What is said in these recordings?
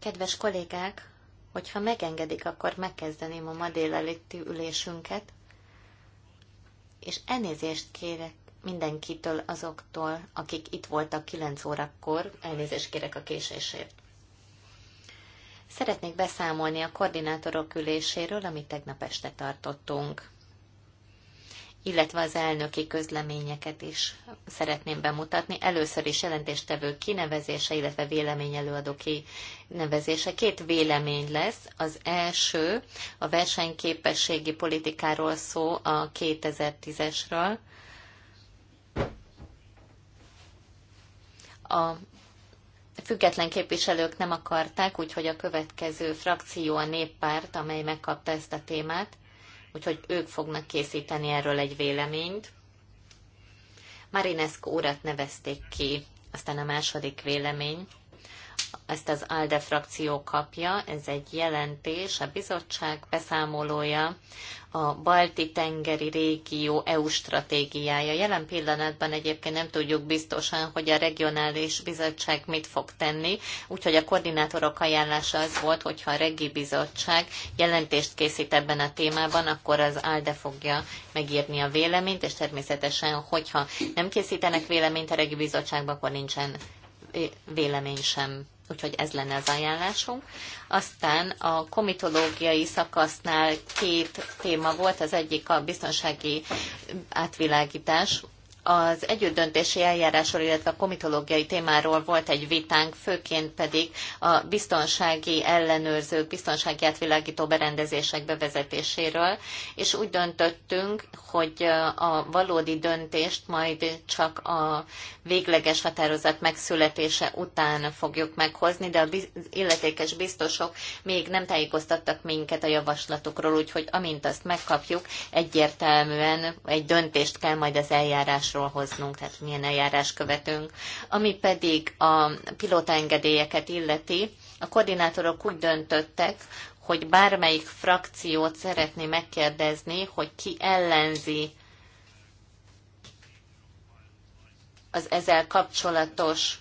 Kedves kollégák, hogyha megengedik, akkor megkezdeném a ma délelőtti ülésünket, és elnézést kérek mindenkitől azoktól, akik itt voltak 9 órakor, elnézést kérek a késésért. Szeretnék beszámolni a koordinátorok üléséről, amit tegnap este tartottunk illetve az elnöki közleményeket is szeretném bemutatni. Először is jelentéstevő kinevezése, illetve véleményelőadó kinevezése. Két vélemény lesz. Az első a versenyképességi politikáról szó a 2010-esről. A független képviselők nem akarták, úgyhogy a következő frakció a néppárt, amely megkapta ezt a témát úgyhogy ők fognak készíteni erről egy véleményt. Marinescu urat nevezték ki, aztán a második vélemény ezt az ALDE frakció kapja, ez egy jelentés, a bizottság beszámolója, a balti tengeri régió EU stratégiája. Jelen pillanatban egyébként nem tudjuk biztosan, hogy a regionális bizottság mit fog tenni, úgyhogy a koordinátorok ajánlása az volt, hogyha a regi bizottság jelentést készít ebben a témában, akkor az ALDE fogja megírni a véleményt, és természetesen, hogyha nem készítenek véleményt a regi bizottságban, akkor nincsen vélemény sem. Úgyhogy ez lenne az ajánlásunk. Aztán a komitológiai szakasznál két téma volt, az egyik a biztonsági átvilágítás, az együttdöntési eljárásról, illetve a komitológiai témáról volt egy vitánk, főként pedig a biztonsági ellenőrzők, biztonsági átvilágító berendezések bevezetéséről, és úgy döntöttünk, hogy a valódi döntést majd csak a végleges határozat megszületése után fogjuk meghozni, de az illetékes biztosok még nem tájékoztattak minket a javaslatokról, úgyhogy amint azt megkapjuk, egyértelműen egy döntést kell majd az eljárásról hoznunk, tehát milyen eljárás követünk. Ami pedig a pilótaengedélyeket illeti, a koordinátorok úgy döntöttek, hogy bármelyik frakciót szeretné megkérdezni, hogy ki ellenzi az ezzel kapcsolatos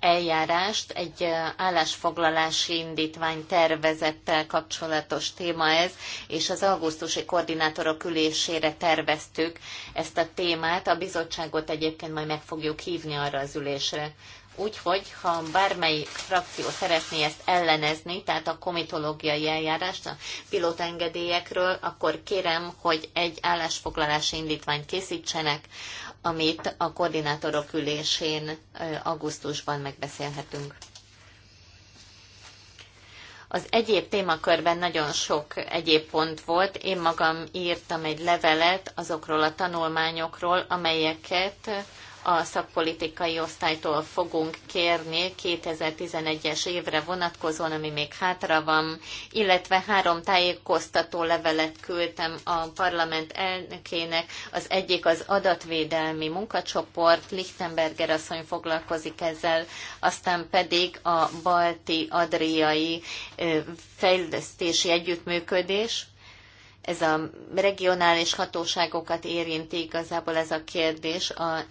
eljárást, egy állásfoglalási indítvány tervezettel kapcsolatos téma ez, és az augusztusi koordinátorok ülésére terveztük ezt a témát. A bizottságot egyébként majd meg fogjuk hívni arra az ülésre. Úgyhogy, ha bármelyik frakció szeretné ezt ellenezni, tehát a komitológiai eljárást a pilotengedélyekről, akkor kérem, hogy egy állásfoglalási indítványt készítsenek amit a koordinátorok ülésén augusztusban megbeszélhetünk. Az egyéb témakörben nagyon sok egyéb pont volt. Én magam írtam egy levelet azokról a tanulmányokról, amelyeket a szakpolitikai osztálytól fogunk kérni 2011-es évre vonatkozóan, ami még hátra van, illetve három tájékoztató levelet küldtem a parlament elnökének. Az egyik az adatvédelmi munkacsoport, Lichtenberger asszony foglalkozik ezzel, aztán pedig a balti-adriai fejlesztési együttműködés, ez a regionális hatóságokat érinti igazából ez a kérdés. A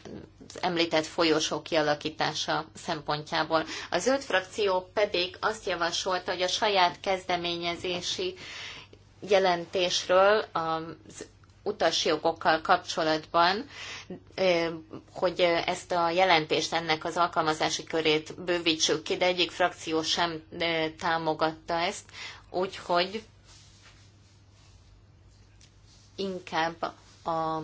említett folyosó kialakítása szempontjából. A zöld frakció pedig azt javasolta, hogy a saját kezdeményezési jelentésről az utasjogokkal kapcsolatban, hogy ezt a jelentést, ennek az alkalmazási körét bővítsük ki, de egyik frakció sem támogatta ezt, úgyhogy inkább a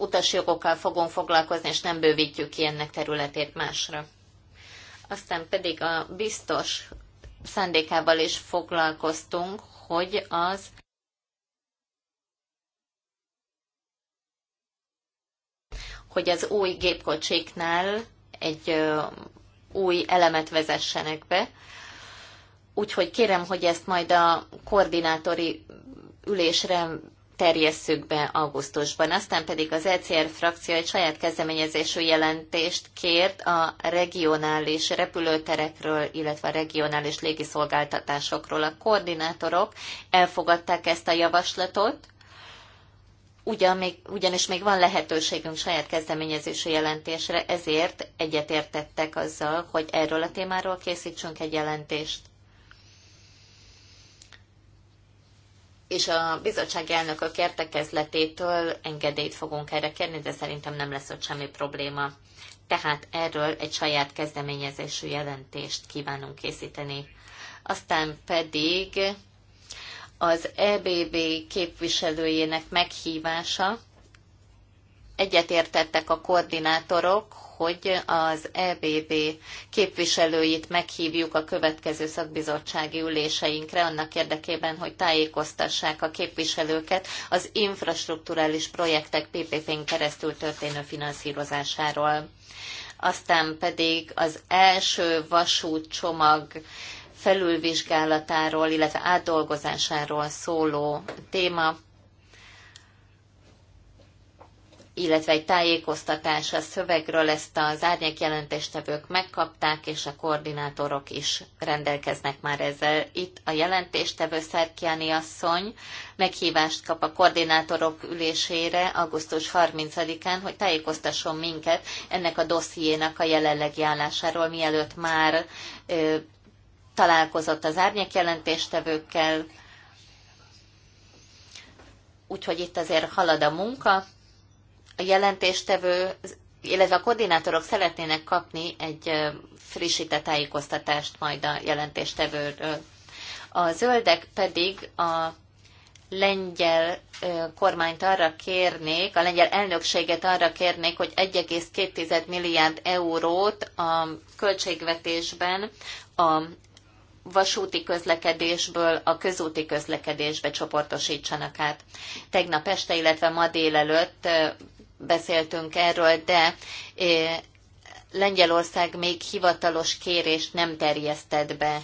utasjogokkal fogunk foglalkozni, és nem bővítjük ki ennek területét másra. Aztán pedig a biztos szándékával is foglalkoztunk, hogy az hogy az új gépkocsiknál egy ö, új elemet vezessenek be. Úgyhogy kérem, hogy ezt majd a koordinátori ülésre terjesszük be augusztusban. Aztán pedig az ECR frakció egy saját kezdeményezésű jelentést kért a regionális repülőterekről, illetve a regionális légiszolgáltatásokról. A koordinátorok elfogadták ezt a javaslatot, ugyan még, ugyanis még van lehetőségünk saját kezdeményezési jelentésre, ezért egyetértettek azzal, hogy erről a témáról készítsünk egy jelentést. és a bizottság elnökök értekezletétől engedélyt fogunk erre kérni, de szerintem nem lesz ott semmi probléma. Tehát erről egy saját kezdeményezésű jelentést kívánunk készíteni. Aztán pedig az EBB képviselőjének meghívása, egyetértettek a koordinátorok, hogy az EBB képviselőit meghívjuk a következő szakbizottsági üléseinkre, annak érdekében, hogy tájékoztassák a képviselőket az infrastrukturális projektek PPP-n keresztül történő finanszírozásáról. Aztán pedig az első vasútcsomag felülvizsgálatáról, illetve átdolgozásáról szóló téma illetve egy tájékoztatás a szövegről, ezt az árnyék jelentéstevők megkapták, és a koordinátorok is rendelkeznek már ezzel. Itt a jelentéstevő Szerkiáni asszony meghívást kap a koordinátorok ülésére augusztus 30-án, hogy tájékoztasson minket ennek a dossziénak a jelenlegi állásáról, mielőtt már ö, találkozott az árnyék jelentéstevőkkel, úgyhogy itt azért halad a munka, a jelentéstevő, illetve a koordinátorok szeretnének kapni egy frissített tájékoztatást majd a jelentéstevőről. A zöldek pedig a lengyel kormányt arra kérnék, a lengyel elnökséget arra kérnék, hogy 1,2 milliárd eurót a költségvetésben a vasúti közlekedésből a közúti közlekedésbe csoportosítsanak át. Tegnap este, illetve ma délelőtt beszéltünk erről, de e, Lengyelország még hivatalos kérést nem terjesztett be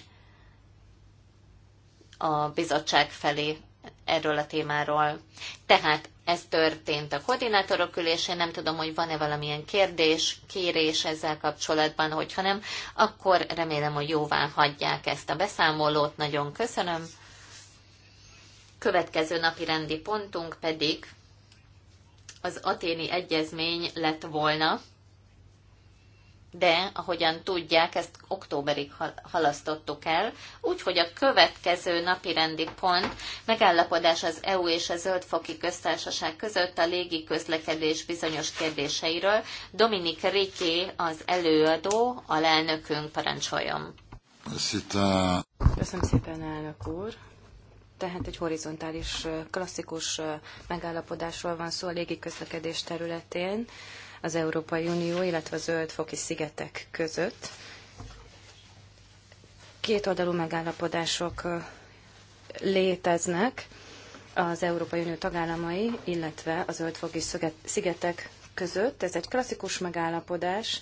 a bizottság felé erről a témáról. Tehát ez történt a koordinátorok ülésén, nem tudom, hogy van-e valamilyen kérdés, kérés ezzel kapcsolatban, hogyha nem, akkor remélem, hogy jóvá hagyják ezt a beszámolót, nagyon köszönöm. Következő napi rendi pontunk pedig az aténi egyezmény lett volna, de ahogyan tudják, ezt októberig halasztottuk el, úgyhogy a következő napi rendi pont megállapodás az EU és a Zöldfoki Köztársaság között a légi közlekedés bizonyos kérdéseiről. Dominik Riké az előadó, alelnökünk parancsoljon. Köszönöm szépen, elnök úr tehát egy horizontális, klasszikus megállapodásról van szó a légiközlekedés területén az Európai Unió, illetve a Zöldfoki szigetek között. oldalú megállapodások léteznek az Európai Unió tagállamai, illetve a Zöldfoki szigetek között. Ez egy klasszikus megállapodás,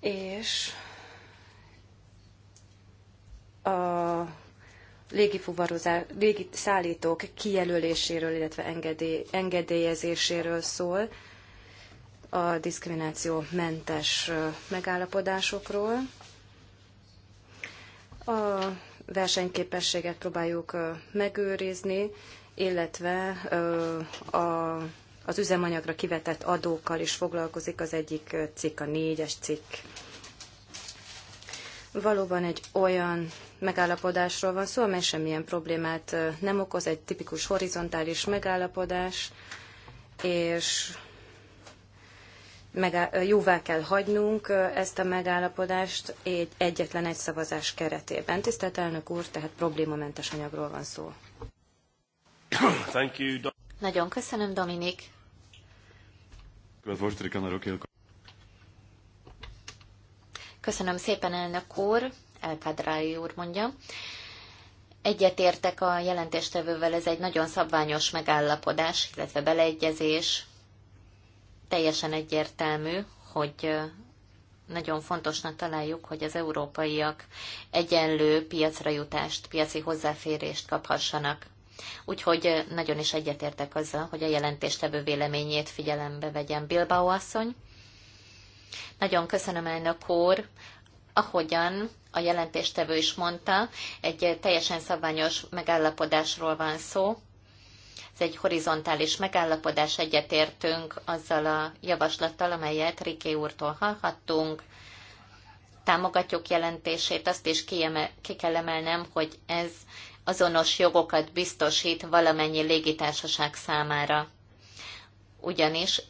és a légifuvarozás, légi szállítók kijelöléséről, illetve engedély, engedélyezéséről szól, a diszkrimináció mentes megállapodásokról. A versenyképességet próbáljuk megőrizni, illetve a, az üzemanyagra kivetett adókkal is foglalkozik az egyik cikk, a négyes cikk valóban egy olyan megállapodásról van szó, amely semmilyen problémát nem okoz, egy tipikus horizontális megállapodás, és jóvá kell hagynunk ezt a megállapodást egy, egyetlen egy szavazás keretében. Tisztelt elnök úr, tehát problémamentes anyagról van szó. Thank you, Nagyon köszönöm, Dominik. Köszönöm szépen, elnök úr, Elkadrái úr mondja. Egyetértek a jelentéstevővel, ez egy nagyon szabványos megállapodás, illetve beleegyezés. Teljesen egyértelmű, hogy nagyon fontosnak találjuk, hogy az európaiak egyenlő piacra jutást, piaci hozzáférést kaphassanak. Úgyhogy nagyon is egyetértek azzal, hogy a jelentéstevő véleményét figyelembe vegyen Bilbao asszony. Nagyon köszönöm, elnök úr. Ahogyan a jelentéstevő is mondta, egy teljesen szabványos megállapodásról van szó. Ez egy horizontális megállapodás, egyetértünk azzal a javaslattal, amelyet Riké úrtól hallhattunk. Támogatjuk jelentését, azt is ki kell emelnem, hogy ez azonos jogokat biztosít valamennyi légitársaság számára. Ugyanis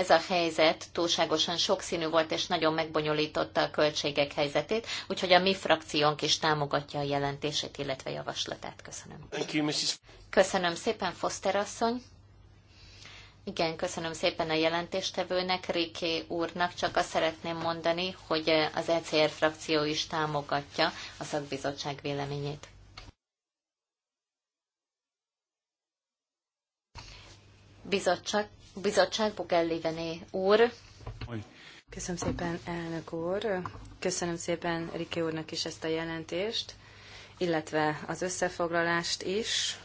ez a helyzet túlságosan sokszínű volt, és nagyon megbonyolította a költségek helyzetét, úgyhogy a mi frakciónk is támogatja a jelentését, illetve javaslatát. Köszönöm. Thank you, Mrs. Köszönöm szépen, Foster asszony. Igen, köszönöm szépen a jelentéstevőnek, Riké úrnak. Csak azt szeretném mondani, hogy az ECR frakció is támogatja a szakbizottság véleményét. Bizottság bizottság, Bugellivené úr. Köszönöm szépen, elnök úr. Köszönöm szépen Rike úrnak is ezt a jelentést, illetve az összefoglalást is,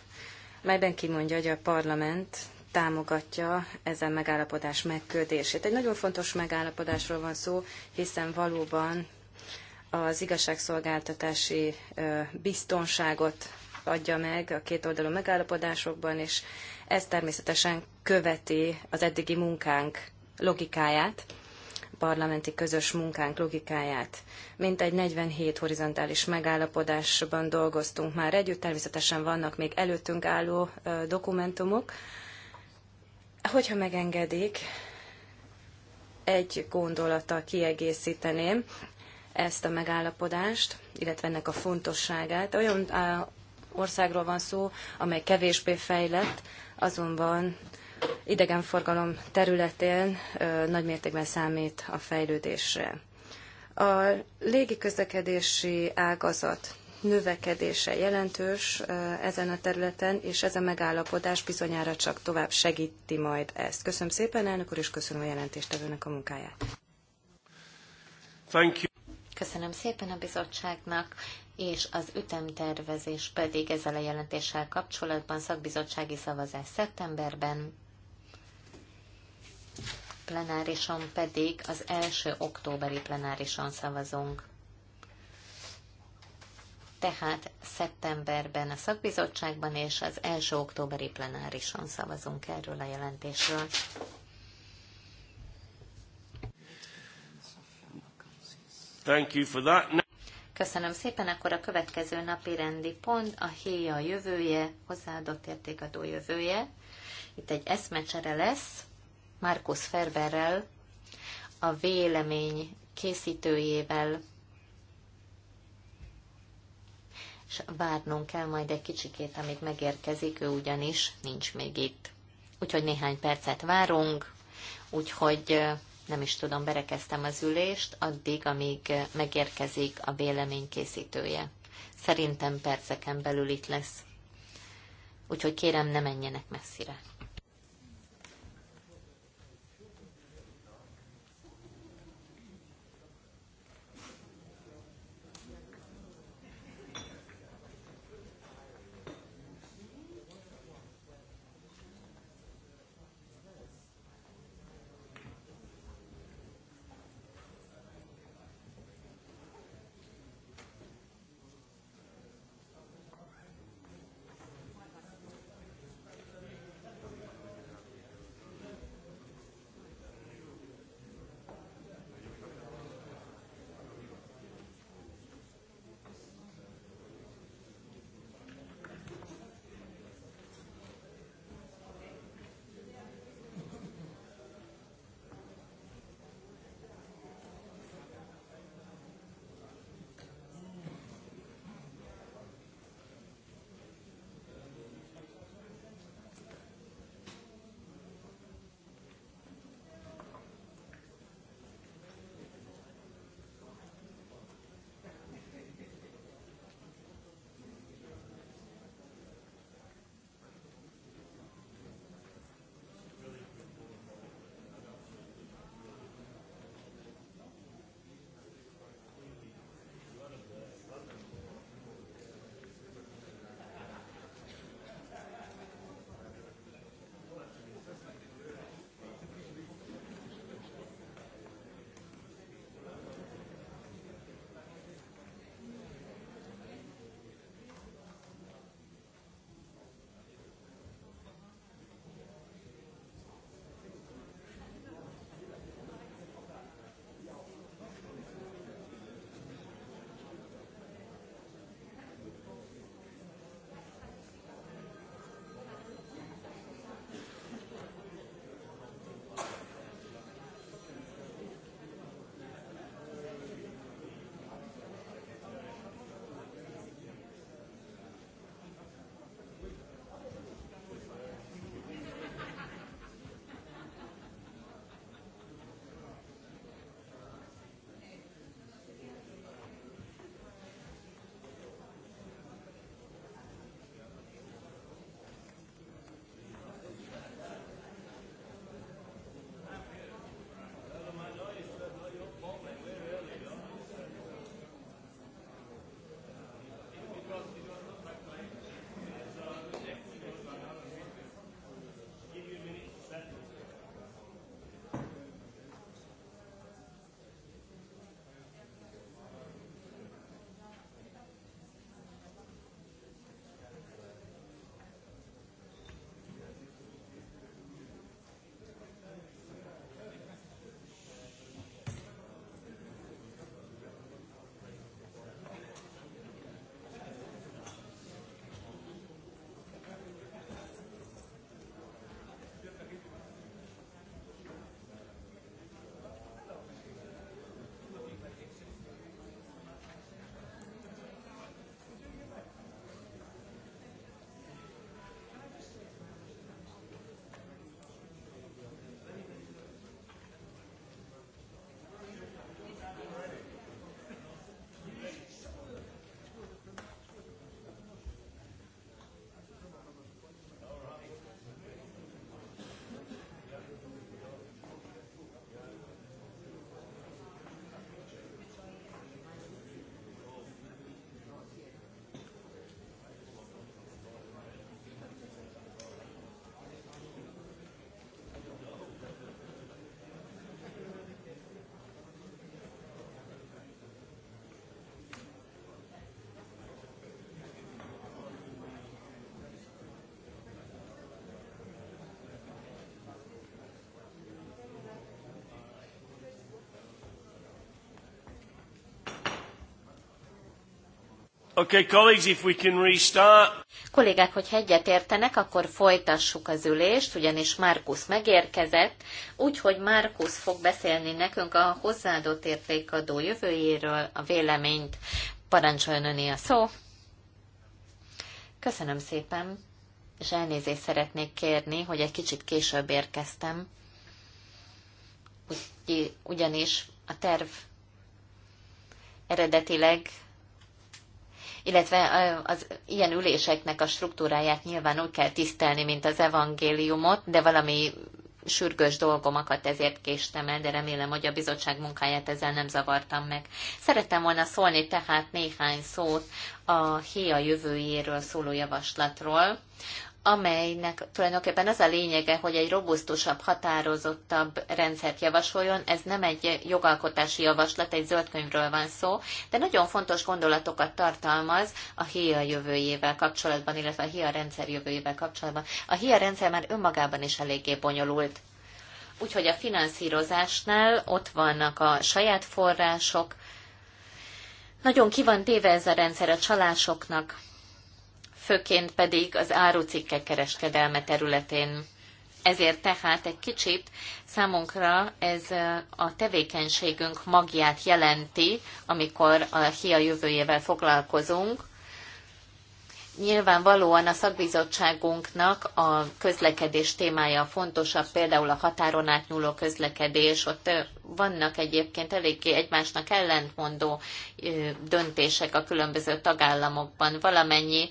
melyben kimondja, hogy a parlament támogatja ezen megállapodás megkötését. Egy nagyon fontos megállapodásról van szó, hiszen valóban az igazságszolgáltatási biztonságot adja meg a két oldalú megállapodásokban, és ez természetesen követi az eddigi munkánk logikáját, a parlamenti közös munkánk logikáját. Mint egy 47 horizontális megállapodásban dolgoztunk már együtt, természetesen vannak még előttünk álló dokumentumok. Hogyha megengedik, egy gondolattal kiegészíteném ezt a megállapodást, illetve ennek a fontosságát. Olyan országról van szó, amely kevésbé fejlett, azonban idegenforgalom területén nagymértékben számít a fejlődésre. A légiközlekedési ágazat növekedése jelentős ezen a területen, és ez a megállapodás bizonyára csak tovább segíti majd ezt. Köszönöm szépen, elnök úr, és köszönöm a jelentéstevőnek a munkáját. Thank you. Köszönöm szépen a bizottságnak és az ütemtervezés pedig ezzel a jelentéssel kapcsolatban szakbizottsági szavazás szeptemberben, plenárison pedig az első októberi plenárison szavazunk. Tehát szeptemberben a szakbizottságban és az első októberi plenárison szavazunk erről a jelentésről. Thank you for that. Köszönöm szépen, akkor a következő napi rendi pont a héja jövője, hozzáadott értékadó jövője. Itt egy eszmecsere lesz Markus Ferberrel, a vélemény készítőjével, és várnunk kell majd egy kicsikét, amíg megérkezik, ő ugyanis nincs még itt. Úgyhogy néhány percet várunk, úgyhogy nem is tudom, berekeztem az ülést, addig, amíg megérkezik a vélemény készítője. Szerintem perceken belül itt lesz. Úgyhogy kérem, ne menjenek messzire. Okay, colleagues, if we can restart. Kollégák, hogy egyet értenek, akkor folytassuk az ülést, ugyanis Márkusz megérkezett, úgyhogy Márkusz fog beszélni nekünk a hozzáadott értékadó jövőjéről, a véleményt. Parancsoljon öné a szó. Köszönöm szépen, és elnézést szeretnék kérni, hogy egy kicsit később érkeztem, ugyanis a terv eredetileg illetve az ilyen üléseknek a struktúráját nyilván úgy kell tisztelni, mint az evangéliumot, de valami sürgős dolgomakat ezért késtem el, de remélem, hogy a bizottság munkáját ezzel nem zavartam meg. Szerettem volna szólni tehát néhány szót a HIA jövőjéről szóló javaslatról, amelynek tulajdonképpen az a lényege, hogy egy robusztusabb, határozottabb rendszert javasoljon. Ez nem egy jogalkotási javaslat, egy zöldkönyvről van szó, de nagyon fontos gondolatokat tartalmaz a HIA jövőjével kapcsolatban, illetve a HIA rendszer jövőjével kapcsolatban. A HIA rendszer már önmagában is eléggé bonyolult. Úgyhogy a finanszírozásnál ott vannak a saját források, nagyon ki van téve ez a rendszer a csalásoknak, főként pedig az árucikkek kereskedelme területén. Ezért tehát egy kicsit számunkra ez a tevékenységünk magját jelenti, amikor a HIA jövőjével foglalkozunk. Nyilvánvalóan a szakbizottságunknak a közlekedés témája fontosabb, például a határon átnyúló közlekedés, ott vannak egyébként eléggé egymásnak ellentmondó döntések a különböző tagállamokban. Valamennyi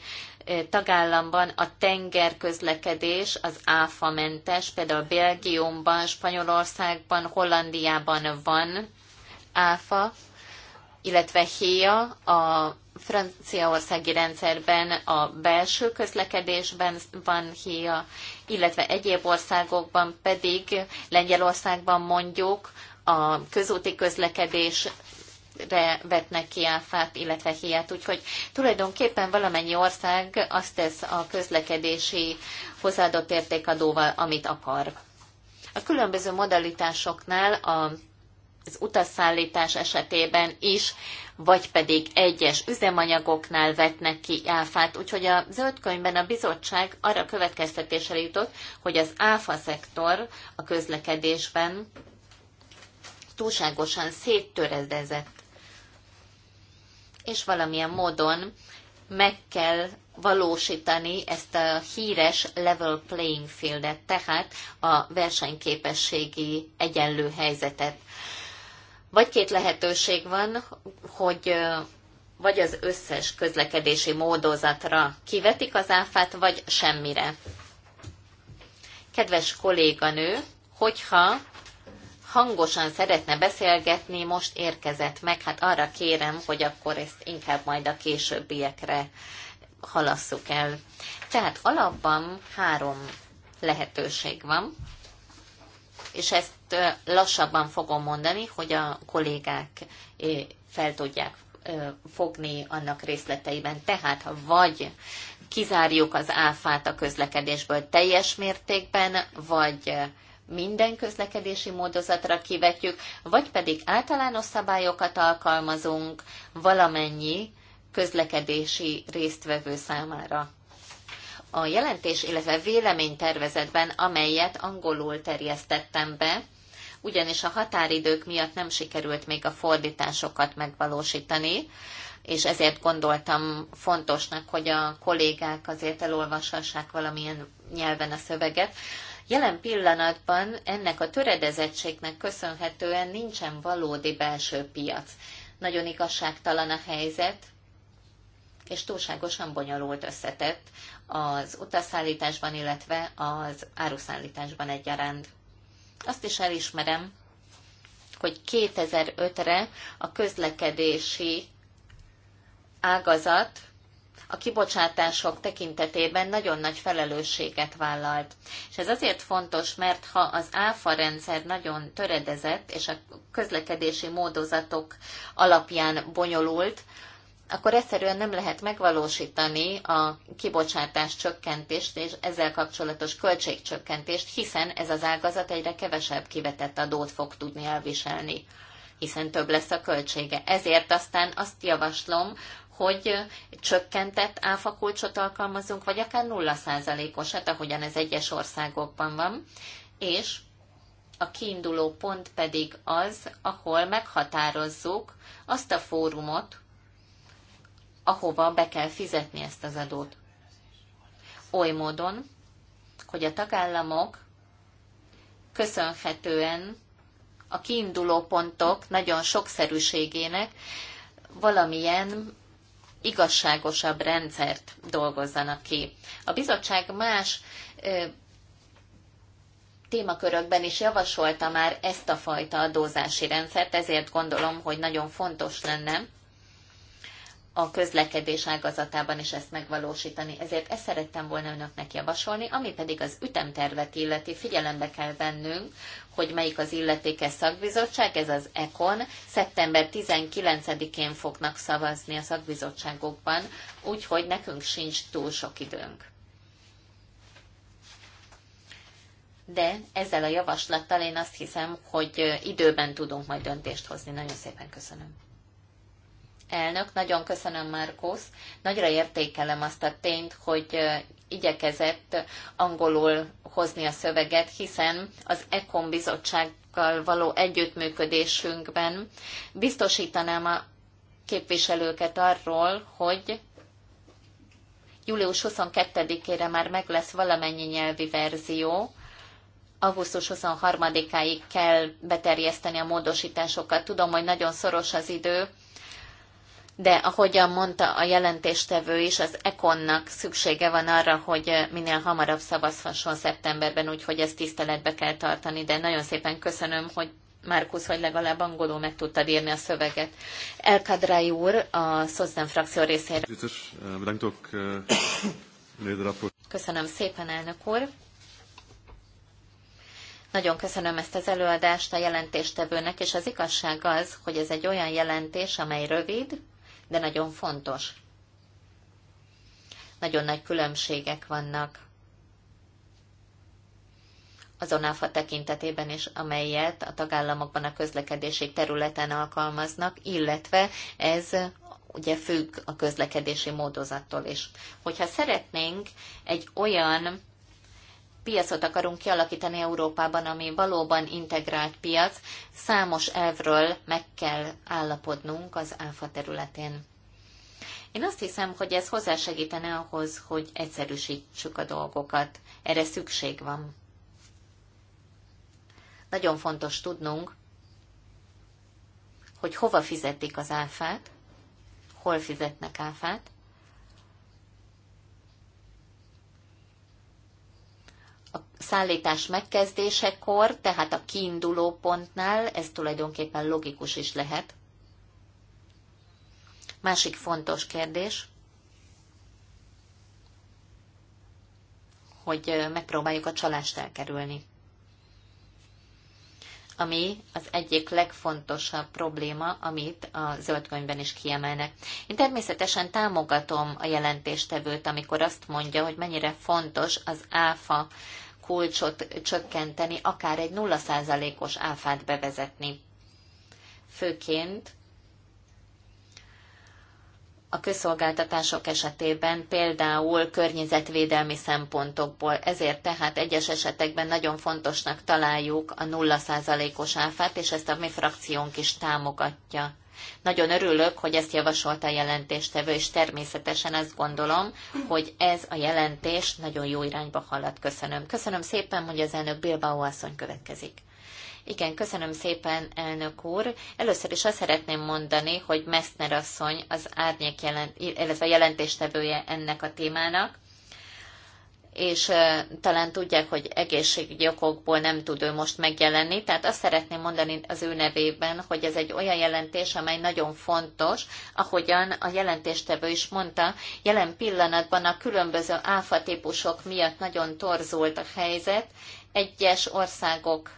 tagállamban a tengerközlekedés az áfamentes, például Belgiumban, Spanyolországban, Hollandiában van áfa, illetve héja a franciaországi rendszerben, a belső közlekedésben van héja, illetve egyéb országokban pedig, Lengyelországban mondjuk, a közúti közlekedés vetnek ki áfát, illetve hiát. Úgyhogy tulajdonképpen valamennyi ország azt tesz a közlekedési hozzáadott értékadóval, amit akar. A különböző modalitásoknál a az utasszállítás esetében is, vagy pedig egyes üzemanyagoknál vetnek ki áfát. Úgyhogy a zöld könyvben a bizottság arra következtetésre jutott, hogy az áfa szektor a közlekedésben túlságosan széttöredezett és valamilyen módon meg kell valósítani ezt a híres level playing fieldet, tehát a versenyképességi egyenlő helyzetet. Vagy két lehetőség van, hogy vagy az összes közlekedési módozatra kivetik az áfát, vagy semmire. Kedves kolléganő, hogyha hangosan szeretne beszélgetni, most érkezett meg. Hát arra kérem, hogy akkor ezt inkább majd a későbbiekre halasszuk el. Tehát alapban három lehetőség van, és ezt lassabban fogom mondani, hogy a kollégák fel tudják fogni annak részleteiben. Tehát ha vagy kizárjuk az áfát a közlekedésből teljes mértékben, vagy minden közlekedési módozatra kivetjük, vagy pedig általános szabályokat alkalmazunk valamennyi közlekedési résztvevő számára. A jelentés, illetve véleménytervezetben, amelyet angolul terjesztettem be, ugyanis a határidők miatt nem sikerült még a fordításokat megvalósítani, és ezért gondoltam fontosnak, hogy a kollégák azért elolvashassák valamilyen nyelven a szöveget. Jelen pillanatban ennek a töredezettségnek köszönhetően nincsen valódi belső piac. Nagyon igazságtalan a helyzet, és túlságosan bonyolult összetett az utaszállításban, illetve az áruszállításban egyaránt. Azt is elismerem, hogy 2005-re a közlekedési ágazat a kibocsátások tekintetében nagyon nagy felelősséget vállalt. És ez azért fontos, mert ha az áfa rendszer nagyon töredezett, és a közlekedési módozatok alapján bonyolult, akkor egyszerűen nem lehet megvalósítani a kibocsátás csökkentést és ezzel kapcsolatos költségcsökkentést, hiszen ez az ágazat egyre kevesebb kivetett adót fog tudni elviselni hiszen több lesz a költsége. Ezért aztán azt javaslom, hogy csökkentett áfakulcsot alkalmazunk, vagy akár 0%-osat, hát ahogyan ez egyes országokban van, és a kiinduló pont pedig az, ahol meghatározzuk azt a fórumot, ahova be kell fizetni ezt az adót. Oly módon, hogy a tagállamok köszönhetően a kiinduló pontok nagyon sokszerűségének valamilyen igazságosabb rendszert dolgozzanak ki. A bizottság más témakörökben is javasolta már ezt a fajta adózási rendszert, ezért gondolom, hogy nagyon fontos lenne, a közlekedés ágazatában is ezt megvalósítani. Ezért ezt szerettem volna önöknek javasolni, ami pedig az ütemtervet illeti. Figyelembe kell vennünk, hogy melyik az illetékes szakbizottság, ez az ECON. Szeptember 19-én fognak szavazni a szakbizottságokban, úgyhogy nekünk sincs túl sok időnk. De ezzel a javaslattal én azt hiszem, hogy időben tudunk majd döntést hozni. Nagyon szépen köszönöm. Elnök, nagyon köszönöm, Márkusz. Nagyra értékelem azt a tényt, hogy igyekezett angolul hozni a szöveget, hiszen az ECOM bizottsággal való együttműködésünkben biztosítanám a képviselőket arról, hogy július 22-ére már meg lesz valamennyi nyelvi verzió, augusztus 23-áig kell beterjeszteni a módosításokat. Tudom, hogy nagyon szoros az idő, de ahogyan mondta a jelentéstevő is, az Ekonnak szüksége van arra, hogy minél hamarabb szavazhasson szeptemberben, úgyhogy ezt tiszteletbe kell tartani, de nagyon szépen köszönöm, hogy Márkusz, hogy legalább angolul meg tudtad írni a szöveget. Elkadrai úr, a Szozdán frakció részére. Eh, eh, köszönöm szépen, elnök úr. Nagyon köszönöm ezt az előadást a jelentéstevőnek, és az igazság az, hogy ez egy olyan jelentés, amely rövid, de nagyon fontos. Nagyon nagy különbségek vannak azon áfa tekintetében is, amelyet a tagállamokban a közlekedési területen alkalmaznak, illetve ez ugye függ a közlekedési módozattól is. Hogyha szeretnénk egy olyan piacot akarunk kialakítani Európában, ami valóban integrált piac, számos elvről meg kell állapodnunk az ÁFA területén. Én azt hiszem, hogy ez hozzásegítene ahhoz, hogy egyszerűsítsük a dolgokat. Erre szükség van. Nagyon fontos tudnunk, hogy hova fizetik az áfát, hol fizetnek áfát, a szállítás megkezdésekor, tehát a kiinduló pontnál, ez tulajdonképpen logikus is lehet. Másik fontos kérdés, hogy megpróbáljuk a csalást elkerülni. Ami az egyik legfontosabb probléma, amit a zöldkönyvben is kiemelnek. Én természetesen támogatom a jelentéstevőt, amikor azt mondja, hogy mennyire fontos az áfa kulcsot csökkenteni, akár egy 0%-os áfát bevezetni. Főként a közszolgáltatások esetében például környezetvédelmi szempontokból. Ezért tehát egyes esetekben nagyon fontosnak találjuk a 0%-os áfát, és ezt a mi frakciónk is támogatja. Nagyon örülök, hogy ezt javasolta a jelentéstevő, és természetesen azt gondolom, hogy ez a jelentés nagyon jó irányba halad. Köszönöm. Köszönöm szépen, hogy az elnök Bilbao asszony következik. Igen, köszönöm szépen, elnök úr. Először is azt szeretném mondani, hogy Messner asszony az árnyék jelent, illetve jelentéstevője ennek a témának, és talán tudják, hogy egészségügyi okokból nem tud ő most megjelenni. Tehát azt szeretném mondani az ő nevében, hogy ez egy olyan jelentés, amely nagyon fontos, ahogyan a jelentéstevő is mondta, jelen pillanatban a különböző áfa típusok miatt nagyon torzult a helyzet. Egyes országok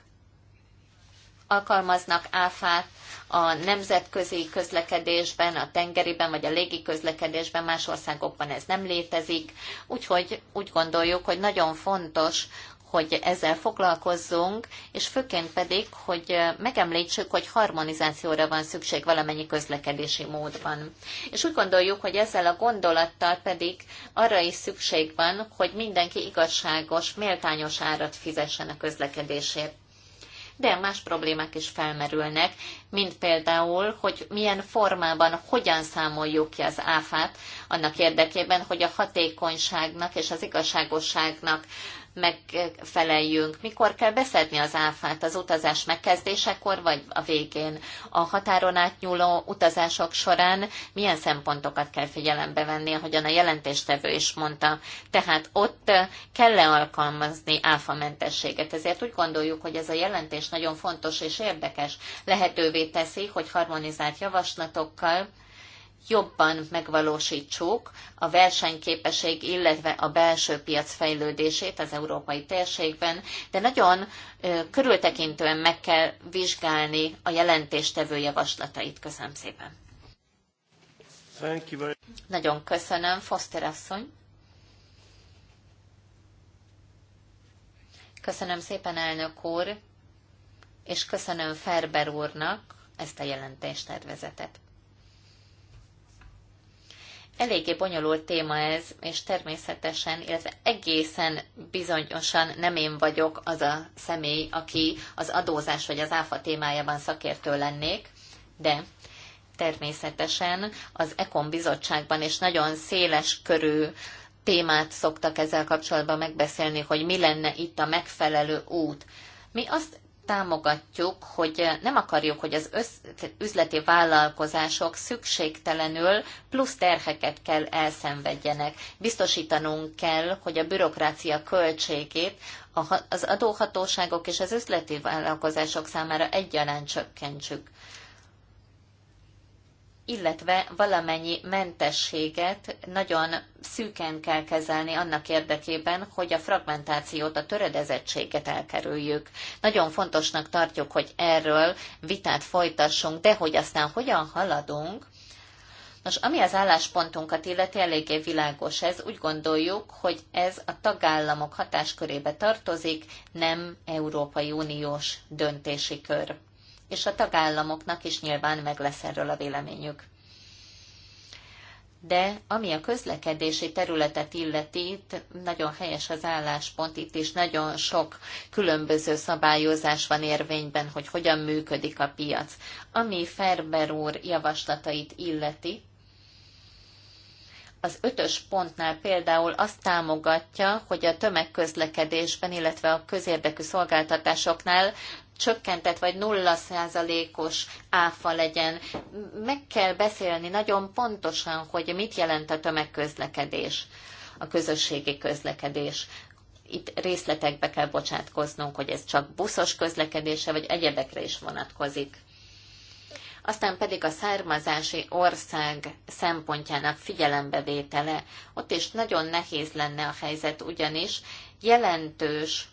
alkalmaznak áfát, a nemzetközi közlekedésben, a tengeriben vagy a légi közlekedésben, más országokban ez nem létezik. Úgyhogy úgy gondoljuk, hogy nagyon fontos, hogy ezzel foglalkozzunk, és főként pedig, hogy megemlítsük, hogy harmonizációra van szükség valamennyi közlekedési módban. És úgy gondoljuk, hogy ezzel a gondolattal pedig arra is szükség van, hogy mindenki igazságos, méltányos árat fizessen a közlekedésért de más problémák is felmerülnek, mint például, hogy milyen formában, hogyan számoljuk ki az áfát, annak érdekében, hogy a hatékonyságnak és az igazságosságnak megfeleljünk, mikor kell beszedni az áfát az utazás megkezdésekor, vagy a végén a határon átnyúló utazások során milyen szempontokat kell figyelembe venni, ahogyan a jelentéstevő is mondta. Tehát ott kell-e alkalmazni áfamentességet. Ezért úgy gondoljuk, hogy ez a jelentés nagyon fontos és érdekes. Lehetővé teszi, hogy harmonizált javaslatokkal jobban megvalósítsuk a versenyképesség, illetve a belső piac fejlődését az európai térségben, de nagyon körültekintően meg kell vizsgálni a jelentéstevő javaslatait. Köszönöm szépen. Nagyon köszönöm, Foster asszony. Köszönöm szépen, elnök úr, és köszönöm Ferber úrnak ezt a jelentéstervezetet. Eléggé bonyolult téma ez, és természetesen, illetve egészen bizonyosan nem én vagyok az a személy, aki az adózás vagy az áfa témájában szakértő lennék, de természetesen az Ekon bizottságban és nagyon széles körű témát szoktak ezzel kapcsolatban megbeszélni, hogy mi lenne itt a megfelelő út. Mi azt támogatjuk, hogy nem akarjuk, hogy az üzleti vállalkozások szükségtelenül plusz terheket kell elszenvedjenek. Biztosítanunk kell, hogy a bürokrácia költségét az adóhatóságok és az üzleti vállalkozások számára egyaránt csökkentsük illetve valamennyi mentességet nagyon szűken kell kezelni annak érdekében, hogy a fragmentációt, a töredezettséget elkerüljük. Nagyon fontosnak tartjuk, hogy erről vitát folytassunk, de hogy aztán hogyan haladunk, Nos, ami az álláspontunkat illeti, eléggé világos ez. Úgy gondoljuk, hogy ez a tagállamok hatáskörébe tartozik, nem Európai Uniós döntési kör és a tagállamoknak is nyilván meg lesz erről a véleményük. De ami a közlekedési területet illeti, itt nagyon helyes az álláspont, itt is nagyon sok különböző szabályozás van érvényben, hogy hogyan működik a piac. Ami Ferber úr javaslatait illeti, az ötös pontnál például azt támogatja, hogy a tömegközlekedésben, illetve a közérdekű szolgáltatásoknál csökkentett vagy nulla százalékos áfa legyen. Meg kell beszélni nagyon pontosan, hogy mit jelent a tömegközlekedés, a közösségi közlekedés. Itt részletekbe kell bocsátkoznunk, hogy ez csak buszos közlekedése, vagy egyedekre is vonatkozik aztán pedig a származási ország szempontjának figyelembevétele. Ott is nagyon nehéz lenne a helyzet, ugyanis jelentős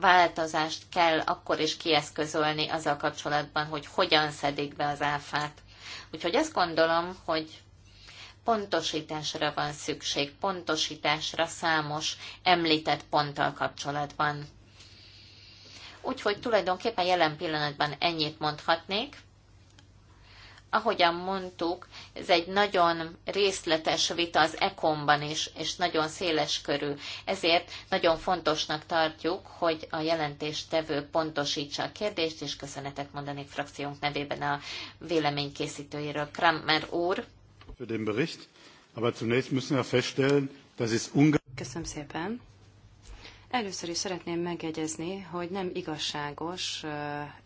változást kell akkor is kieszközölni azzal kapcsolatban, hogy hogyan szedik be az áfát. Úgyhogy azt gondolom, hogy pontosításra van szükség, pontosításra számos említett ponttal kapcsolatban. Úgyhogy tulajdonképpen jelen pillanatban ennyit mondhatnék. Ahogyan mondtuk, ez egy nagyon részletes vita az ekonban is, és nagyon széles körű. Ezért nagyon fontosnak tartjuk, hogy a jelentéstevő pontosítsa a kérdést, és köszönetet mondanék frakciónk nevében a véleménykészítőjéről. Krammer úr. Köszönöm szépen. Először is szeretném megjegyezni, hogy nem igazságos,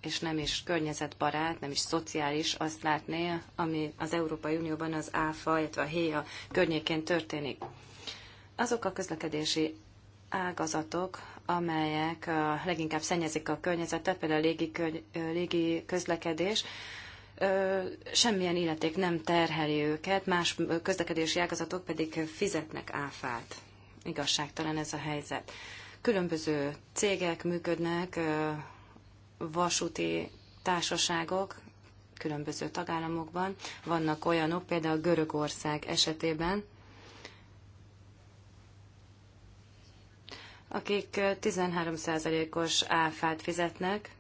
és nem is környezetbarát, nem is szociális azt látni, ami az Európai Unióban az ÁFA, illetve a héja környékén történik. Azok a közlekedési ágazatok, amelyek leginkább szennyezik a környezetet, például a légi, légi közlekedés, semmilyen illeték nem terheli őket, más közlekedési ágazatok pedig fizetnek áfát. Igazságtalan ez a helyzet. Különböző cégek működnek, vasúti társaságok különböző tagállamokban. Vannak olyanok, például Görögország esetében, akik 13%-os áfát fizetnek,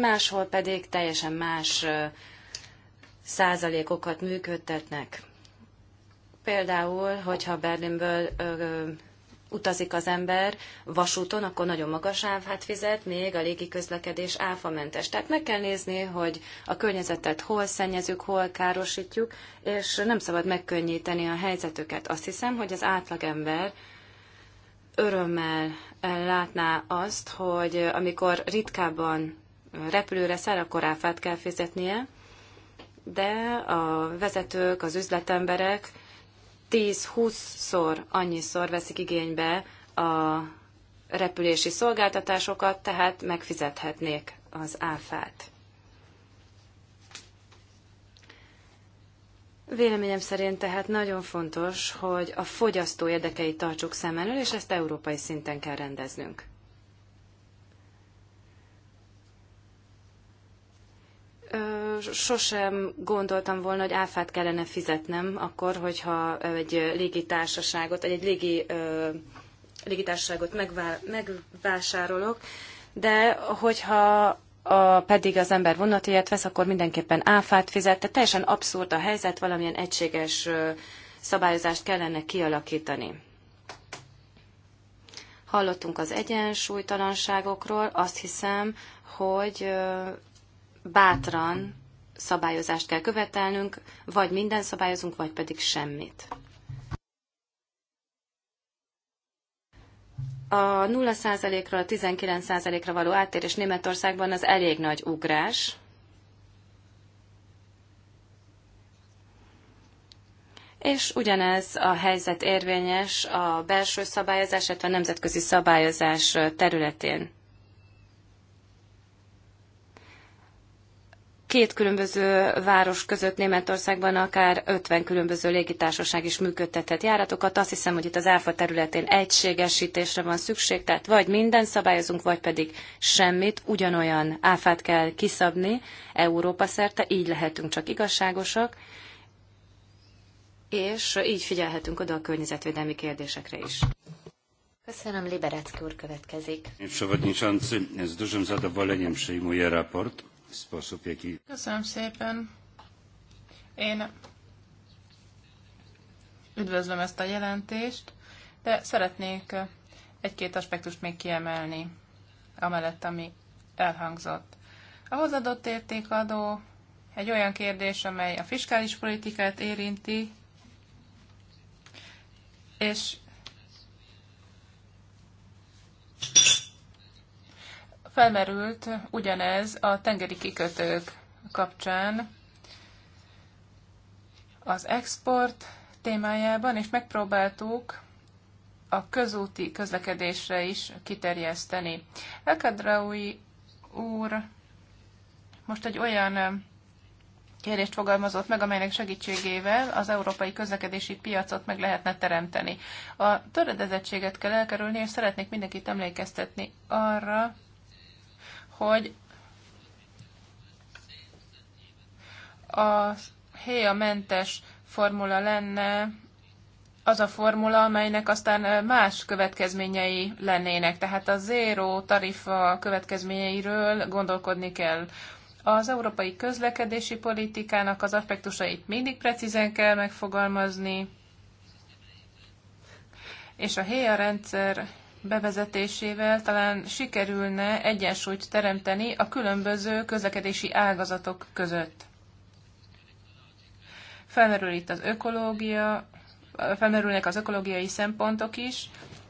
máshol pedig teljesen más százalékokat működtetnek. Például, hogyha Berlinből ö, utazik az ember vasúton, akkor nagyon magas áfát fizet, még a légi közlekedés áfamentes. Tehát meg kell nézni, hogy a környezetet hol szennyezünk, hol károsítjuk, és nem szabad megkönnyíteni a helyzetüket. Azt hiszem, hogy az átlagember örömmel látná azt, hogy amikor ritkábban repülőre száll, akkor áfát kell fizetnie, de a vezetők, az üzletemberek 10-20-szor annyiszor veszik igénybe a repülési szolgáltatásokat, tehát megfizethetnék az áfát. Véleményem szerint tehát nagyon fontos, hogy a fogyasztó érdekeit tartsuk szem elől, és ezt európai szinten kell rendeznünk. sosem gondoltam volna, hogy áfát kellene fizetnem akkor, hogyha egy légitársaságot, egy légi, légitársaságot megvá, megvásárolok, de hogyha a, pedig az ember vonatjegyet vesz, akkor mindenképpen áfát fizet. Tehát teljesen abszurd a helyzet, valamilyen egységes szabályozást kellene kialakítani. Hallottunk az egyensúlytalanságokról, azt hiszem, hogy bátran szabályozást kell követelnünk, vagy minden szabályozunk, vagy pedig semmit. A 0%-ról a 19%-ra való áttérés Németországban az elég nagy ugrás. És ugyanez a helyzet érvényes a belső szabályozás, illetve a nemzetközi szabályozás területén. két különböző város között Németországban akár 50 különböző légitársaság is működtethet járatokat. Azt hiszem, hogy itt az ÁFA területén egységesítésre van szükség, tehát vagy minden szabályozunk, vagy pedig semmit. Ugyanolyan áfát kell kiszabni Európa szerte, így lehetünk csak igazságosak, és így figyelhetünk oda a környezetvédelmi kérdésekre is. Köszönöm, Liberecki úr következik. ez dozsom dużym se przyjmuję raport sposób, Köszönöm szépen. Én üdvözlöm ezt a jelentést, de szeretnék egy-két aspektust még kiemelni, amellett, ami elhangzott. A hozadott értékadó egy olyan kérdés, amely a fiskális politikát érinti, és Felmerült ugyanez a tengeri kikötők kapcsán az export témájában, és megpróbáltuk a közúti közlekedésre is kiterjeszteni. Elkadraui úr most egy olyan kérést fogalmazott meg, amelynek segítségével az európai közlekedési piacot meg lehetne teremteni. A töredezettséget kell elkerülni, és szeretnék mindenkit emlékeztetni arra, hogy a héja mentes formula lenne az a formula, amelynek aztán más következményei lennének. Tehát a zéró tarifa következményeiről gondolkodni kell. Az európai közlekedési politikának az aspektusait mindig precízen kell megfogalmazni, és a héja rendszer bevezetésével talán sikerülne egyensúlyt teremteni a különböző közlekedési ágazatok között. Felmerül itt az ökológia, felmerülnek az ökológiai szempontok is,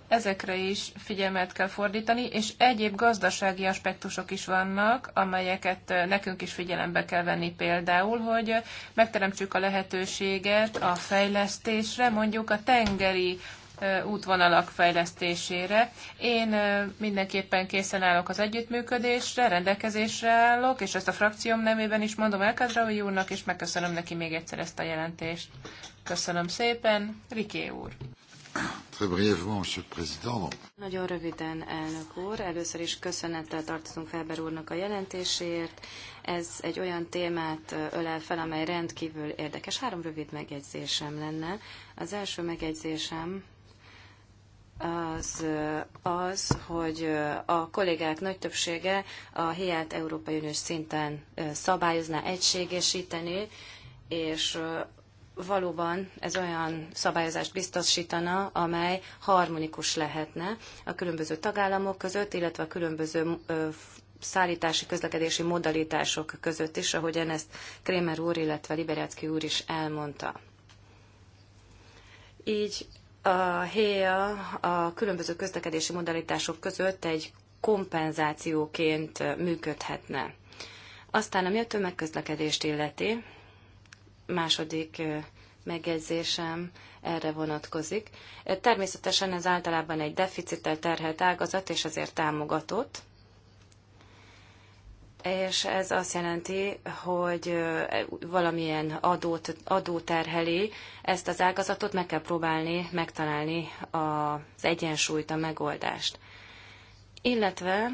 ezekre is figyelmet kell fordítani, és egyéb gazdasági aspektusok is vannak, amelyeket nekünk is figyelembe kell venni például, hogy megteremtsük a lehetőséget a fejlesztésre, mondjuk a tengeri útvonalak fejlesztésére. Én mindenképpen készen állok az együttműködésre, rendelkezésre állok, és ezt a frakcióm nemében is mondom el Elkadraui úrnak, és megköszönöm neki még egyszer ezt a jelentést. Köszönöm szépen, Riké úr! Nagyon röviden, elnök úr. Először is köszönettel tartozunk Felber úrnak a jelentéséért. Ez egy olyan témát ölel fel, amely rendkívül érdekes. Három rövid megjegyzésem lenne. Az első megjegyzésem az az, hogy a kollégák nagy többsége a hiát Európai Uniós szinten szabályozná, egységesíteni, és valóban ez olyan szabályozást biztosítana, amely harmonikus lehetne a különböző tagállamok között, illetve a különböző szállítási, közlekedési modalitások között is, ahogyan ezt Krémer úr, illetve Liberecki úr is elmondta. Így a HÉA a különböző közlekedési modalitások között egy kompenzációként működhetne. Aztán, ami a tömegközlekedést illeti, második megjegyzésem erre vonatkozik. Természetesen ez általában egy deficittel terhelt ágazat, és ezért támogatott és ez azt jelenti, hogy valamilyen adót, adóterheli ezt az ágazatot, meg kell próbálni megtalálni az egyensúlyt, a megoldást. Illetve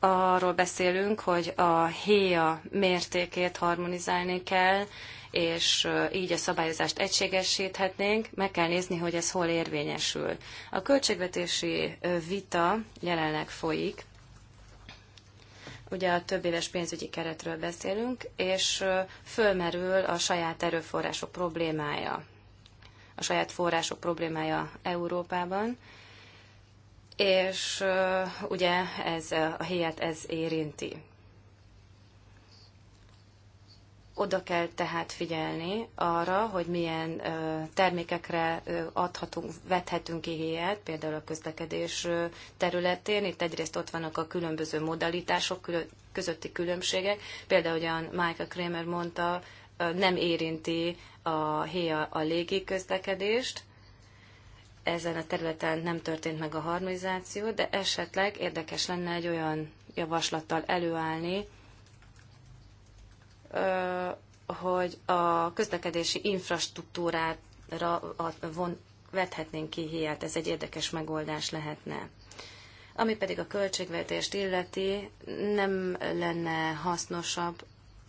arról beszélünk, hogy a héja mértékét harmonizálni kell, és így a szabályozást egységesíthetnénk, meg kell nézni, hogy ez hol érvényesül. A költségvetési vita jelenleg folyik, ugye a több éves pénzügyi keretről beszélünk, és fölmerül a saját erőforrások problémája, a saját források problémája Európában, és ugye ez a helyet ez érinti. Oda kell tehát figyelni arra, hogy milyen termékekre adhatunk, vethetünk ki például a közlekedés területén. Itt egyrészt ott vannak a különböző modalitások közötti különbségek. Például, a Michael Kramer mondta, nem érinti a héja a légi közlekedést, ezen a területen nem történt meg a harmonizáció, de esetleg érdekes lenne egy olyan javaslattal előállni, hogy a közlekedési infrastruktúrára von, vethetnénk ki hiát, ez egy érdekes megoldás lehetne. Ami pedig a költségvetést illeti, nem lenne hasznosabb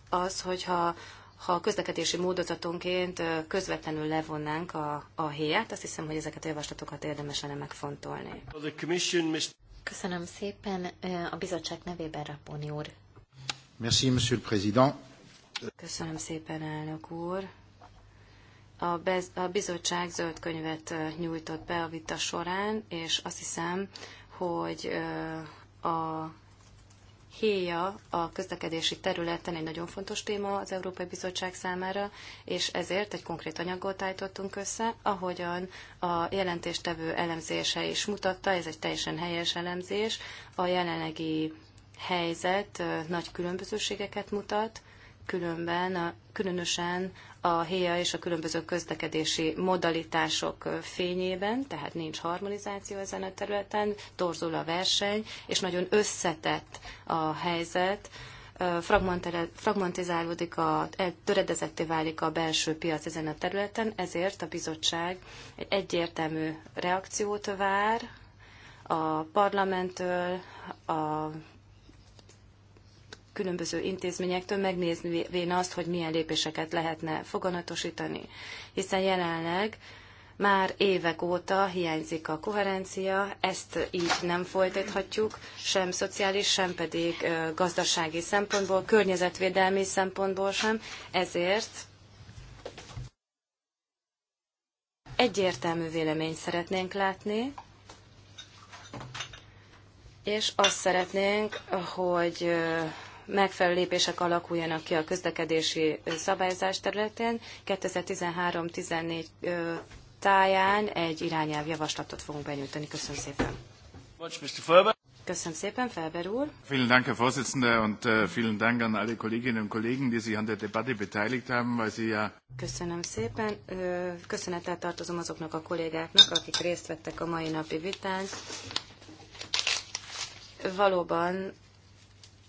az, hogyha ha a közlekedési módozatonként közvetlenül levonnánk a, a héját, azt hiszem, hogy ezeket a javaslatokat érdemes lenne megfontolni. Köszönöm szépen a bizottság nevében, Raponi úr. Merci, monsieur le président. Köszönöm szépen, elnök úr. A, bez, a bizottság zöld könyvet nyújtott be a vita során, és azt hiszem, hogy a héja a közlekedési területen egy nagyon fontos téma az Európai Bizottság számára, és ezért egy konkrét anyagot állítottunk össze, ahogyan a jelentéstevő elemzése is mutatta, ez egy teljesen helyes elemzés, a jelenlegi helyzet nagy különbözőségeket mutat, különben a, különösen a héja és a különböző közlekedési modalitások fényében, tehát nincs harmonizáció ezen a területen, torzul a verseny, és nagyon összetett a helyzet, fragmentizálódik, a, töredezetté válik a belső piac ezen a területen, ezért a bizottság egy egyértelmű reakciót vár a parlamenttől, a különböző intézményektől megnézvén azt, hogy milyen lépéseket lehetne foganatosítani. Hiszen jelenleg már évek óta hiányzik a koherencia, ezt így nem folytathatjuk, sem szociális, sem pedig gazdasági szempontból, környezetvédelmi szempontból sem, ezért egyértelmű véleményt szeretnénk látni, és azt szeretnénk, hogy megfelelő lépések alakuljanak ki a közlekedési szabályzás területén. 2013-14 táján egy irányelv javaslatot fogunk benyújtani. Köszönöm szépen. Köszönöm szépen, Felber úr. Vielen Dank, Herr Vorsitzender, und äh, vielen Dank an alle Kolleginnen und Kollegen, die sich an der Debatte beteiligt haben, weil sie ja... Köszönöm szépen. Köszönettel tartozom azoknak a kollégáknak, akik részt vettek a mai napi vitán. Valóban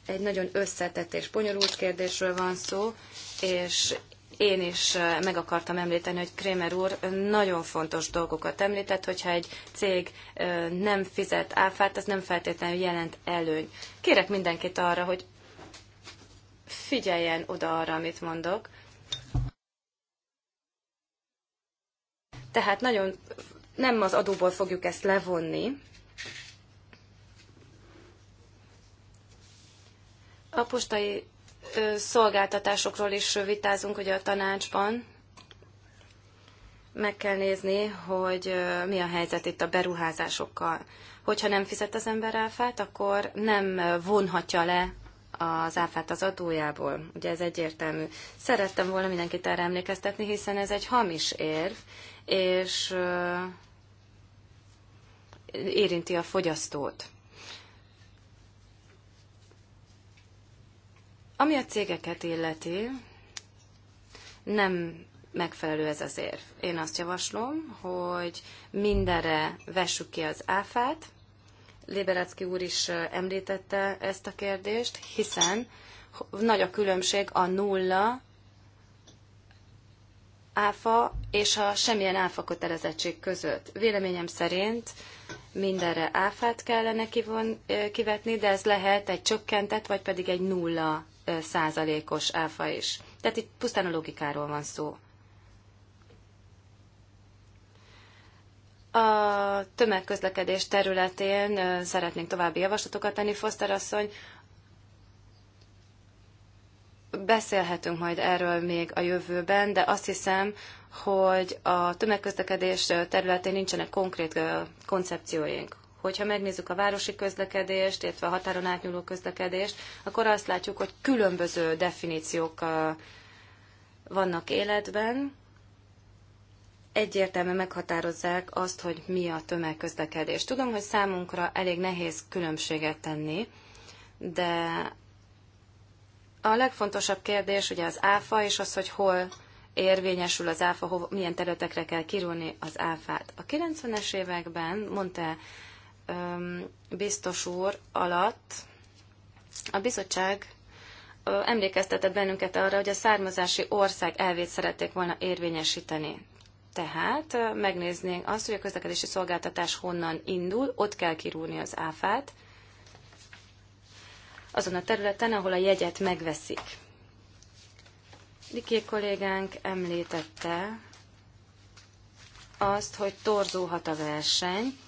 egy nagyon összetett és bonyolult kérdésről van szó, és én is meg akartam említeni, hogy Krémer úr nagyon fontos dolgokat említett, hogyha egy cég nem fizet áfát, az nem feltétlenül jelent előny. Kérek mindenkit arra, hogy figyeljen oda arra, amit mondok. Tehát nagyon nem az adóból fogjuk ezt levonni, A postai szolgáltatásokról is vitázunk ugye a tanácsban. Meg kell nézni, hogy mi a helyzet itt a beruházásokkal. Hogyha nem fizet az ember áfát, akkor nem vonhatja le az áfát az adójából. Ugye ez egyértelmű. Szerettem volna mindenkit erre emlékeztetni, hiszen ez egy hamis érv, és érinti a fogyasztót. Ami a cégeket illeti, nem megfelelő ez az érv. Én azt javaslom, hogy mindenre vessük ki az áfát. Liberácki úr is említette ezt a kérdést, hiszen nagy a különbség a nulla áfa és a semmilyen áfa kötelezettség között. Véleményem szerint mindenre áfát kellene kivon, kivetni, de ez lehet egy csökkentett, vagy pedig egy nulla százalékos áfa is. Tehát itt pusztán a logikáról van szó. A tömegközlekedés területén szeretnénk további javaslatokat tenni, Foster asszony. Beszélhetünk majd erről még a jövőben, de azt hiszem, hogy a tömegközlekedés területén nincsenek konkrét koncepcióink hogyha megnézzük a városi közlekedést, illetve a határon átnyúló közlekedést, akkor azt látjuk, hogy különböző definíciók vannak életben, egyértelműen meghatározzák azt, hogy mi a tömegközlekedés. Tudom, hogy számunkra elég nehéz különbséget tenni, de a legfontosabb kérdés ugye az áfa, és az, hogy hol érvényesül az áfa, hova, milyen területekre kell kirúni az áfát. A 90-es években, mondta biztos úr alatt a bizottság emlékeztetett bennünket arra, hogy a származási ország elvét szerették volna érvényesíteni. Tehát megnéznénk azt, hogy a közlekedési szolgáltatás honnan indul, ott kell kirúni az áfát, azon a területen, ahol a jegyet megveszik. Diké kollégánk említette azt, hogy torzulhat a verseny,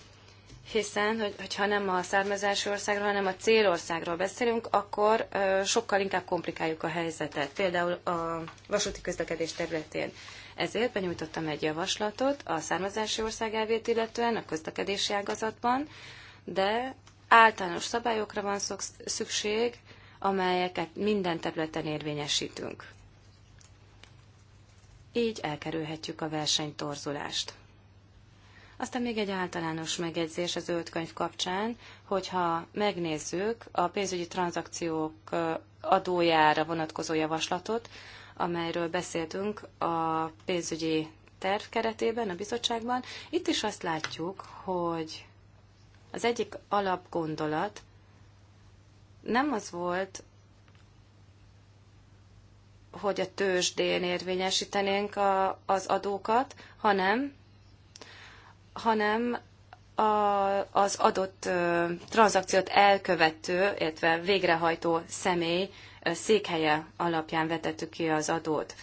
hiszen, hogy, hogyha nem a származási országról, hanem a célországról beszélünk, akkor ö, sokkal inkább komplikáljuk a helyzetet, például a vasúti közlekedés területén. Ezért benyújtottam egy javaslatot a származási ország elvét illetően a közlekedési ágazatban, de általános szabályokra van szükség, amelyeket minden területen érvényesítünk. Így elkerülhetjük a versenytorzulást. Aztán még egy általános megjegyzés az zöld könyv kapcsán, hogyha megnézzük a pénzügyi tranzakciók adójára vonatkozó javaslatot, amelyről beszéltünk a pénzügyi terv keretében, a bizottságban, itt is azt látjuk, hogy az egyik alapgondolat nem az volt, hogy a tőzsdén érvényesítenénk a, az adókat, hanem hanem a, az adott ö, tranzakciót elkövető, illetve végrehajtó személy ö, székhelye alapján vetettük ki az adót.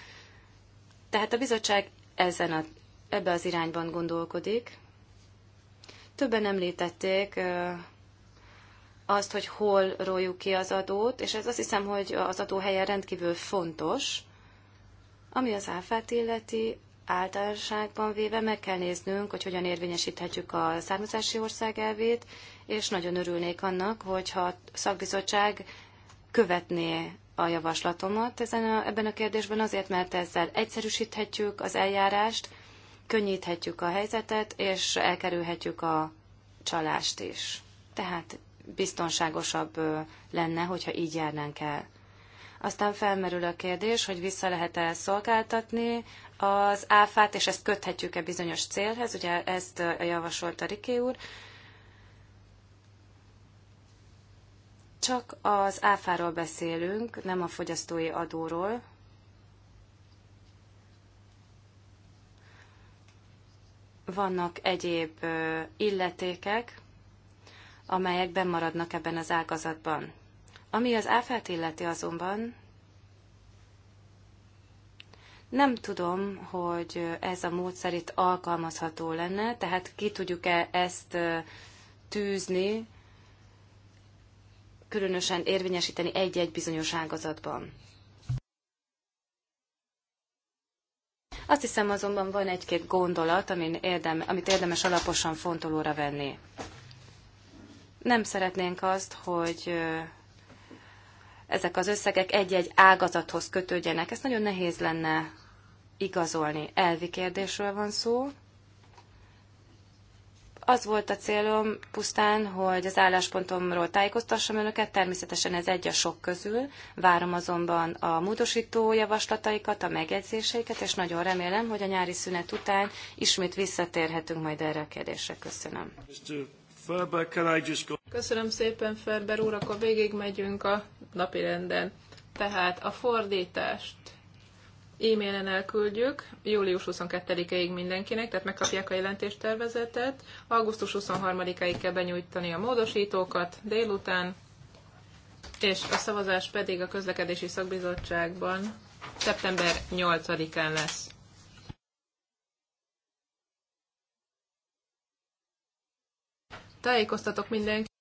Tehát a bizottság ezen a, ebbe az irányban gondolkodik. Többen említették ö, azt, hogy hol rójuk ki az adót, és ez azt hiszem, hogy az helye rendkívül fontos. Ami az áfát illeti, általánosságban véve meg kell néznünk, hogy hogyan érvényesíthetjük a származási ország elvét, és nagyon örülnék annak, hogyha a szakbizottság követné a javaslatomat ezen a, ebben a kérdésben, azért, mert ezzel egyszerűsíthetjük az eljárást, könnyíthetjük a helyzetet, és elkerülhetjük a csalást is. Tehát biztonságosabb lenne, hogyha így járnánk el. Aztán felmerül a kérdés, hogy vissza lehet-e szolgáltatni az áfát, és ezt köthetjük-e bizonyos célhez, ugye ezt javasolta Riké úr. Csak az áfáról beszélünk, nem a fogyasztói adóról. Vannak egyéb illetékek, amelyek bemaradnak ebben az ágazatban. Ami az áfát illeti azonban, nem tudom, hogy ez a módszer itt alkalmazható lenne, tehát ki tudjuk-e ezt tűzni, különösen érvényesíteni egy-egy bizonyos ágazatban. Azt hiszem azonban van egy-két gondolat, amin érdem, amit érdemes alaposan fontolóra venni. Nem szeretnénk azt, hogy ezek az összegek egy-egy ágazathoz kötődjenek. Ezt nagyon nehéz lenne igazolni. Elvi kérdésről van szó. Az volt a célom pusztán, hogy az álláspontomról tájékoztassam önöket, természetesen ez egy a sok közül. Várom azonban a módosító javaslataikat, a megjegyzéseiket, és nagyon remélem, hogy a nyári szünet után ismét visszatérhetünk majd erre a kérdésre. Köszönöm. Mr. Köszönöm szépen, Ferber úr, akkor megyünk a napi renden. Tehát a fordítást e-mailen elküldjük július 22-ig mindenkinek, tehát megkapják a jelentéstervezetet. Augusztus 23-ig kell benyújtani a módosítókat délután, és a szavazás pedig a közlekedési szakbizottságban szeptember 8-án lesz. Tájékoztatok mindenkit,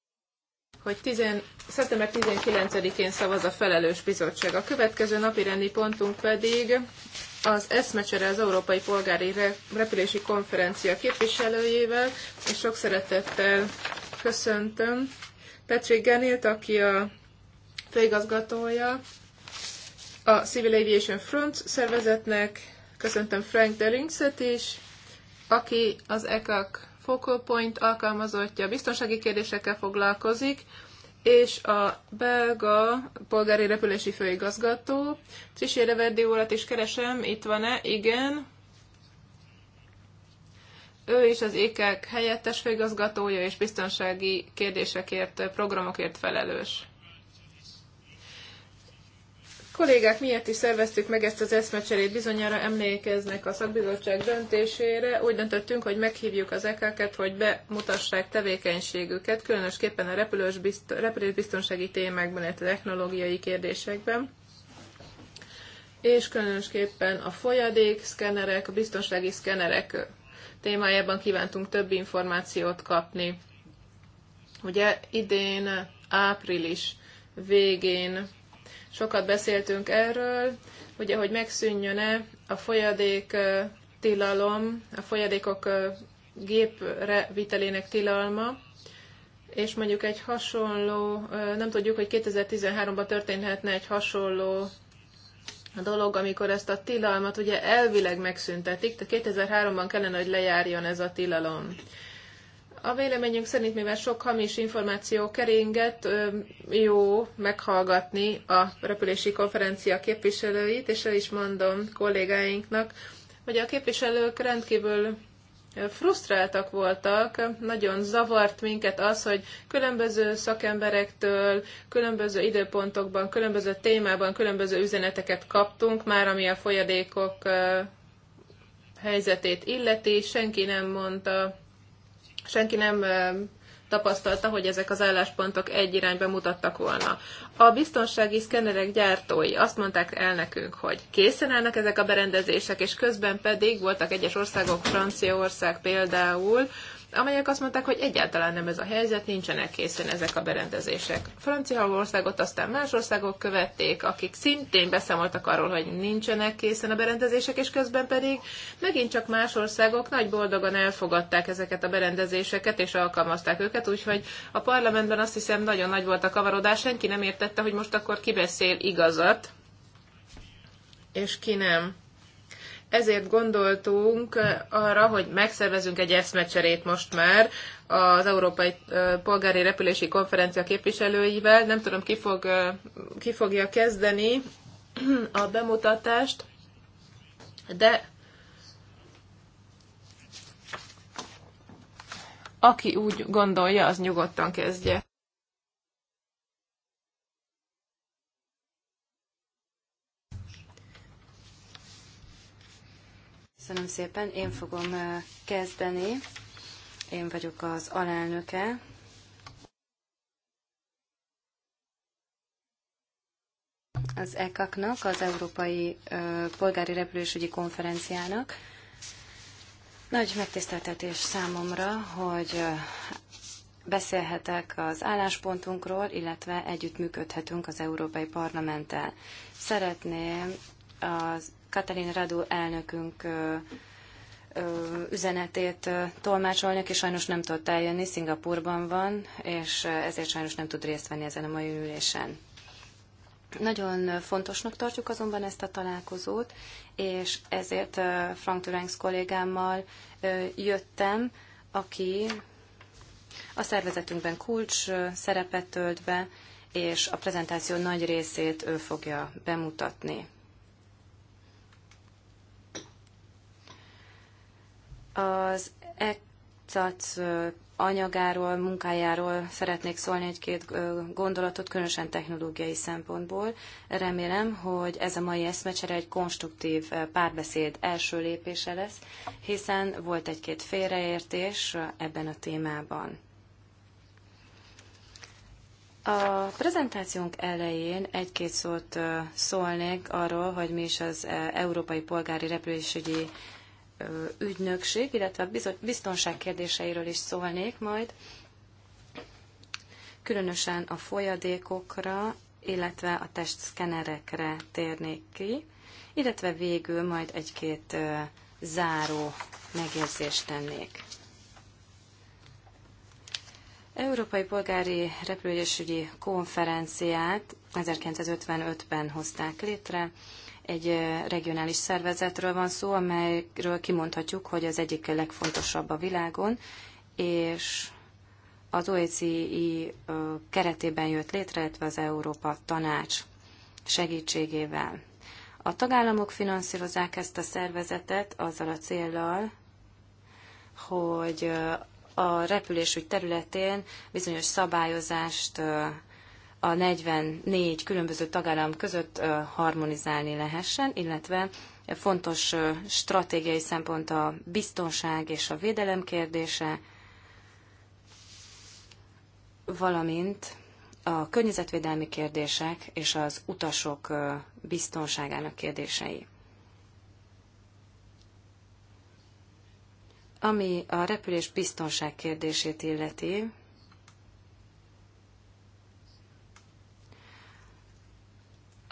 hogy 10, szeptember 19-én szavaz a felelős bizottság. A következő napi rendi pontunk pedig az eszmecsere az Európai Polgári Repülési Konferencia képviselőjével, és sok szeretettel köszöntöm Petri Genilt, aki a főigazgatója a Civil Aviation Front szervezetnek, köszöntöm Frank Dellingset is, aki az ECAC Focal Point alkalmazottja biztonsági kérdésekkel foglalkozik, és a belga polgári repülési főigazgató. Trisére Verdi urat is keresem, itt van-e? Igen. Ő is az ékek helyettes főigazgatója és biztonsági kérdésekért, programokért felelős. Kollégák, miért is szerveztük meg ezt az eszmecserét? Bizonyára emlékeznek a szakbizottság döntésére. Úgy döntöttünk, hogy meghívjuk az EK-ket, hogy bemutassák tevékenységüket, különösképpen a repülős bizt- biztonsági témákban, illetve technológiai kérdésekben és különösképpen a folyadék, szkenerek, a biztonsági szkenerek témájában kívántunk több információt kapni. Ugye idén április végén Sokat beszéltünk erről, ugye, hogy megszűnjön-e a folyadék tilalom, a folyadékok gépre vitelének tilalma, és mondjuk egy hasonló, nem tudjuk, hogy 2013-ban történhetne egy hasonló dolog, amikor ezt a tilalmat ugye elvileg megszüntetik, tehát 2003-ban kellene, hogy lejárjon ez a tilalom. A véleményünk szerint, mivel sok hamis információ keringett, jó meghallgatni a repülési konferencia képviselőit, és el is mondom kollégáinknak, hogy a képviselők rendkívül frusztráltak voltak, nagyon zavart minket az, hogy különböző szakemberektől, különböző időpontokban, különböző témában, különböző üzeneteket kaptunk, már ami a folyadékok helyzetét illeti, senki nem mondta senki nem tapasztalta, hogy ezek az álláspontok egy irányba mutattak volna. A biztonsági szkennerek gyártói azt mondták el nekünk, hogy készen állnak ezek a berendezések, és közben pedig voltak egyes országok, Franciaország például, amelyek azt mondták, hogy egyáltalán nem ez a helyzet, nincsenek készen ezek a berendezések. Franciaországot aztán más országok követték, akik szintén beszámoltak arról, hogy nincsenek készen a berendezések, és közben pedig megint csak más országok nagy boldogan elfogadták ezeket a berendezéseket, és alkalmazták őket, úgyhogy a parlamentben azt hiszem nagyon nagy volt a kavarodás, senki nem értette, hogy most akkor ki beszél igazat, és ki nem ezért gondoltunk arra, hogy megszervezünk egy eszmecserét most már az Európai Polgári Repülési Konferencia képviselőivel. Nem tudom, ki, fog, ki fogja kezdeni a bemutatást, de aki úgy gondolja, az nyugodtan kezdje. Köszönöm szépen, én fogom kezdeni. Én vagyok az alelnöke. Az ECAC-nak, az Európai Polgári Repülésügyi Konferenciának. Nagy megtiszteltetés számomra, hogy beszélhetek az álláspontunkról, illetve együttműködhetünk az Európai Parlamenttel. Szeretném az Katalin Radu elnökünk üzenetét tolmácsolni, és sajnos nem tudott eljönni, Szingapurban van, és ezért sajnos nem tud részt venni ezen a mai ülésen. Nagyon fontosnak tartjuk azonban ezt a találkozót, és ezért Frank Turengs kollégámmal jöttem, aki a szervezetünkben kulcs szerepet tölt be, és a prezentáció nagy részét ő fogja bemutatni. Az ECAC anyagáról, munkájáról szeretnék szólni egy-két gondolatot, különösen technológiai szempontból. Remélem, hogy ez a mai eszmecsere egy konstruktív párbeszéd első lépése lesz, hiszen volt egy-két félreértés ebben a témában. A prezentációnk elején egy-két szót szólnék arról, hogy mi is az Európai Polgári Repülésügyi ügynökség, illetve a biztonság kérdéseiről is szólnék majd, különösen a folyadékokra, illetve a testszkenerekre térnék ki, illetve végül majd egy-két záró megjegyzést tennék. Európai Polgári Repülésügyi Konferenciát 1955-ben hozták létre, egy regionális szervezetről van szó, amelyről kimondhatjuk, hogy az egyik legfontosabb a világon, és az OECI keretében jött létre, illetve az Európa Tanács segítségével. A tagállamok finanszírozzák ezt a szervezetet azzal a céllal, hogy a repülésügy területén bizonyos szabályozást a 44 különböző tagállam között harmonizálni lehessen, illetve fontos stratégiai szempont a biztonság és a védelem kérdése, valamint a környezetvédelmi kérdések és az utasok biztonságának kérdései. Ami a repülés biztonság kérdését illeti,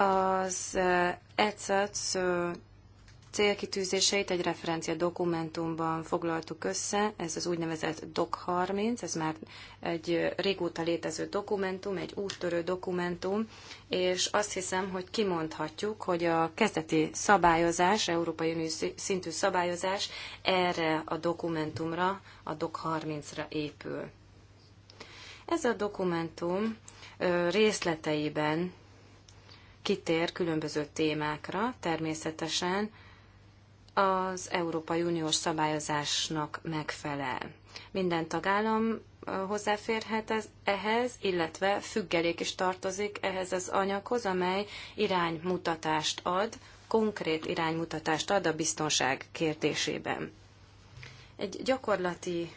az ECAC célkitűzéseit egy referencia dokumentumban foglaltuk össze, ez az úgynevezett DOC30, ez már egy régóta létező dokumentum, egy úttörő dokumentum, és azt hiszem, hogy kimondhatjuk, hogy a kezdeti szabályozás, Európai Unió szintű szabályozás erre a dokumentumra, a DOC30-ra épül. Ez a dokumentum részleteiben kitér különböző témákra, természetesen az Európai Uniós szabályozásnak megfelel. Minden tagállam hozzáférhet ez, ehhez, illetve függelék is tartozik ehhez az anyaghoz, amely iránymutatást ad, konkrét iránymutatást ad a biztonság kérdésében. Egy gyakorlati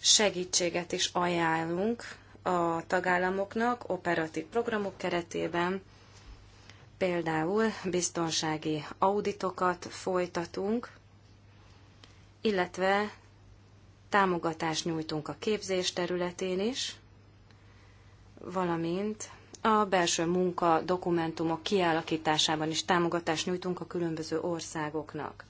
segítséget is ajánlunk a tagállamoknak operatív programok keretében, például biztonsági auditokat folytatunk, illetve támogatást nyújtunk a képzés területén is, valamint a belső munka dokumentumok kialakításában is támogatást nyújtunk a különböző országoknak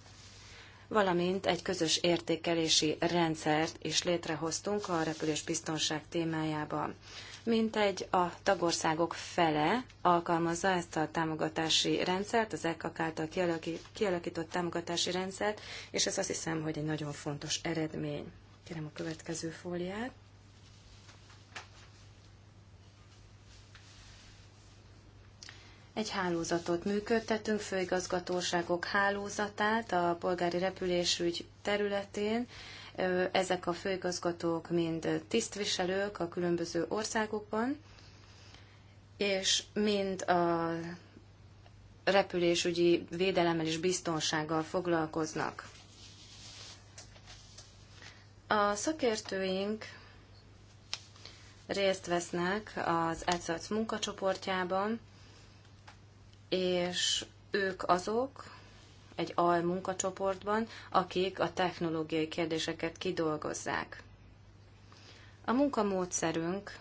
valamint egy közös értékelési rendszert is létrehoztunk a repülésbiztonság témájában. Mintegy a tagországok fele alkalmazza ezt a támogatási rendszert, az EKK által kialakított támogatási rendszert, és ez azt hiszem, hogy egy nagyon fontos eredmény. Kérem a következő fóliát. egy hálózatot működtetünk, főigazgatóságok hálózatát a polgári repülésügy területén. Ezek a főigazgatók mind tisztviselők a különböző országokban, és mind a repülésügyi védelemmel és biztonsággal foglalkoznak. A szakértőink részt vesznek az ECAC munkacsoportjában, és ők azok egy AL munkacsoportban, akik a technológiai kérdéseket kidolgozzák. A munkamódszerünk,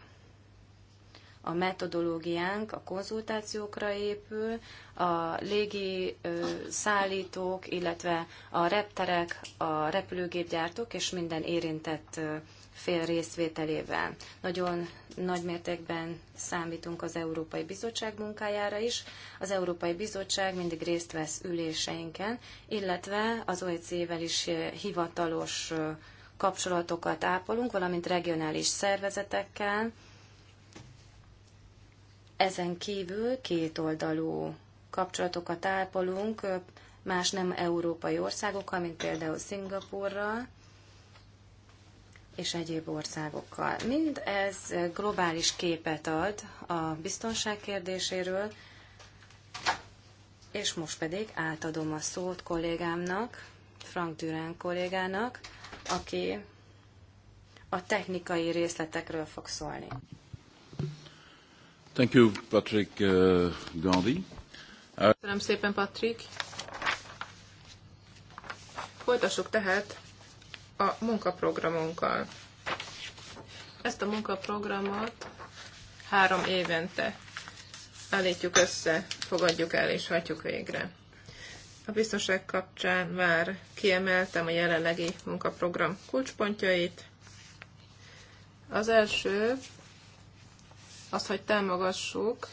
a metodológiánk a konzultációkra épül, a légi ö, szállítók, illetve a repterek, a repülőgépgyártók és minden érintett ö, fél részvételével. Nagyon nagy mértékben számítunk az Európai Bizottság munkájára is. Az Európai Bizottság mindig részt vesz üléseinken, illetve az OECD-vel is eh, hivatalos eh, kapcsolatokat ápolunk, valamint regionális szervezetekkel. Ezen kívül kétoldalú kapcsolatokat ápolunk eh, más nem európai országokkal, mint például Szingapurral és egyéb országokkal. Mind ez globális képet ad a biztonság kérdéséről, és most pedig átadom a szót kollégámnak, Frank Durán kollégának, aki a technikai részletekről fog szólni. Thank you, Patrick uh, Gandhi. Uh, Köszönöm szépen, Patrick. Folytassuk tehát a munkaprogramunkkal. Ezt a munkaprogramot három évente állítjuk össze, fogadjuk el és hagyjuk végre. A biztonság kapcsán már kiemeltem a jelenlegi munkaprogram kulcspontjait. Az első az, hogy támogassuk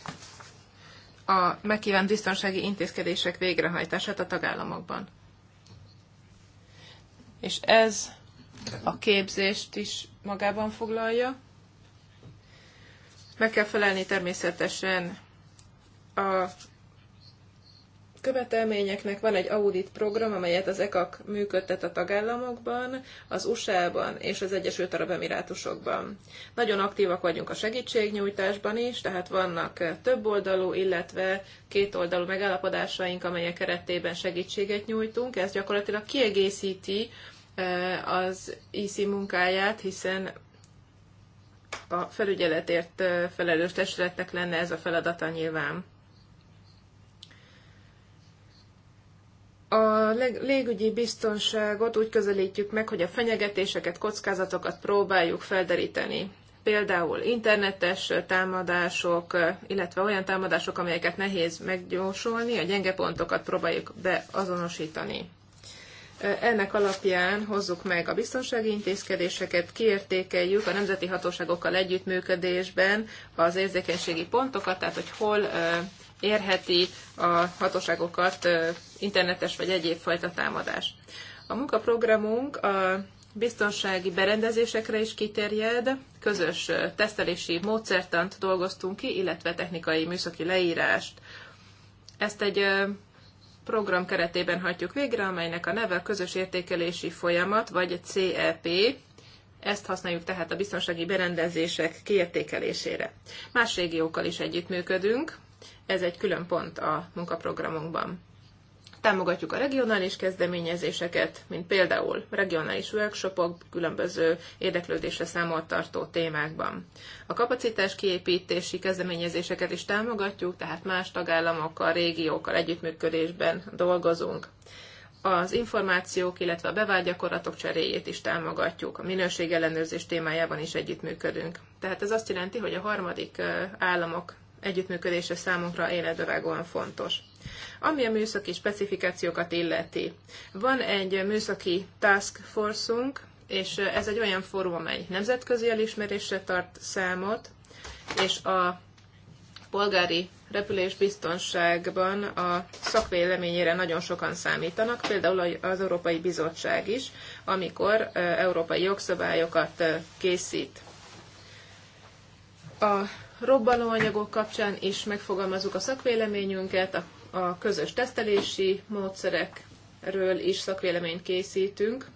a megkívánt biztonsági intézkedések végrehajtását a tagállamokban és ez a képzést is magában foglalja. Meg kell felelni természetesen a követelményeknek van egy audit program, amelyet az ECAC működtet a tagállamokban, az USA-ban és az Egyesült Arab Emirátusokban. Nagyon aktívak vagyunk a segítségnyújtásban is, tehát vannak többoldalú, illetve kétoldalú megállapodásaink, amelyek keretében segítséget nyújtunk. Ez gyakorlatilag kiegészíti e, az ISI munkáját, hiszen a felügyeletért e, felelős testületnek lenne ez a feladata nyilván. A légügyi biztonságot úgy közelítjük meg, hogy a fenyegetéseket, kockázatokat próbáljuk felderíteni. Például internetes támadások, illetve olyan támadások, amelyeket nehéz megjósolni, a gyenge pontokat próbáljuk beazonosítani. Ennek alapján hozzuk meg a biztonsági intézkedéseket, kiértékeljük a nemzeti hatóságokkal együttműködésben az érzékenységi pontokat, tehát hogy hol érheti a hatóságokat internetes vagy egyéb fajta támadás. A munkaprogramunk a biztonsági berendezésekre is kiterjed, közös tesztelési módszertant dolgoztunk ki, illetve technikai műszaki leírást. Ezt egy program keretében hajtjuk végre, amelynek a neve közös értékelési folyamat, vagy CEP, ezt használjuk tehát a biztonsági berendezések kiértékelésére. Más régiókkal is együttműködünk, ez egy külön pont a munkaprogramunkban. Támogatjuk a regionális kezdeményezéseket, mint például regionális workshopok különböző érdeklődésre számolt tartó témákban. A kapacitás kiépítési kezdeményezéseket is támogatjuk, tehát más tagállamokkal, régiókkal együttműködésben dolgozunk. Az információk, illetve a bevált gyakorlatok cseréjét is támogatjuk. A minőségellenőrzés témájában is együttműködünk. Tehát ez azt jelenti, hogy a harmadik államok együttműködése számunkra életbevágóan fontos. Ami a műszaki specifikációkat illeti. Van egy műszaki task forceunk, és ez egy olyan fórum, amely nemzetközi elismerésre tart számot, és a polgári repülésbiztonságban a szakvéleményére nagyon sokan számítanak, például az Európai Bizottság is, amikor európai jogszabályokat készít. A robbanóanyagok kapcsán is megfogalmazzuk a szakvéleményünket, a, a közös tesztelési módszerekről is szakvéleményt készítünk,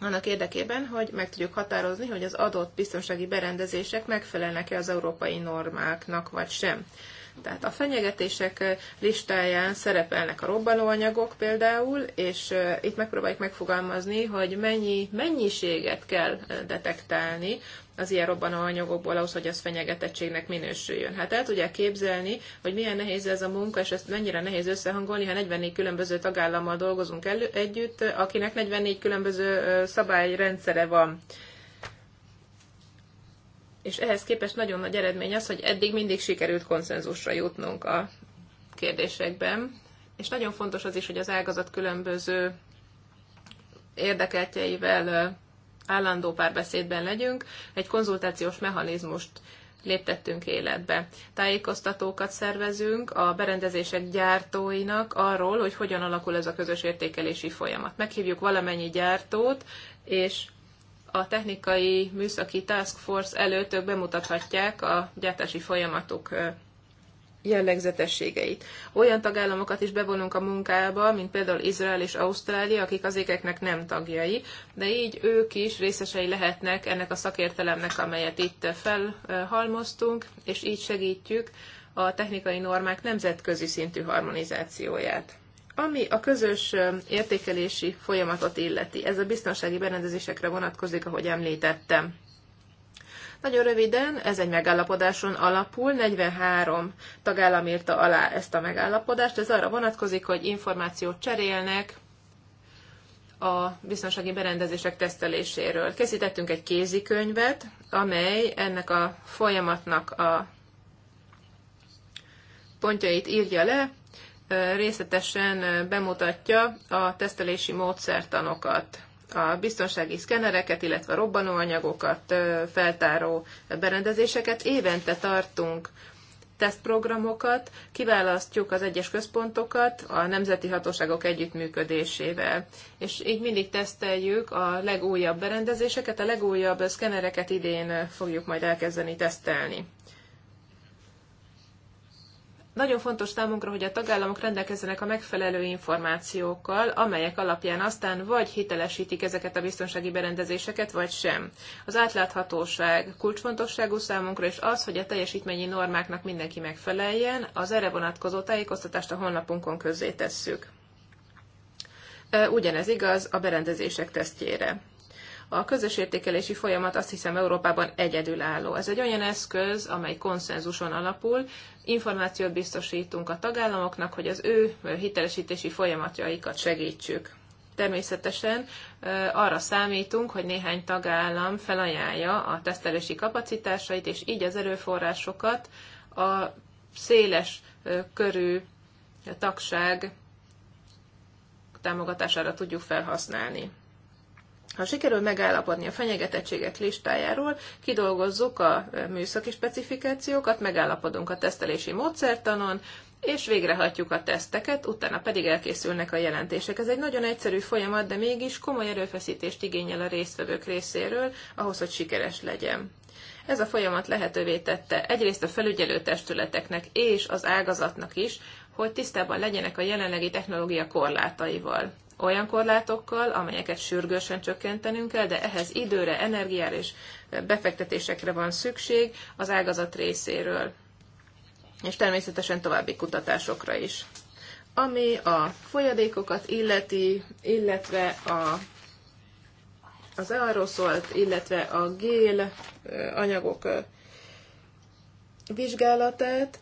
annak érdekében, hogy meg tudjuk határozni, hogy az adott biztonsági berendezések megfelelnek-e az európai normáknak, vagy sem. Tehát a fenyegetések listáján szerepelnek a robbanóanyagok például, és itt megpróbáljuk megfogalmazni, hogy mennyi mennyiséget kell detektálni az ilyen robbanóanyagokból ahhoz, hogy az fenyegetettségnek minősüljön. Hát el tudják képzelni, hogy milyen nehéz ez a munka, és ezt mennyire nehéz összehangolni, ha 44 különböző tagállammal dolgozunk elő, együtt, akinek 44 különböző szabályrendszere van és ehhez képest nagyon nagy eredmény az, hogy eddig mindig sikerült konszenzusra jutnunk a kérdésekben, és nagyon fontos az is, hogy az ágazat különböző érdekeltjeivel állandó párbeszédben legyünk, egy konzultációs mechanizmust léptettünk életbe. Tájékoztatókat szervezünk a berendezések gyártóinak arról, hogy hogyan alakul ez a közös értékelési folyamat. Meghívjuk valamennyi gyártót, és a technikai műszaki task force előtt ők bemutathatják a gyártási folyamatok jellegzetességeit. Olyan tagállamokat is bevonunk a munkába, mint például Izrael és Ausztrália, akik az ékeknek nem tagjai, de így ők is részesei lehetnek ennek a szakértelemnek, amelyet itt felhalmoztunk, és így segítjük a technikai normák nemzetközi szintű harmonizációját. Ami a közös értékelési folyamatot illeti, ez a biztonsági berendezésekre vonatkozik, ahogy említettem. Nagyon röviden, ez egy megállapodáson alapul, 43 tagállam írta alá ezt a megállapodást, ez arra vonatkozik, hogy információt cserélnek a biztonsági berendezések teszteléséről. Készítettünk egy kézikönyvet, amely ennek a folyamatnak a pontjait írja le, részletesen bemutatja a tesztelési módszertanokat, a biztonsági szkenereket, illetve robbanóanyagokat, feltáró berendezéseket. Évente tartunk tesztprogramokat, kiválasztjuk az egyes központokat a nemzeti hatóságok együttműködésével. És így mindig teszteljük a legújabb berendezéseket, a legújabb szkenereket idén fogjuk majd elkezdeni tesztelni. Nagyon fontos számunkra, hogy a tagállamok rendelkezzenek a megfelelő információkkal, amelyek alapján aztán vagy hitelesítik ezeket a biztonsági berendezéseket, vagy sem. Az átláthatóság kulcsfontosságú számunkra, és az, hogy a teljesítményi normáknak mindenki megfeleljen, az erre vonatkozó tájékoztatást a honlapunkon közzétesszük. Ugyanez igaz a berendezések tesztjére. A közös értékelési folyamat azt hiszem Európában egyedülálló. Ez egy olyan eszköz, amely konszenzuson alapul, információt biztosítunk a tagállamoknak, hogy az ő hitelesítési folyamatjaikat segítsük. Természetesen arra számítunk, hogy néhány tagállam felajánlja a tesztelési kapacitásait, és így az erőforrásokat a széles körű tagság támogatására tudjuk felhasználni. Ha sikerül megállapodni a fenyegetettségek listájáról, kidolgozzuk a e, műszaki specifikációkat, megállapodunk a tesztelési módszertanon, és végrehajtjuk a teszteket, utána pedig elkészülnek a jelentések. Ez egy nagyon egyszerű folyamat, de mégis komoly erőfeszítést igényel a résztvevők részéről, ahhoz, hogy sikeres legyen. Ez a folyamat lehetővé tette egyrészt a felügyelő testületeknek és az ágazatnak is, hogy tisztában legyenek a jelenlegi technológia korlátaival olyan korlátokkal, amelyeket sürgősen csökkentenünk kell, de ehhez időre, energiára és befektetésekre van szükség az ágazat részéről, és természetesen további kutatásokra is. Ami a folyadékokat illeti, illetve a, az aeroszolt, illetve a gél anyagok vizsgálatát,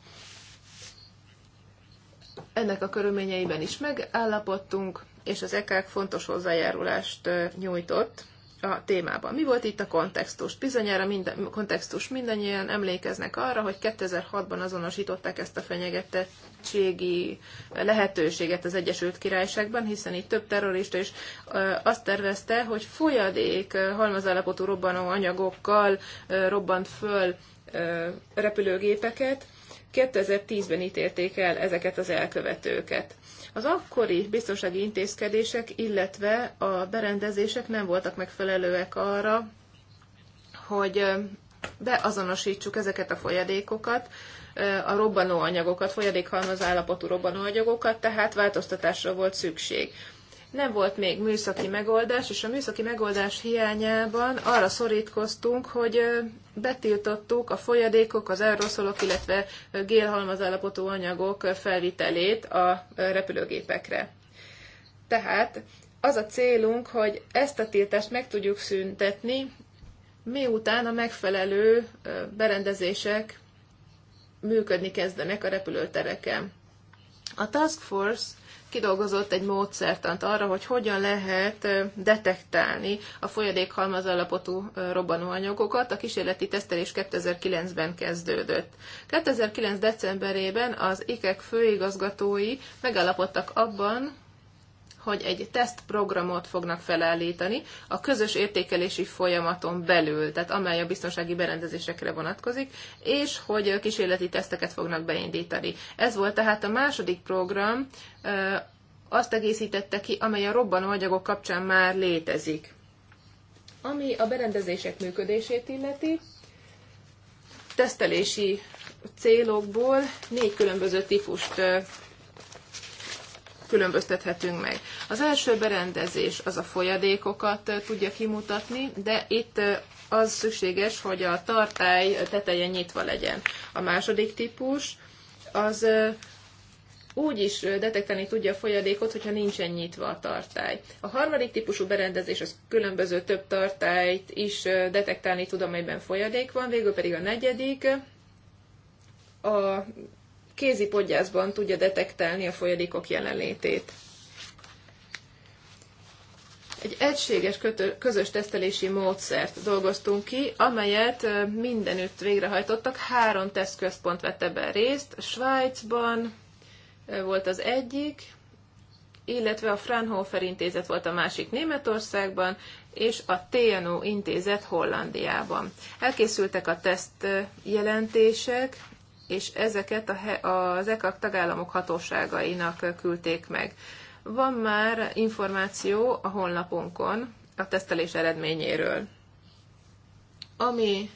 ennek a körülményeiben is megállapodtunk, és az EKK fontos hozzájárulást nyújtott a témában. Mi volt itt a kontextus? Bizonyára minden, kontextus mindannyian emlékeznek arra, hogy 2006-ban azonosították ezt a fenyegetettségi lehetőséget az Egyesült Királyságban, hiszen itt több terrorista is azt tervezte, hogy folyadék halmazállapotú robbanó anyagokkal robbant föl repülőgépeket. 2010-ben ítélték el ezeket az elkövetőket. Az akkori biztonsági intézkedések, illetve a berendezések nem voltak megfelelőek arra, hogy beazonosítsuk ezeket a folyadékokat, a robbanóanyagokat, folyadékhalmaz állapotú robbanóanyagokat, tehát változtatásra volt szükség nem volt még műszaki megoldás, és a műszaki megoldás hiányában arra szorítkoztunk, hogy betiltottuk a folyadékok, az aeroszolok, illetve gélhalmazállapotú anyagok felvitelét a repülőgépekre. Tehát az a célunk, hogy ezt a tiltást meg tudjuk szüntetni, miután a megfelelő berendezések működni kezdenek a repülőtereken. A Task Force kidolgozott egy módszertant arra, hogy hogyan lehet detektálni a folyadékhalmaz alapotú robbanóanyagokat. A kísérleti tesztelés 2009-ben kezdődött. 2009. decemberében az IKEK e főigazgatói megállapodtak abban, hogy egy tesztprogramot fognak felállítani a közös értékelési folyamaton belül, tehát amely a biztonsági berendezésekre vonatkozik, és hogy kísérleti teszteket fognak beindítani. Ez volt tehát a második program, azt egészítette ki, amely a robbanó anyagok kapcsán már létezik. Ami a berendezések működését illeti, tesztelési célokból négy különböző típust különböztethetünk meg. Az első berendezés az a folyadékokat tudja kimutatni, de itt az szükséges, hogy a tartály teteje nyitva legyen. A második típus az úgy is detektálni tudja a folyadékot, hogyha nincsen nyitva a tartály. A harmadik típusú berendezés az különböző több tartályt is detektálni tud, amelyben folyadék van, végül pedig a negyedik, a kézi podgyászban tudja detektálni a folyadékok jelenlétét. Egy egységes kötő, közös tesztelési módszert dolgoztunk ki, amelyet mindenütt végrehajtottak. Három tesztközpont vette be részt. Svájcban volt az egyik, illetve a Fraunhofer intézet volt a másik Németországban, és a TNO intézet Hollandiában. Elkészültek a teszt jelentések, és ezeket az EKAK tagállamok hatóságainak küldték meg. Van már információ a honlapunkon a tesztelés eredményéről. Ami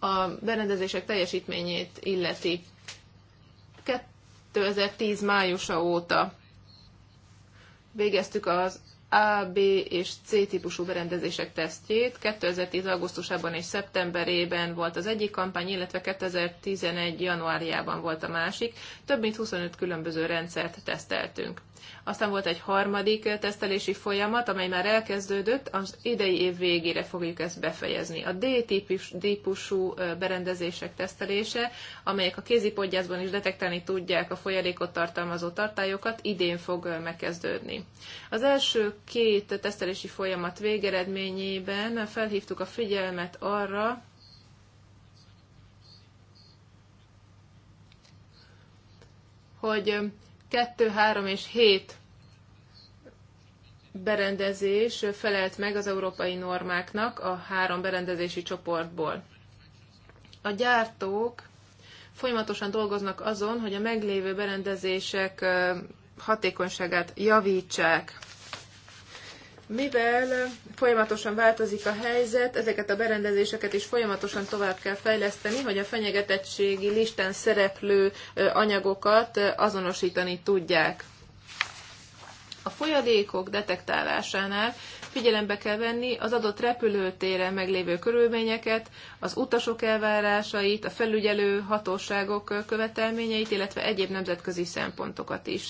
a berendezések teljesítményét illeti, 2010 májusa óta végeztük az a, B és C típusú berendezések tesztjét. 2010. augusztusában és szeptemberében volt az egyik kampány, illetve 2011. januárjában volt a másik. Több mint 25 különböző rendszert teszteltünk. Aztán volt egy harmadik tesztelési folyamat, amely már elkezdődött, az idei év végére fogjuk ezt befejezni. A D-típusú berendezések tesztelése, amelyek a kézipodgyászban is detektálni tudják a folyadékot tartalmazó tartályokat, idén fog megkezdődni. Az első két tesztelési folyamat végeredményében felhívtuk a figyelmet arra, hogy 2, 3 és 7 berendezés felelt meg az európai normáknak a három berendezési csoportból. A gyártók folyamatosan dolgoznak azon, hogy a meglévő berendezések hatékonyságát javítsák. Mivel folyamatosan változik a helyzet, ezeket a berendezéseket is folyamatosan tovább kell fejleszteni, hogy a fenyegetettségi listán szereplő anyagokat azonosítani tudják. A folyadékok detektálásánál figyelembe kell venni az adott repülőtéren meglévő körülményeket, az utasok elvárásait, a felügyelő hatóságok követelményeit, illetve egyéb nemzetközi szempontokat is.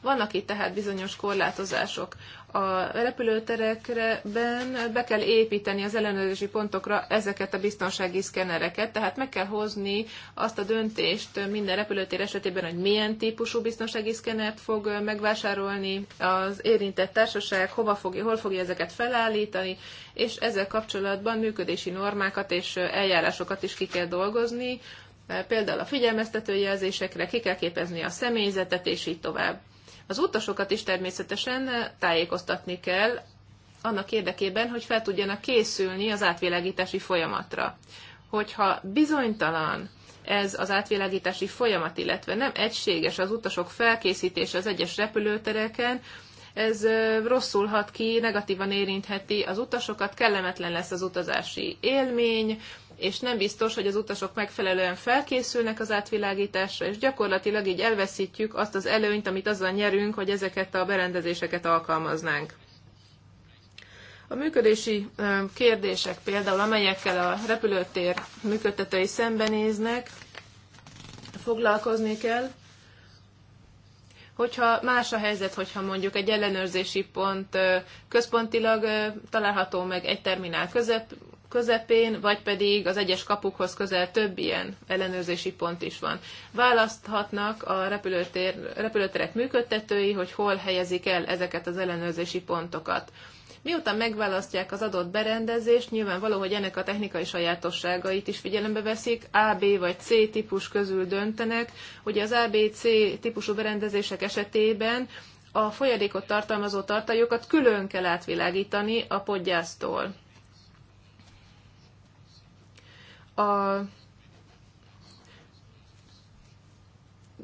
Vannak itt tehát bizonyos korlátozások a repülőterekben be kell építeni az ellenőrzési pontokra ezeket a biztonsági szkennereket, tehát meg kell hozni azt a döntést minden repülőtér esetében, hogy milyen típusú biztonsági szkennert fog megvásárolni az érintett társaság, hova fogja, hol fogja ezeket felállítani, és ezzel kapcsolatban működési normákat és eljárásokat is ki kell dolgozni, például a figyelmeztető jelzésekre, ki kell képezni a személyzetet, és így tovább. Az utasokat is természetesen tájékoztatni kell annak érdekében, hogy fel tudjanak készülni az átvilágítási folyamatra. Hogyha bizonytalan ez az átvilágítási folyamat, illetve nem egységes az utasok felkészítése az egyes repülőtereken, ez rosszul hat ki, negatívan érintheti az utasokat, kellemetlen lesz az utazási élmény, és nem biztos, hogy az utasok megfelelően felkészülnek az átvilágításra, és gyakorlatilag így elveszítjük azt az előnyt, amit azzal nyerünk, hogy ezeket a berendezéseket alkalmaznánk. A működési kérdések például, amelyekkel a repülőtér működtetői szembenéznek, foglalkozni kell. Hogyha más a helyzet, hogyha mondjuk egy ellenőrzési pont központilag található meg egy terminál között, közepén, vagy pedig az egyes kapukhoz közel több ilyen ellenőrzési pont is van. Választhatnak a repülőtér, repülőterek működtetői, hogy hol helyezik el ezeket az ellenőrzési pontokat. Miután megválasztják az adott berendezést, nyilván valahogy ennek a technikai sajátosságait is figyelembe veszik, A, B vagy C típus közül döntenek. hogy az A, B, C típusú berendezések esetében a folyadékot tartalmazó tartályokat külön kell átvilágítani a podgyásztól. a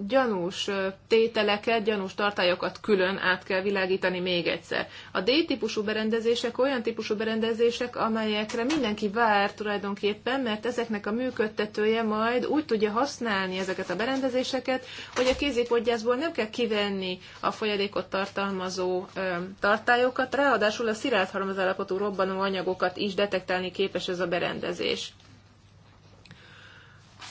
gyanús tételeket, gyanús tartályokat külön át kell világítani még egyszer. A D-típusú berendezések olyan típusú berendezések, amelyekre mindenki vár tulajdonképpen, mert ezeknek a működtetője majd úgy tudja használni ezeket a berendezéseket, hogy a kézipodgyászból nem kell kivenni a folyadékot tartalmazó öm, tartályokat, ráadásul a szirált halmazállapotú robbanó anyagokat is detektálni képes ez a berendezés.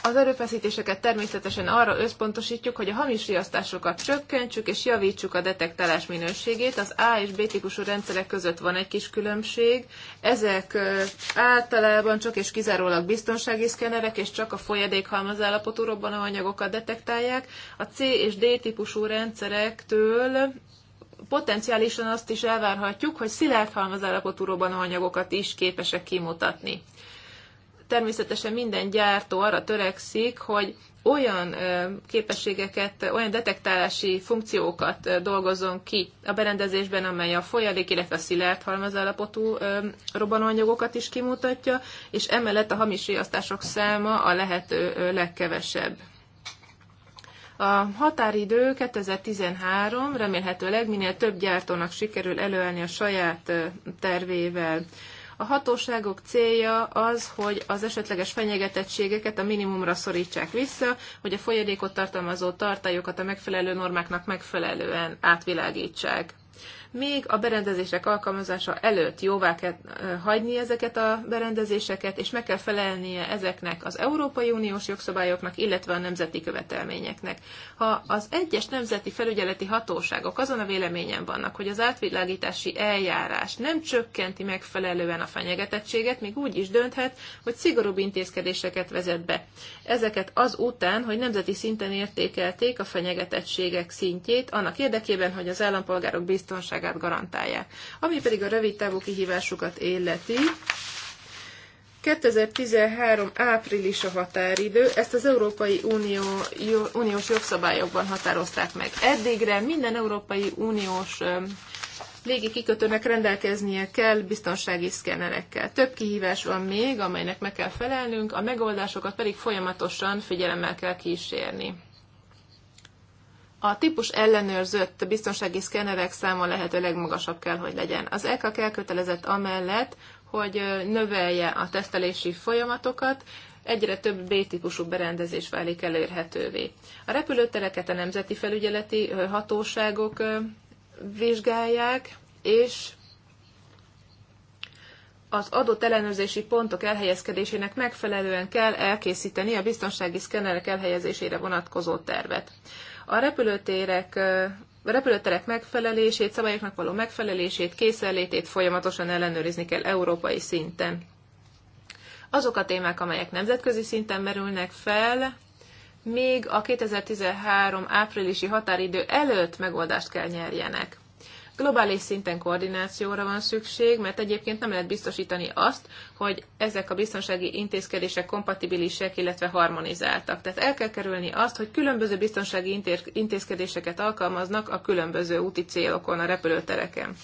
Az erőfeszítéseket természetesen arra összpontosítjuk, hogy a hamis riasztásokat csökkentsük és javítsuk a detektálás minőségét. Az A és B típusú rendszerek között van egy kis különbség. Ezek általában csak és kizárólag biztonsági szkenerek, és csak a folyadék halmazállapotú robbanóanyagokat detektálják. A C és D típusú rendszerektől potenciálisan azt is elvárhatjuk, hogy szilárd halmazállapotú robbanóanyagokat is képesek kimutatni természetesen minden gyártó arra törekszik, hogy olyan képességeket, olyan detektálási funkciókat dolgozzon ki a berendezésben, amely a folyadék, illetve a szilárd halmazállapotú robbanóanyagokat is kimutatja, és emellett a hamis riasztások száma a lehető legkevesebb. A határidő 2013, remélhetőleg minél több gyártónak sikerül előállni a saját tervével. A hatóságok célja az, hogy az esetleges fenyegetettségeket a minimumra szorítsák vissza, hogy a folyadékot tartalmazó tartályokat a megfelelő normáknak megfelelően átvilágítsák még a berendezések alkalmazása előtt jóvá kell hagyni ezeket a berendezéseket, és meg kell felelnie ezeknek az Európai Uniós jogszabályoknak, illetve a nemzeti követelményeknek. Ha az egyes nemzeti felügyeleti hatóságok azon a véleményen vannak, hogy az átvilágítási eljárás nem csökkenti megfelelően a fenyegetettséget, még úgy is dönthet, hogy szigorúbb intézkedéseket vezet be. Ezeket az után, hogy nemzeti szinten értékelték a fenyegetettségek szintjét, annak érdekében, hogy az állampolgárok biztonságos biztonságát garantálják. Ami pedig a rövid távú kihívásokat életi, 2013 április a határidő, ezt az Európai Unió, Uniós jogszabályokban határozták meg. Eddigre minden Európai Uniós légi kikötőnek rendelkeznie kell biztonsági szkennerekkel. Több kihívás van még, amelynek meg kell felelnünk, a megoldásokat pedig folyamatosan figyelemmel kell kísérni. A típus ellenőrzött biztonsági szkennerek száma lehető legmagasabb kell, hogy legyen. Az EKK elkötelezett amellett, hogy növelje a tesztelési folyamatokat, egyre több B-típusú berendezés válik elérhetővé. A repülőtereket a nemzeti felügyeleti hatóságok vizsgálják, és az adott ellenőrzési pontok elhelyezkedésének megfelelően kell elkészíteni a biztonsági szkennerek elhelyezésére vonatkozó tervet. A repülőtérek a repülőterek megfelelését, szabályoknak való megfelelését, készenlétét folyamatosan ellenőrizni kell európai szinten. Azok a témák, amelyek nemzetközi szinten merülnek fel, még a 2013 áprilisi határidő előtt megoldást kell nyerjenek. Globális szinten koordinációra van szükség, mert egyébként nem lehet biztosítani azt, hogy ezek a biztonsági intézkedések kompatibilisek, illetve harmonizáltak. Tehát el kell kerülni azt, hogy különböző biztonsági intézkedéseket alkalmaznak a különböző úti célokon, a repülőtereken.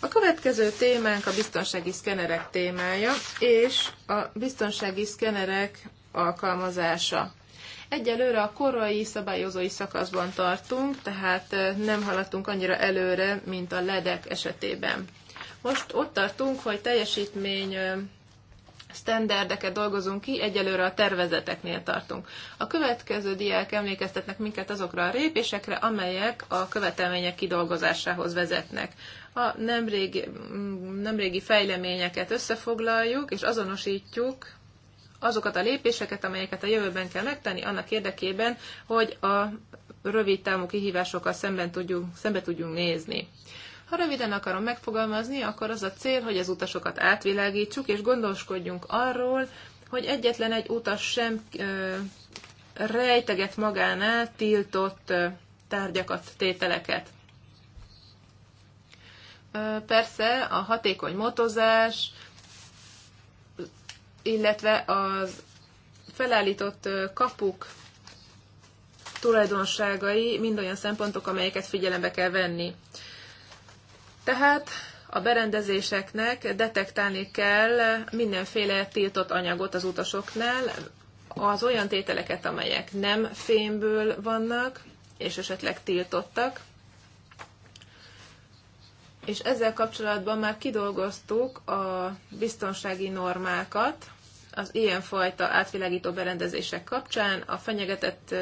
A következő témánk a biztonsági szkenerek témája, és a biztonsági szkenerek alkalmazása. Egyelőre a korai szabályozói szakaszban tartunk, tehát nem haladtunk annyira előre, mint a ledek esetében. Most ott tartunk, hogy teljesítmény sztenderdeket dolgozunk ki, egyelőre a tervezeteknél tartunk. A következő diák emlékeztetnek minket azokra a lépésekre, amelyek a követelmények kidolgozásához vezetnek. A nemrégi, mm, nemrégi fejleményeket összefoglaljuk és azonosítjuk, azokat a lépéseket, amelyeket a jövőben kell megtenni annak érdekében, hogy a rövid távú kihívásokkal szemben tudjunk, szembe tudjunk nézni. Ha röviden akarom megfogalmazni, akkor az a cél, hogy az utasokat átvilágítsuk, és gondoskodjunk arról, hogy egyetlen egy utas sem ö, rejteget magánál tiltott ö, tárgyakat, tételeket. Persze a hatékony motozás, illetve az felállított kapuk tulajdonságai mind olyan szempontok, amelyeket figyelembe kell venni. Tehát a berendezéseknek detektálni kell mindenféle tiltott anyagot az utasoknál, az olyan tételeket, amelyek nem fémből vannak, és esetleg tiltottak. És ezzel kapcsolatban már kidolgoztuk a biztonsági normákat, az ilyenfajta átvilágító berendezések kapcsán a fenyegetett,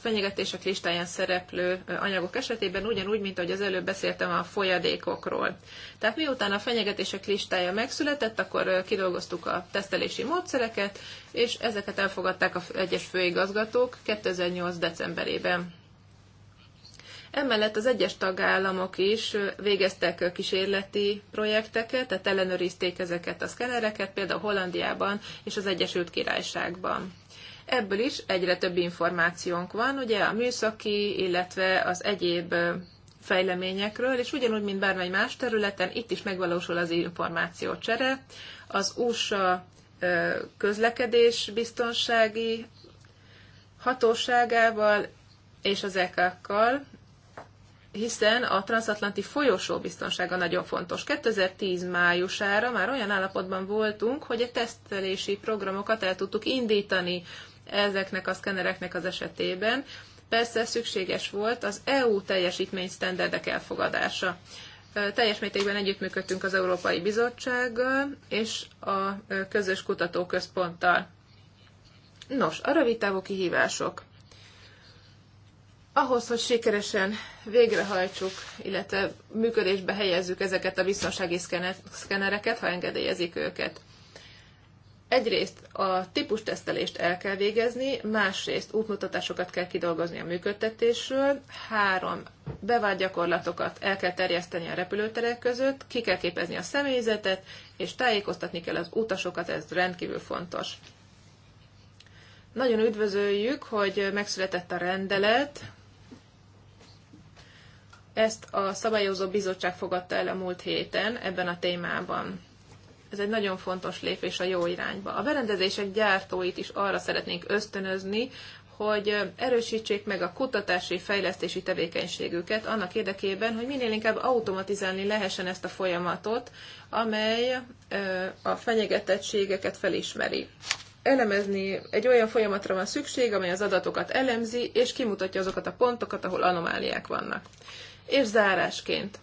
fenyegetések listáján szereplő anyagok esetében ugyanúgy, mint ahogy az előbb beszéltem a folyadékokról. Tehát miután a fenyegetések listája megszületett, akkor kidolgoztuk a tesztelési módszereket, és ezeket elfogadták az egyes főigazgatók 2008. decemberében. Emellett az egyes tagállamok is végeztek kísérleti projekteket, tehát ellenőrizték ezeket a szkenereket, például Hollandiában és az Egyesült Királyságban. Ebből is egyre több információnk van, ugye a műszaki, illetve az egyéb fejleményekről, és ugyanúgy, mint bármely más területen, itt is megvalósul az információcsere. Az USA közlekedés biztonsági hatóságával és az ek hiszen a transatlanti folyosó biztonsága nagyon fontos. 2010 májusára már olyan állapotban voltunk, hogy a tesztelési programokat el tudtuk indítani ezeknek a szkenereknek az esetében. Persze szükséges volt az EU teljesítmény sztenderdek elfogadása. Teljes mértékben együttműködtünk az Európai Bizottsággal és a közös kutatóközponttal. Nos, a rövid távú kihívások ahhoz, hogy sikeresen végrehajtsuk, illetve működésbe helyezzük ezeket a biztonsági szkennereket, ha engedélyezik őket. Egyrészt a típustesztelést el kell végezni, másrészt útmutatásokat kell kidolgozni a működtetésről, három bevált gyakorlatokat el kell terjeszteni a repülőterek között, ki kell képezni a személyzetet, és tájékoztatni kell az utasokat, ez rendkívül fontos. Nagyon üdvözöljük, hogy megszületett a rendelet, ezt a szabályozó bizottság fogadta el a múlt héten ebben a témában. Ez egy nagyon fontos lépés a jó irányba. A berendezések gyártóit is arra szeretnénk ösztönözni, hogy erősítsék meg a kutatási, fejlesztési tevékenységüket annak érdekében, hogy minél inkább automatizálni lehessen ezt a folyamatot, amely a fenyegetettségeket felismeri. Elemezni egy olyan folyamatra van szükség, amely az adatokat elemzi, és kimutatja azokat a pontokat, ahol anomáliák vannak. És zárásként,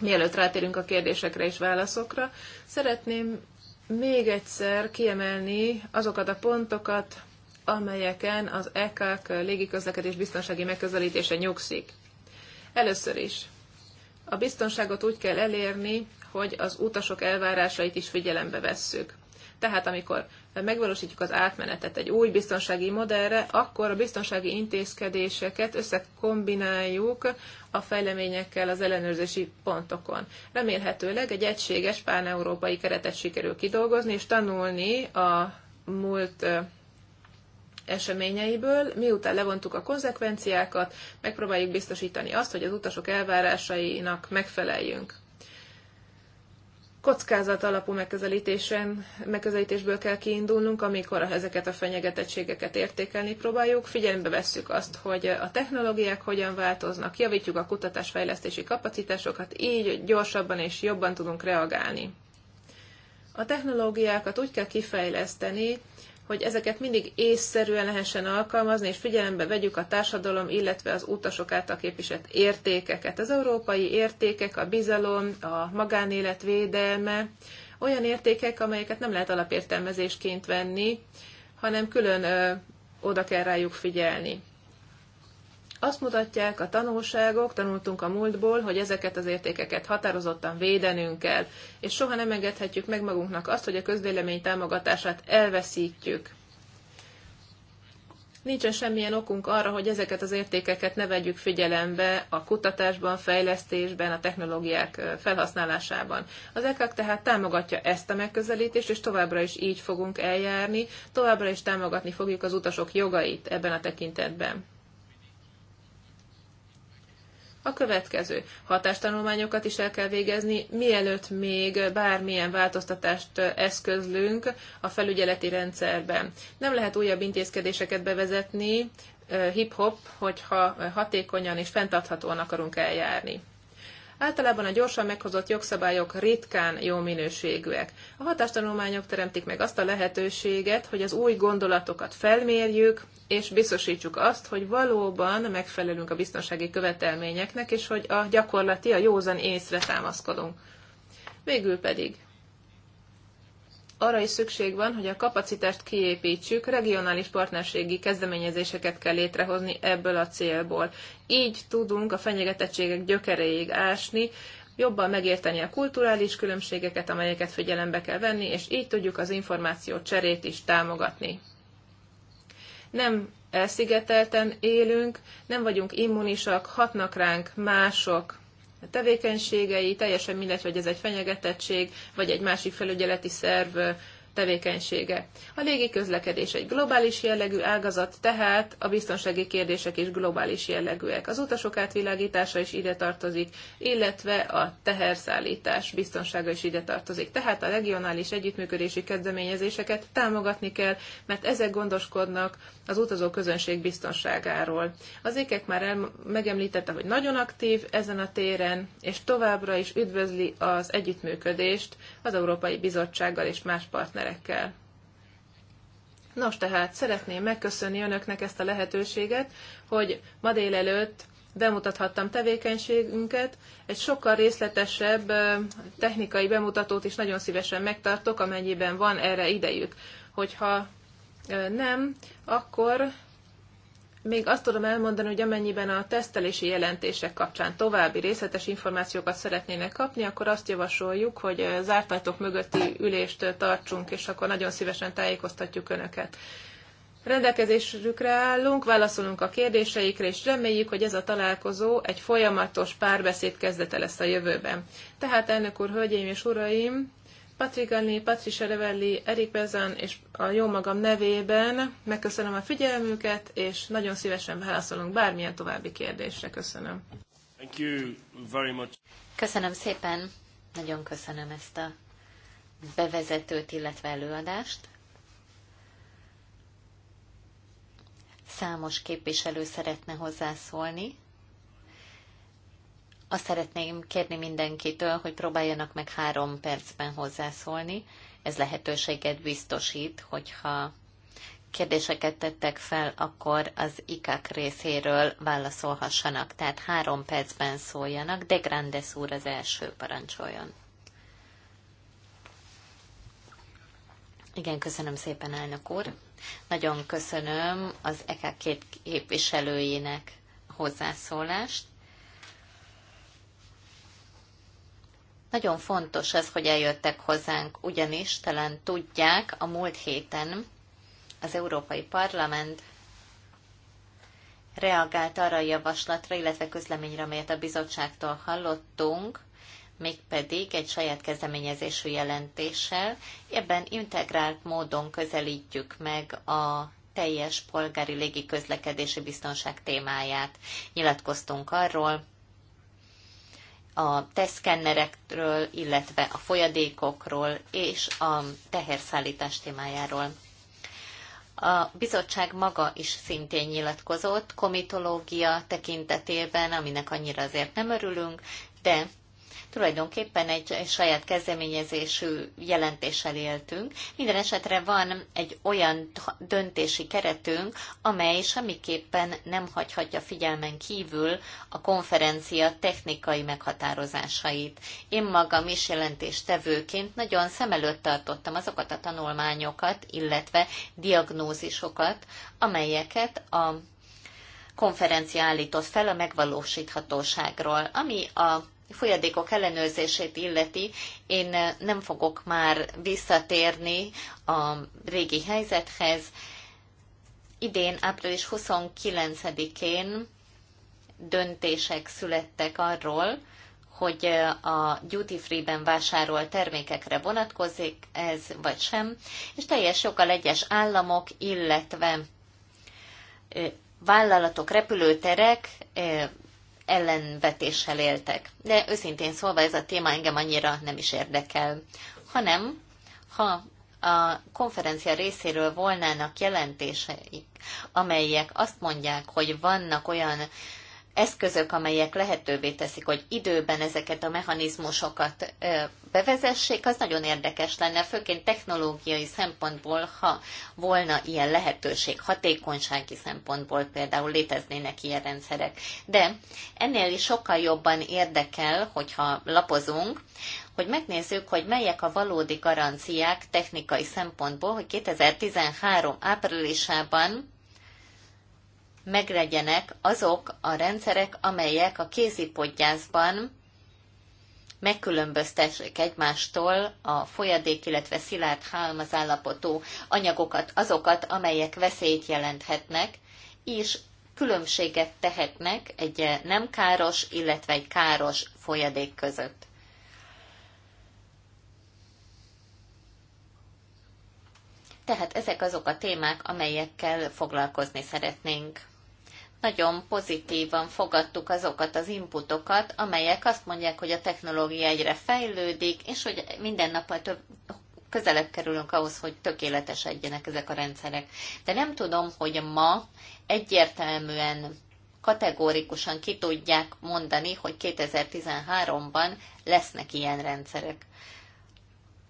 mielőtt rátérünk a kérdésekre és válaszokra, szeretném még egyszer kiemelni azokat a pontokat, amelyeken az EKK légiközlekedés biztonsági megközelítése nyugszik. Először is, a biztonságot úgy kell elérni, hogy az utasok elvárásait is figyelembe vesszük. Tehát amikor megvalósítjuk az átmenetet egy új biztonsági modellre, akkor a biztonsági intézkedéseket összekombináljuk a fejleményekkel az ellenőrzési pontokon. Remélhetőleg egy egységes pán-európai keretet sikerül kidolgozni és tanulni a múlt eseményeiből, miután levontuk a konzekvenciákat, megpróbáljuk biztosítani azt, hogy az utasok elvárásainak megfeleljünk kockázat alapú megközelítésen, megközelítésből kell kiindulnunk, amikor ezeket a fenyegetettségeket értékelni próbáljuk. Figyelembe vesszük azt, hogy a technológiák hogyan változnak, javítjuk a kutatásfejlesztési kapacitásokat, így gyorsabban és jobban tudunk reagálni. A technológiákat úgy kell kifejleszteni, hogy ezeket mindig észszerűen lehessen alkalmazni, és figyelembe vegyük a társadalom, illetve az utasok által képviselt értékeket. Az európai értékek, a bizalom, a magánélet védelme, olyan értékek, amelyeket nem lehet alapértelmezésként venni, hanem külön ö, oda kell rájuk figyelni. Azt mutatják a tanulságok, tanultunk a múltból, hogy ezeket az értékeket határozottan védenünk kell, és soha nem engedhetjük meg magunknak azt, hogy a közvélemény támogatását elveszítjük. Nincsen semmilyen okunk arra, hogy ezeket az értékeket ne vegyük figyelembe a kutatásban, fejlesztésben, a technológiák felhasználásában. Az ECAC tehát támogatja ezt a megközelítést, és továbbra is így fogunk eljárni, továbbra is támogatni fogjuk az utasok jogait ebben a tekintetben a következő. Hatástanulmányokat is el kell végezni, mielőtt még bármilyen változtatást eszközlünk a felügyeleti rendszerben. Nem lehet újabb intézkedéseket bevezetni, hip-hop, hogyha hatékonyan és fenntarthatóan akarunk eljárni. Általában a gyorsan meghozott jogszabályok ritkán jó minőségűek. A hatástanulmányok teremtik meg azt a lehetőséget, hogy az új gondolatokat felmérjük, és biztosítsuk azt, hogy valóban megfelelünk a biztonsági követelményeknek, és hogy a gyakorlati, a józan észre támaszkodunk. Végül pedig arra is szükség van, hogy a kapacitást kiépítsük, regionális partnerségi kezdeményezéseket kell létrehozni ebből a célból. Így tudunk a fenyegetettségek gyökeréig ásni, jobban megérteni a kulturális különbségeket, amelyeket figyelembe kell venni, és így tudjuk az információ cserét is támogatni. Nem elszigetelten élünk, nem vagyunk immunisak, hatnak ránk mások, tevékenységei, teljesen mindegy, hogy ez egy fenyegetettség, vagy egy másik felügyeleti szerv tevékenysége. A légi közlekedés egy globális jellegű ágazat, tehát a biztonsági kérdések is globális jellegűek. Az utasok átvilágítása is ide tartozik, illetve a teherszállítás biztonsága is ide tartozik. Tehát a regionális együttműködési kezdeményezéseket támogatni kell, mert ezek gondoskodnak az utazó közönség biztonságáról. Az ékek már el, megemlítette, hogy nagyon aktív ezen a téren, és továbbra is üdvözli az együttműködést az Európai Bizottsággal és más partnerekkel partnerekkel. Nos, tehát szeretném megköszönni önöknek ezt a lehetőséget, hogy ma délelőtt bemutathattam tevékenységünket. Egy sokkal részletesebb technikai bemutatót is nagyon szívesen megtartok, amennyiben van erre idejük. Hogyha nem, akkor még azt tudom elmondani, hogy amennyiben a tesztelési jelentések kapcsán további részletes információkat szeretnének kapni, akkor azt javasoljuk, hogy zárt ajtók mögötti ülést tartsunk, és akkor nagyon szívesen tájékoztatjuk Önöket. Rendelkezésükre állunk, válaszolunk a kérdéseikre, és reméljük, hogy ez a találkozó egy folyamatos párbeszéd kezdete lesz a jövőben. Tehát, elnök úr, hölgyeim és uraim, Patrigani, Patricia Revelli, Erik Bezan és a jó magam nevében megköszönöm a figyelmüket, és nagyon szívesen válaszolunk bármilyen további kérdésre. Köszönöm. Thank you very much. Köszönöm szépen, nagyon köszönöm ezt a bevezetőt, illetve előadást. Számos képviselő szeretne hozzászólni, azt szeretném kérni mindenkitől, hogy próbáljanak meg három percben hozzászólni. Ez lehetőséget biztosít, hogyha kérdéseket tettek fel, akkor az ikák részéről válaszolhassanak. Tehát három percben szóljanak. De Grandes úr az első parancsoljon. Igen, köszönöm szépen, elnök úr. Nagyon köszönöm az EK két képviselőjének hozzászólást. Nagyon fontos ez, hogy eljöttek hozzánk, ugyanis talán tudják, a múlt héten az Európai Parlament reagált arra a javaslatra, illetve közleményre, amelyet a bizottságtól hallottunk, mégpedig egy saját kezdeményezésű jelentéssel. Ebben integrált módon közelítjük meg a teljes polgári légiközlekedési biztonság témáját. Nyilatkoztunk arról, a teszkennerekről, illetve a folyadékokról és a teherszállítás témájáról. A bizottság maga is szintén nyilatkozott komitológia tekintetében, aminek annyira azért nem örülünk, de tulajdonképpen egy saját kezdeményezésű jelentéssel éltünk. Minden esetre van egy olyan döntési keretünk, amely semmiképpen nem hagyhatja figyelmen kívül a konferencia technikai meghatározásait. Én magam is jelentéstevőként nagyon szem előtt tartottam azokat a tanulmányokat, illetve diagnózisokat, amelyeket a konferencia állított fel a megvalósíthatóságról, ami a folyadékok ellenőrzését illeti, én eh, nem fogok már visszatérni a régi helyzethez. Idén, április 29-én döntések születtek arról, hogy eh, a duty free-ben vásárolt termékekre vonatkozik ez vagy sem, és teljes a egyes államok, illetve eh, vállalatok, repülőterek ellenvetéssel éltek. De őszintén szólva ez a téma engem annyira nem is érdekel, hanem ha a konferencia részéről volnának jelentéseik, amelyek azt mondják, hogy vannak olyan eszközök, amelyek lehetővé teszik, hogy időben ezeket a mechanizmusokat bevezessék, az nagyon érdekes lenne, főként technológiai szempontból, ha volna ilyen lehetőség, hatékonysági szempontból például léteznének ilyen rendszerek. De ennél is sokkal jobban érdekel, hogyha lapozunk, hogy megnézzük, hogy melyek a valódi garanciák technikai szempontból, hogy 2013 áprilisában meglegyenek azok a rendszerek, amelyek a kézipodgyászban megkülönböztessék egymástól a folyadék, illetve szilárd halmazállapotú anyagokat, azokat, amelyek veszélyt jelenthetnek, és különbséget tehetnek egy nem káros, illetve egy káros folyadék között. Tehát ezek azok a témák, amelyekkel foglalkozni szeretnénk nagyon pozitívan fogadtuk azokat az inputokat, amelyek azt mondják, hogy a technológia egyre fejlődik, és hogy minden nappal több, közelebb kerülünk ahhoz, hogy tökéletesedjenek ezek a rendszerek. De nem tudom, hogy ma egyértelműen kategórikusan ki tudják mondani, hogy 2013-ban lesznek ilyen rendszerek.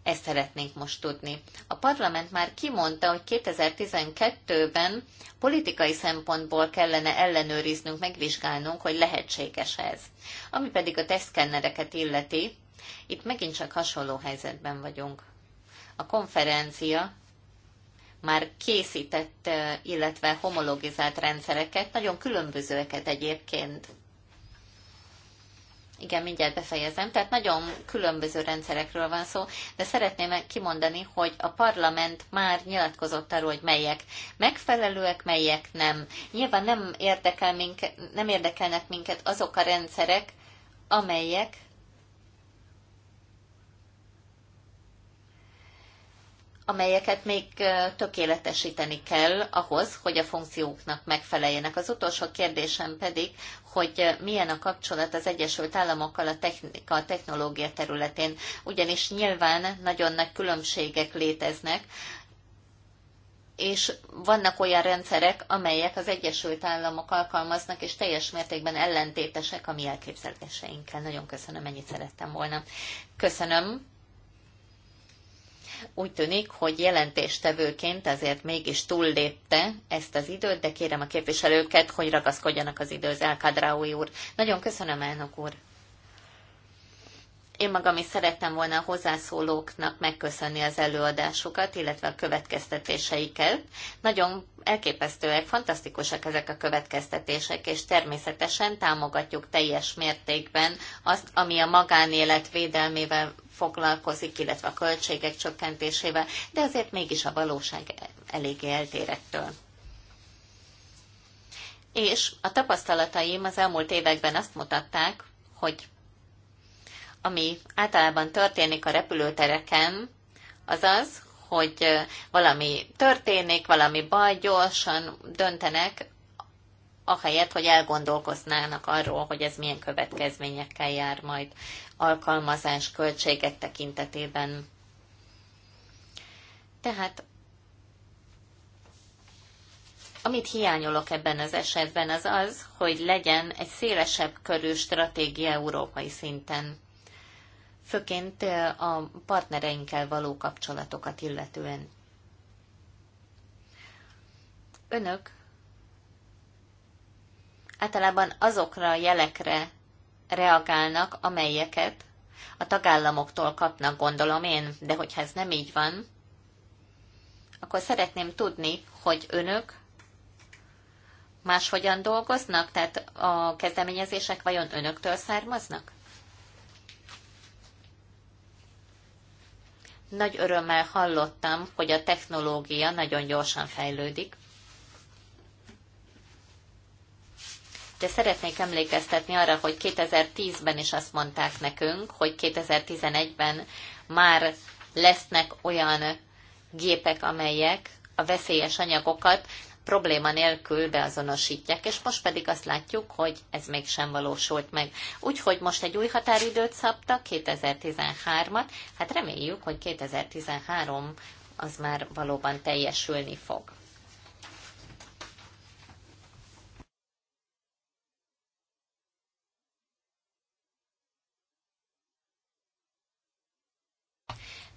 Ezt szeretnénk most tudni. A parlament már kimondta, hogy 2012-ben politikai szempontból kellene ellenőriznünk, megvizsgálnunk, hogy lehetséges ez. Ami pedig a tesztkennereket illeti, itt megint csak hasonló helyzetben vagyunk. A konferencia már készített, eh, illetve homologizált rendszereket, nagyon különbözőeket egyébként. Igen, mindjárt befejezem. Tehát nagyon különböző rendszerekről van szó, de szeretném kimondani, hogy a parlament már nyilatkozott arról, hogy melyek megfelelőek, melyek nem. Nyilván nem, érdekel minket, nem érdekelnek minket azok a rendszerek, amelyek amelyeket még tökéletesíteni kell ahhoz, hogy a funkcióknak megfeleljenek. Az utolsó kérdésem pedig, hogy milyen a kapcsolat az Egyesült Államokkal a technika, a technológia területén, ugyanis nyilván nagyon nagy különbségek léteznek, és vannak olyan rendszerek, amelyek az Egyesült Államok alkalmaznak, és teljes mértékben ellentétesek a mi elképzeléseinkkel. Nagyon köszönöm, ennyit szerettem volna. Köszönöm. Úgy tűnik, hogy jelentéstevőként azért mégis túllépte ezt az időt, de kérem a képviselőket, hogy ragaszkodjanak az időhöz. Elkadráúj úr. Nagyon köszönöm, elnök úr. Én magam is szerettem volna a hozzászólóknak megköszönni az előadásukat, illetve a következtetéseiket. Nagyon elképesztőek, fantasztikusak ezek a következtetések, és természetesen támogatjuk teljes mértékben azt, ami a magánélet védelmével foglalkozik, illetve a költségek csökkentésével, de azért mégis a valóság eléggé eltérettől. És a tapasztalataim az elmúlt években azt mutatták, hogy ami általában történik a repülőtereken, az az, hogy valami történik, valami baj, gyorsan döntenek, ahelyett, hogy elgondolkoznának arról, hogy ez milyen következményekkel jár majd alkalmazás költségek tekintetében. Tehát amit hiányolok ebben az esetben az az, hogy legyen egy szélesebb körű stratégia európai szinten, főként a partnereinkkel való kapcsolatokat illetően. Önök általában azokra a jelekre reagálnak, amelyeket a tagállamoktól kapnak, gondolom én, de hogyha ez nem így van, akkor szeretném tudni, hogy önök máshogyan dolgoznak, tehát a kezdeményezések vajon önöktől származnak? Nagy örömmel hallottam, hogy a technológia nagyon gyorsan fejlődik, de szeretnék emlékeztetni arra, hogy 2010-ben is azt mondták nekünk, hogy 2011-ben már lesznek olyan gépek, amelyek a veszélyes anyagokat probléma nélkül beazonosítják, és most pedig azt látjuk, hogy ez mégsem valósult meg. Úgyhogy most egy új határidőt szabtak, 2013-at, hát reméljük, hogy 2013 az már valóban teljesülni fog.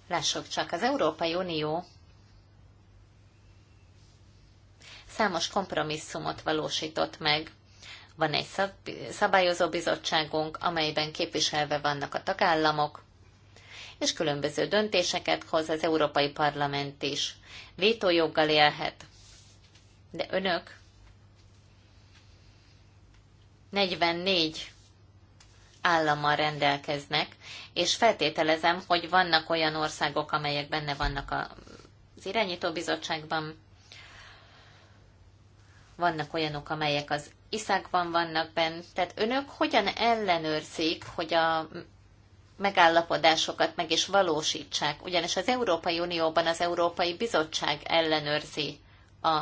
Lássuk csak, az Európai Unió számos kompromisszumot valósított meg. Van egy szab szabályozó bizottságunk, amelyben képviselve vannak a tagállamok, és különböző döntéseket hoz az Európai Parlament is. Vétójoggal élhet. De önök 44 állammal rendelkeznek, és feltételezem, hogy vannak olyan országok, amelyek benne vannak az irányítóbizottságban, vannak olyanok, amelyek az iszákban vannak benne. Tehát önök hogyan ellenőrzik, hogy a megállapodásokat meg is valósítsák? Ugyanis az Európai Unióban az Európai Bizottság ellenőrzi a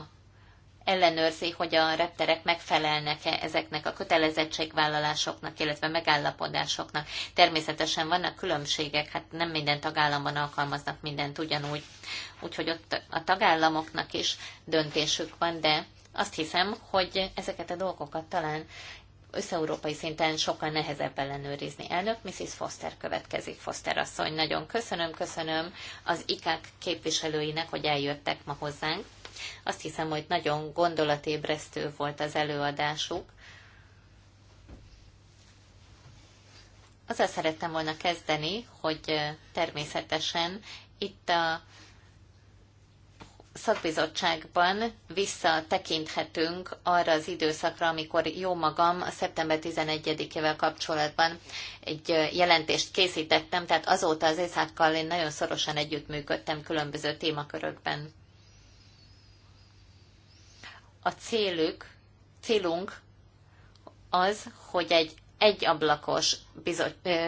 ellenőrzi, hogy a repterek megfelelnek-e ezeknek a kötelezettségvállalásoknak, illetve megállapodásoknak. Természetesen vannak különbségek, hát nem minden tagállamban alkalmaznak mindent ugyanúgy, úgyhogy ott a tagállamoknak is döntésük van, de azt hiszem, hogy ezeket a dolgokat talán összeurópai szinten sokkal nehezebb ellenőrizni. Elnök Mrs. Foster következik, Foster asszony. Nagyon köszönöm, köszönöm az IKAK képviselőinek, hogy eljöttek ma hozzánk. Azt hiszem, hogy nagyon gondolatébresztő volt az előadásuk. Azzal szerettem volna kezdeni, hogy természetesen itt a szakbizottságban visszatekinthetünk arra az időszakra, amikor jó magam a szeptember 11-ével kapcsolatban egy jelentést készítettem, tehát azóta az észákkal én nagyon szorosan együttműködtem különböző témakörökben a célük, célunk az, hogy egy egyablakos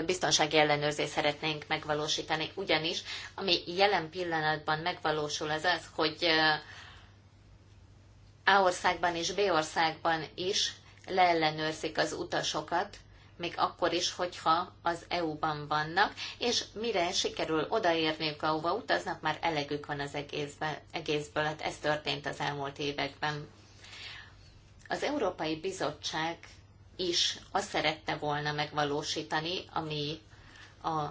biztonsági ellenőrzést szeretnénk megvalósítani, ugyanis ami jelen pillanatban megvalósul az az, hogy A országban és B országban is leellenőrzik az utasokat, még akkor is, hogyha az EU-ban vannak, és mire sikerül odaérniük, ahova utaznak, már elegük van az egészből, egészből. Hát ez történt az elmúlt években. Az Európai Bizottság is azt szerette volna megvalósítani, ami a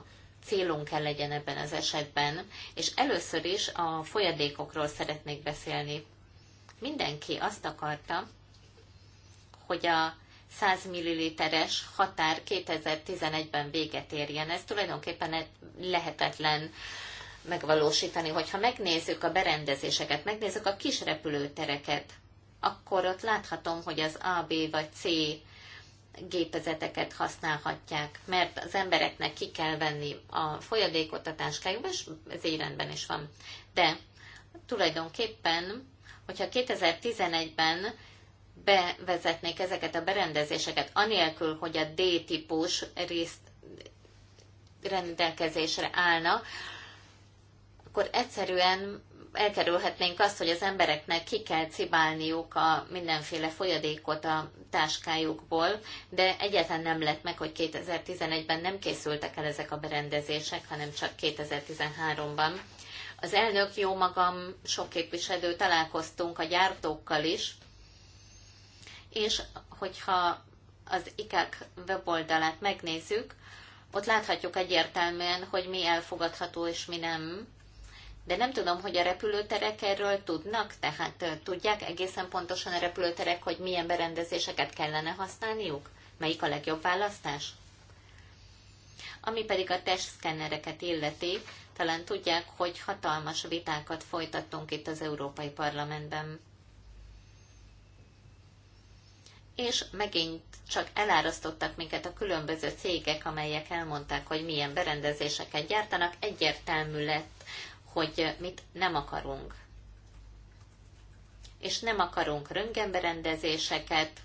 célunk kell legyen ebben az esetben, és először is a folyadékokról szeretnék beszélni. Mindenki azt akarta, hogy a 100 milliliteres határ 2011-ben véget érjen. Ez tulajdonképpen lehetetlen megvalósítani, hogyha megnézzük a berendezéseket, megnézzük a kis repülőtereket, akkor ott láthatom, hogy az A, B vagy C gépezeteket használhatják, mert az embereknek ki kell venni a folyadékot a táskájukba, és ez így rendben is van. De tulajdonképpen, hogyha 2011-ben bevezetnék ezeket a berendezéseket, anélkül, hogy a D-típus részt rendelkezésre állna, akkor egyszerűen elkerülhetnénk azt, hogy az embereknek ki kell cibálniuk a mindenféle folyadékot a táskájukból, de egyáltalán nem lett meg, hogy 2011-ben nem készültek el ezek a berendezések, hanem csak 2013-ban. Az elnök, jó magam, sok képviselő találkoztunk a gyártókkal is, és hogyha az IKAK e weboldalát megnézzük, ott láthatjuk egyértelműen, hogy mi elfogadható és mi nem de nem tudom, hogy a repülőterek erről tudnak, tehát tudják egészen pontosan a repülőterek, hogy milyen berendezéseket kellene használniuk? Melyik a legjobb választás? Ami pedig a testszkennereket illeti, talán tudják, hogy hatalmas vitákat folytattunk itt az Európai Parlamentben. És megint csak elárasztottak minket a különböző cégek, amelyek elmondták, hogy milyen berendezéseket gyártanak, egyértelmű lett hogy mit nem akarunk. És nem akarunk röntgenberendezéseket,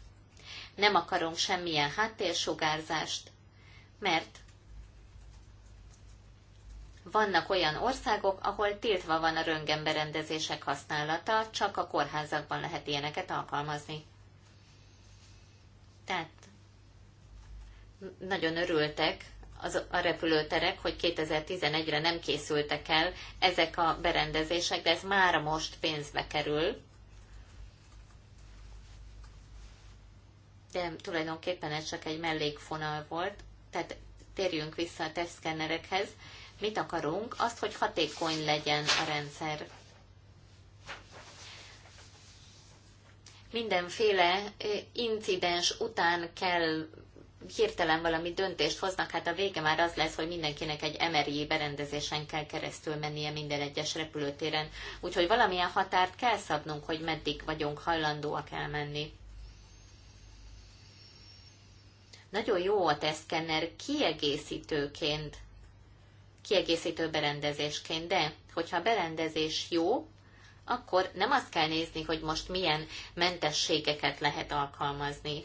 nem akarunk semmilyen háttérsugárzást, mert vannak olyan országok, ahol tiltva van a röntgenberendezések használata, csak a kórházakban lehet ilyeneket alkalmazni. Tehát nagyon örültek az, a repülőterek, hogy 2011-re nem készültek el ezek a berendezések, de ez már most pénzbe kerül. De tulajdonképpen ez csak egy mellékfonal volt, tehát térjünk vissza a tesztkennerekhez. Mit akarunk? Azt, hogy hatékony legyen a rendszer. mindenféle eh, incidens után kell hirtelen valami döntést hoznak, hát a vége már az lesz, hogy mindenkinek egy MRI berendezésen kell keresztül mennie minden egyes repülőtéren. Úgyhogy valamilyen határt kell szabnunk, hogy meddig vagyunk hajlandóak elmenni. Nagyon jó a teszkenner kiegészítőként, kiegészítő berendezésként, de hogyha a berendezés jó, akkor nem azt kell nézni, hogy most milyen mentességeket lehet alkalmazni,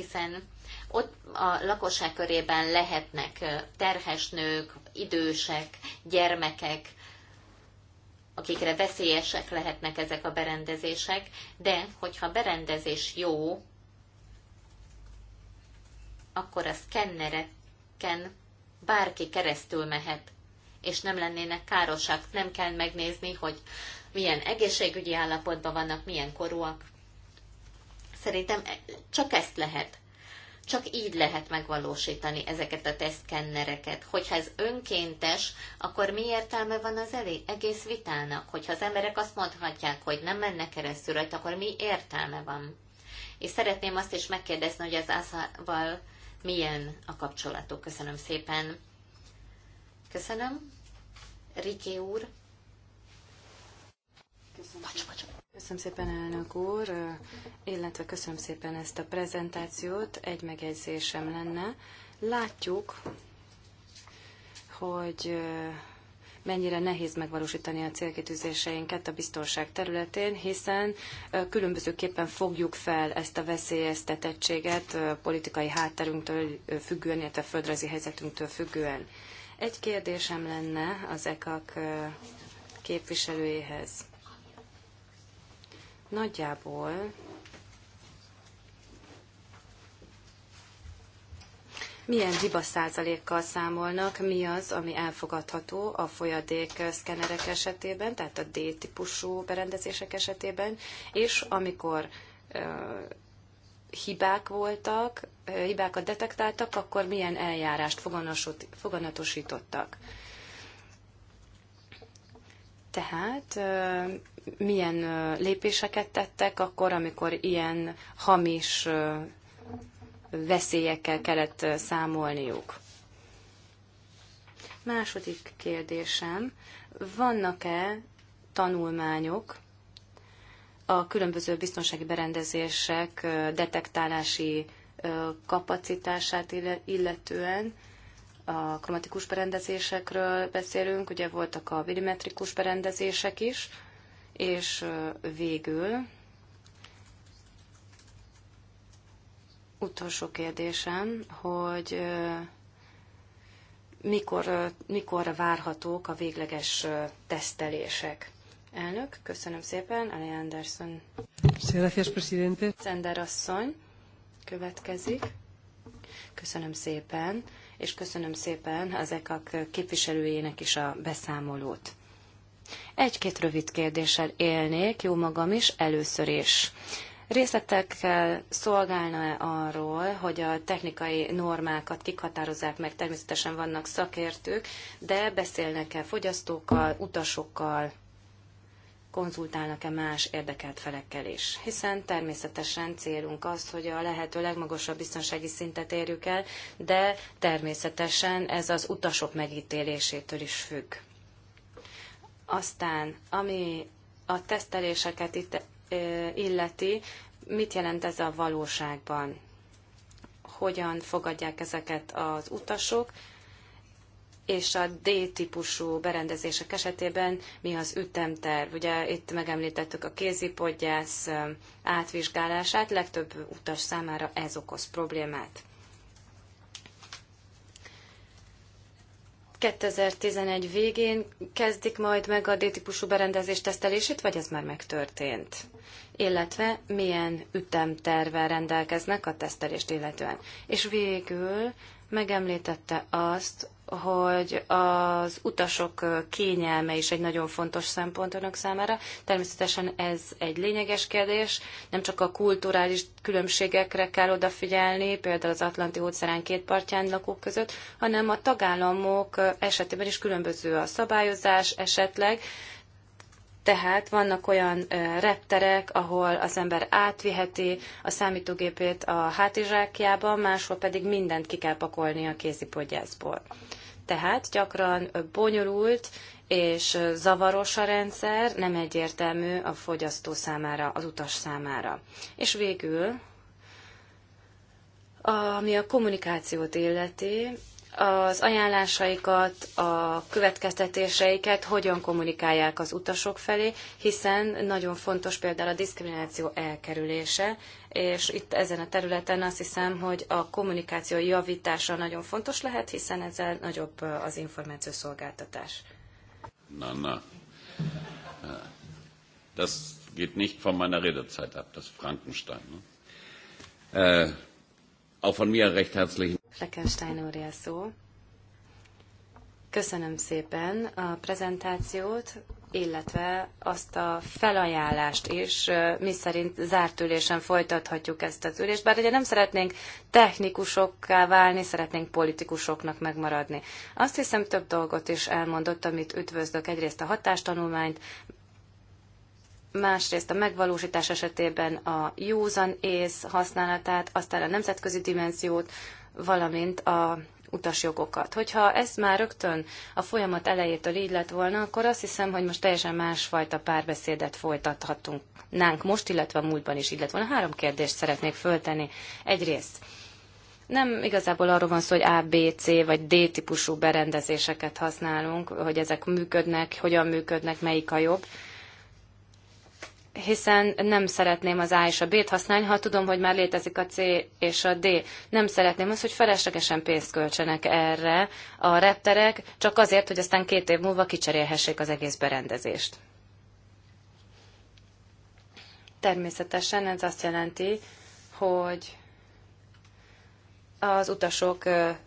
hiszen ott a lakosság körében lehetnek terhes nők, idősek, gyermekek, akikre veszélyesek lehetnek ezek a berendezések, de hogyha a berendezés jó, akkor a szkennereken bárki keresztül mehet, és nem lennének károsak, nem kell megnézni, hogy milyen egészségügyi állapotban vannak, milyen korúak. Szerintem csak ezt lehet. Csak így lehet megvalósítani ezeket a tesztkennereket. Hogyha ez önkéntes, akkor mi értelme van az elég, egész vitának? Hogyha az emberek azt mondhatják, hogy nem mennek keresztül rajta, akkor mi értelme van? És szeretném azt is megkérdezni, hogy az ászával milyen a kapcsolatuk. Köszönöm szépen. Köszönöm. Riké úr. Köszönöm. Bocs, bocs. Köszönöm szépen, elnök úr, illetve köszönöm szépen ezt a prezentációt. Egy megjegyzésem lenne. Látjuk, hogy mennyire nehéz megvalósítani a célkitűzéseinket a biztonság területén, hiszen különbözőképpen fogjuk fel ezt a veszélyeztetettséget politikai hátterünktől függően, illetve földrajzi helyzetünktől függően. Egy kérdésem lenne az EKAK képviselőjéhez. Nagyjából milyen hiba százalékkal számolnak, mi az, ami elfogadható a folyadék szkenerek esetében, tehát a D-típusú berendezések esetében, és amikor hibák voltak, hibákat detektáltak, akkor milyen eljárást foganatosítottak. Tehát milyen lépéseket tettek akkor, amikor ilyen hamis veszélyekkel kellett számolniuk. Második kérdésem, vannak-e tanulmányok a különböző biztonsági berendezések detektálási kapacitását illetően, a kromatikus berendezésekről beszélünk, ugye voltak a virimetrikus berendezések is, és végül utolsó kérdésem, hogy mikor, mikor várhatók a végleges tesztelések? Elnök, köszönöm szépen, Ali Anderson. Gracias, presidente. Szender asszony következik. Köszönöm szépen, és köszönöm szépen az EKAK képviselőjének is a beszámolót. Egy-két rövid kérdéssel élnék, jó magam is, először is. Részletekkel szolgálna-e arról, hogy a technikai normákat kik határozzák meg? Természetesen vannak szakértők, de beszélnek-e fogyasztókkal, utasokkal, konzultálnak-e más érdekelt felekkel is. Hiszen természetesen célunk az, hogy a lehető legmagasabb biztonsági szintet érjük el, de természetesen ez az utasok megítélésétől is függ. Aztán, ami a teszteléseket itt illeti, mit jelent ez a valóságban? Hogyan fogadják ezeket az utasok? és a D-típusú berendezések esetében mi az ütemterv? Ugye itt megemlítettük a kézipodgyász átvizsgálását, legtöbb utas számára ez okoz problémát. 2011 végén kezdik majd meg a D-típusú berendezés tesztelését, vagy ez már megtörtént? Illetve milyen ütemtervel rendelkeznek a tesztelést illetően? És végül megemlítette azt, hogy az utasok kényelme is egy nagyon fontos szempont önök számára. Természetesen ez egy lényeges kérdés. Nem csak a kulturális különbségekre kell odafigyelni, például az Atlanti óceán két partján lakók között, hanem a tagállamok esetében is különböző a szabályozás esetleg, tehát vannak olyan repterek, ahol az ember átviheti a számítógépét a hátizsákjába, máshol pedig mindent ki kell pakolni a kézipodgyászból. Tehát gyakran bonyolult és zavaros a rendszer, nem egyértelmű a fogyasztó számára, az utas számára. És végül, ami a kommunikációt illeti, az ajánlásaikat, a következtetéseiket hogyan kommunikálják az utasok felé, hiszen nagyon fontos például a diszkrimináció elkerülése, és itt ezen a területen azt hiszem, hogy a kommunikáció javítása nagyon fontos lehet, hiszen ezzel nagyobb az információszolgáltatás. Na, na. Äh, das geht nicht von meiner Redezeit ab, das Frankenstein. Ne? Äh, Auch von mir recht herzlichen Fleckenstein úr a szó. Köszönöm szépen a prezentációt, illetve azt a felajánlást is, mi szerint zárt ülésen folytathatjuk ezt az ülést, bár ugye nem szeretnénk technikusokká válni, szeretnénk politikusoknak megmaradni. Azt hiszem több dolgot is elmondott, amit üdvözlök. Egyrészt a hatástanulmányt, másrészt a megvalósítás esetében a józan ész használatát, aztán a nemzetközi dimenziót, valamint a utasjogokat. Hogyha ez már rögtön a folyamat elejétől így lett volna, akkor azt hiszem, hogy most teljesen másfajta párbeszédet folytathatunk nánk most, illetve a múltban is így lett volna. Három kérdést szeretnék föltenni. Egyrészt, nem igazából arról van szó, hogy A, B, C vagy D típusú berendezéseket használunk, hogy ezek működnek, hogyan működnek, melyik a jobb, hiszen nem szeretném az A és a B-t használni, ha tudom, hogy már létezik a C és a D. Nem szeretném azt, hogy feleslegesen pénzt költsenek erre a repterek, csak azért, hogy aztán két év múlva kicserélhessék az egész berendezést. Természetesen ez azt jelenti, hogy az utasok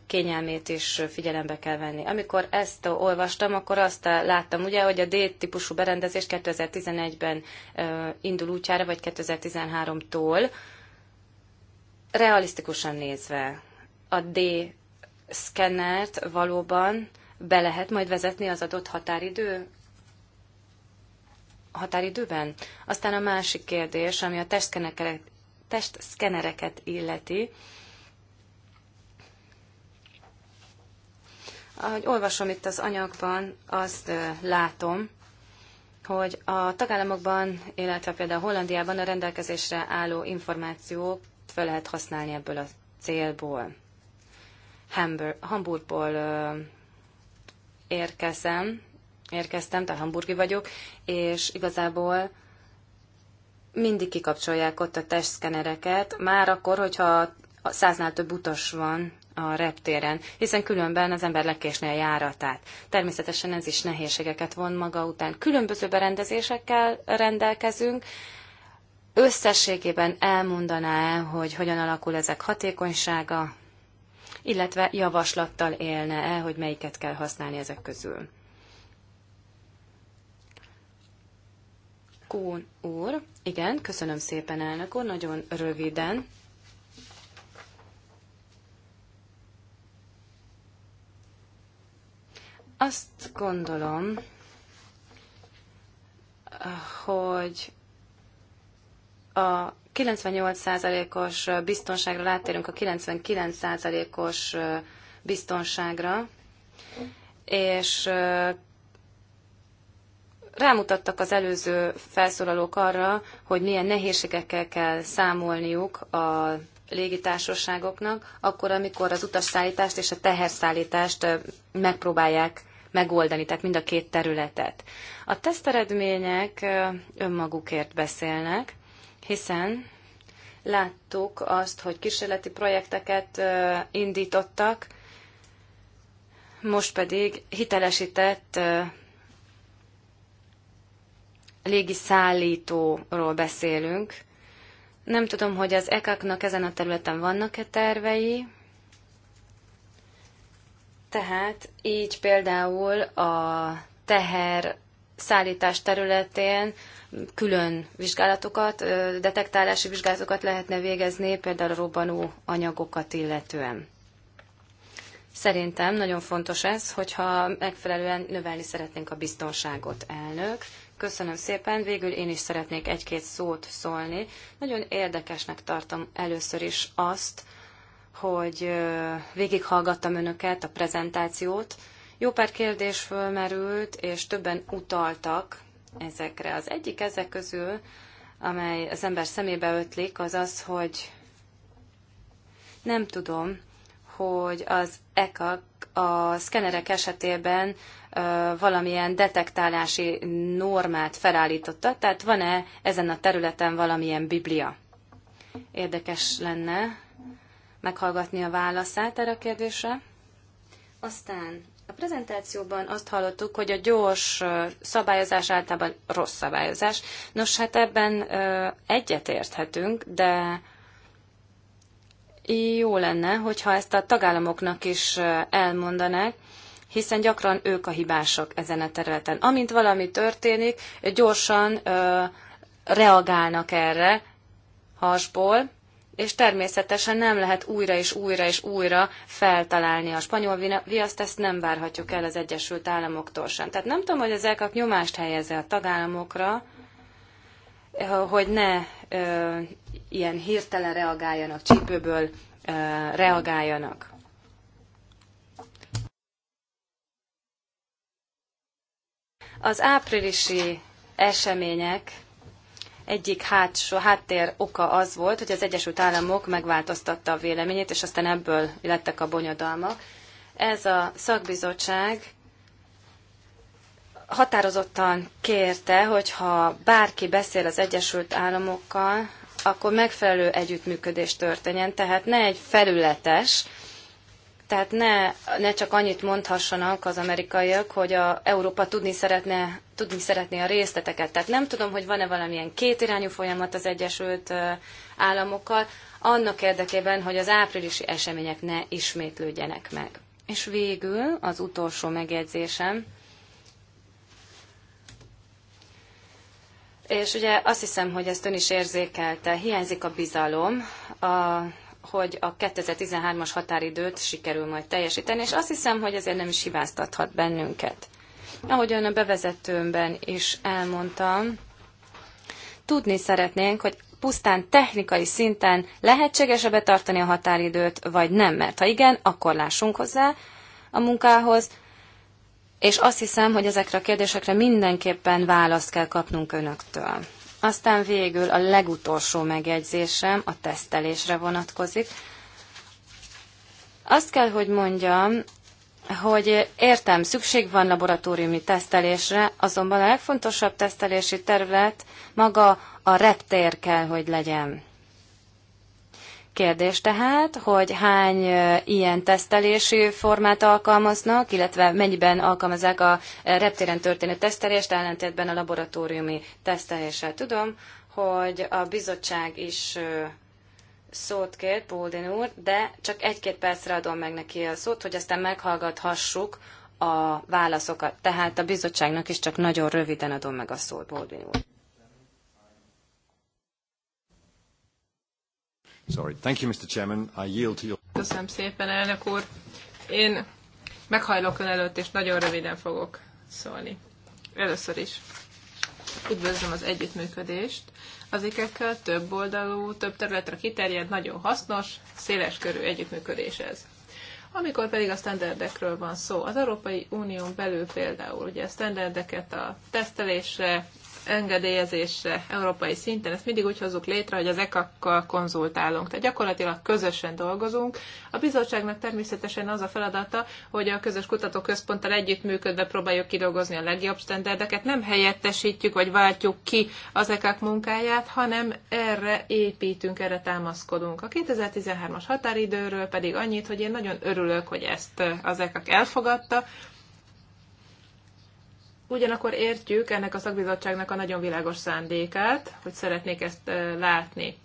kényelmét is figyelembe kell venni. Amikor ezt olvastam, akkor azt láttam ugye, hogy a D-típusú berendezés 2011-ben indul útjára, vagy 2013-tól. Realisztikusan nézve, a D-szkennert valóban be lehet majd vezetni az adott határidő határidőben? Aztán a másik kérdés, ami a testszkenereket illeti, Ahogy olvasom itt az anyagban, azt látom, hogy a tagállamokban, illetve például Hollandiában a rendelkezésre álló információt fel lehet használni ebből a célból. Hamburg, Hamburgból érkezem, érkeztem, tehát hamburgi vagyok, és igazából mindig kikapcsolják ott a testszkenereket, már akkor, hogyha száznál több utas van a reptéren, hiszen különben az ember lekésné a járatát. Természetesen ez is nehézségeket von maga után. Különböző berendezésekkel rendelkezünk, összességében elmondaná el, hogy hogyan alakul ezek hatékonysága, illetve javaslattal élne el, hogy melyiket kell használni ezek közül. Kún úr, igen, köszönöm szépen elnök úr, nagyon röviden Azt gondolom, hogy a 98%-os biztonságra rátérünk a 99%-os biztonságra, és rámutattak az előző felszólalók arra, hogy milyen nehézségekkel kell számolniuk a légitársaságoknak, akkor, amikor az utasszállítást és a teherszállítást megpróbálják megoldani, tehát mind a két területet. A teszteredmények önmagukért beszélnek, hiszen láttuk azt, hogy kísérleti projekteket indítottak, most pedig hitelesített légiszállítóról beszélünk. Nem tudom, hogy az ekak ezen a területen vannak-e tervei, tehát így például a teher szállítás területén külön vizsgálatokat, detektálási vizsgálatokat lehetne végezni, például a robbanó anyagokat illetően. Szerintem nagyon fontos ez, hogyha megfelelően növelni szeretnénk a biztonságot, elnök. Köszönöm szépen. Végül én is szeretnék egy-két szót szólni. Nagyon érdekesnek tartom először is azt, hogy végighallgattam önöket, a prezentációt. Jó pár kérdés fölmerült, és többen utaltak ezekre. Az egyik ezek közül, amely az ember szemébe ötlik, az az, hogy nem tudom, hogy az ECA a szkenerek esetében valamilyen detektálási normát felállította, tehát van-e ezen a területen valamilyen biblia? Érdekes lenne meghallgatni a válaszát erre a kérdésre. Aztán a prezentációban azt hallottuk, hogy a gyors szabályozás általában rossz szabályozás. Nos, hát ebben egyetérthetünk, de jó lenne, hogyha ezt a tagállamoknak is elmondanák, hiszen gyakran ők a hibások ezen a területen. Amint valami történik, gyorsan reagálnak erre hasból, és természetesen nem lehet újra és újra és újra feltalálni a spanyol viaszt, ezt nem várhatjuk el az Egyesült Államoktól sem. Tehát nem tudom, hogy ezek elkap nyomást helyezze a tagállamokra, eh, hogy ne ö, eh, ilyen hirtelen reagáljanak, csípőből ö, eh, reagáljanak. Az áprilisi események egyik hátsó, háttér oka az volt, hogy az Egyesült Államok megváltoztatta a véleményét, és aztán ebből lettek a bonyodalmak. Ez a szakbizottság határozottan kérte, hogyha bárki beszél az Egyesült Államokkal, akkor megfelelő együttműködés történjen, tehát ne egy felületes, tehát ne, ne csak annyit mondhassanak az amerikaiak, hogy a Európa tudni szeretne, tudni szeretné a részleteket. Tehát nem tudom, hogy van-e valamilyen kétirányú folyamat az Egyesült Államokkal, annak érdekében, hogy az áprilisi események ne ismétlődjenek meg. És végül az utolsó megjegyzésem, És ugye azt hiszem, hogy ezt ön is érzékelte, hiányzik a bizalom a hogy a 2013-as határidőt sikerül majd teljesíteni, és azt hiszem, hogy ezért nem is hibáztathat bennünket. Ahogy ön a bevezetőmben is elmondtam, tudni szeretnénk, hogy pusztán technikai szinten lehetséges-e betartani a határidőt, vagy nem, mert ha igen, akkor lássunk hozzá a munkához, és azt hiszem, hogy ezekre a kérdésekre mindenképpen választ kell kapnunk önöktől. Aztán végül a legutolsó megjegyzésem a tesztelésre vonatkozik. Azt kell, hogy mondjam, hogy értem, szükség van laboratóriumi tesztelésre, azonban a legfontosabb tesztelési terület maga a reptér kell, hogy legyen. Kérdés tehát, hogy hány ilyen tesztelési formát alkalmaznak, illetve mennyiben alkalmazzák a reptéren történő tesztelést, ellentétben a laboratóriumi teszteléssel. Tudom, hogy a bizottság is szót kért, Póldin úr, de csak egy-két percre adom meg neki a szót, hogy aztán meghallgathassuk a válaszokat. Tehát a bizottságnak is csak nagyon röviden adom meg a szót, Póldin úr. Sorry. Thank you, Mr. Chairman. I yield to your... Köszönöm szépen, elnök úr. Én meghajlok ön előtt, és nagyon röviden fogok szólni. Először is üdvözlöm az együttműködést. Az ikekkel több oldalú, több területre kiterjed, nagyon hasznos, széles körű együttműködés ez. Amikor pedig a standardekről van szó, az Európai Unión belül például ugye a standardeket a tesztelésre, engedélyezésre európai szinten, ezt mindig úgy hozzuk létre, hogy az ECAC-kal konzultálunk. Tehát gyakorlatilag közösen dolgozunk. A bizottságnak természetesen az a feladata, hogy a közös kutatóközponttal együttműködve próbáljuk kidolgozni a legjobb standardeket. Nem helyettesítjük vagy váltjuk ki az ECAC munkáját, hanem erre építünk, erre támaszkodunk. A 2013-as határidőről pedig annyit, hogy én nagyon örülök, hogy ezt az ECAC elfogadta, Ugyanakkor értjük ennek a szakbizottságnak a nagyon világos szándékát, hogy szeretnék ezt látni.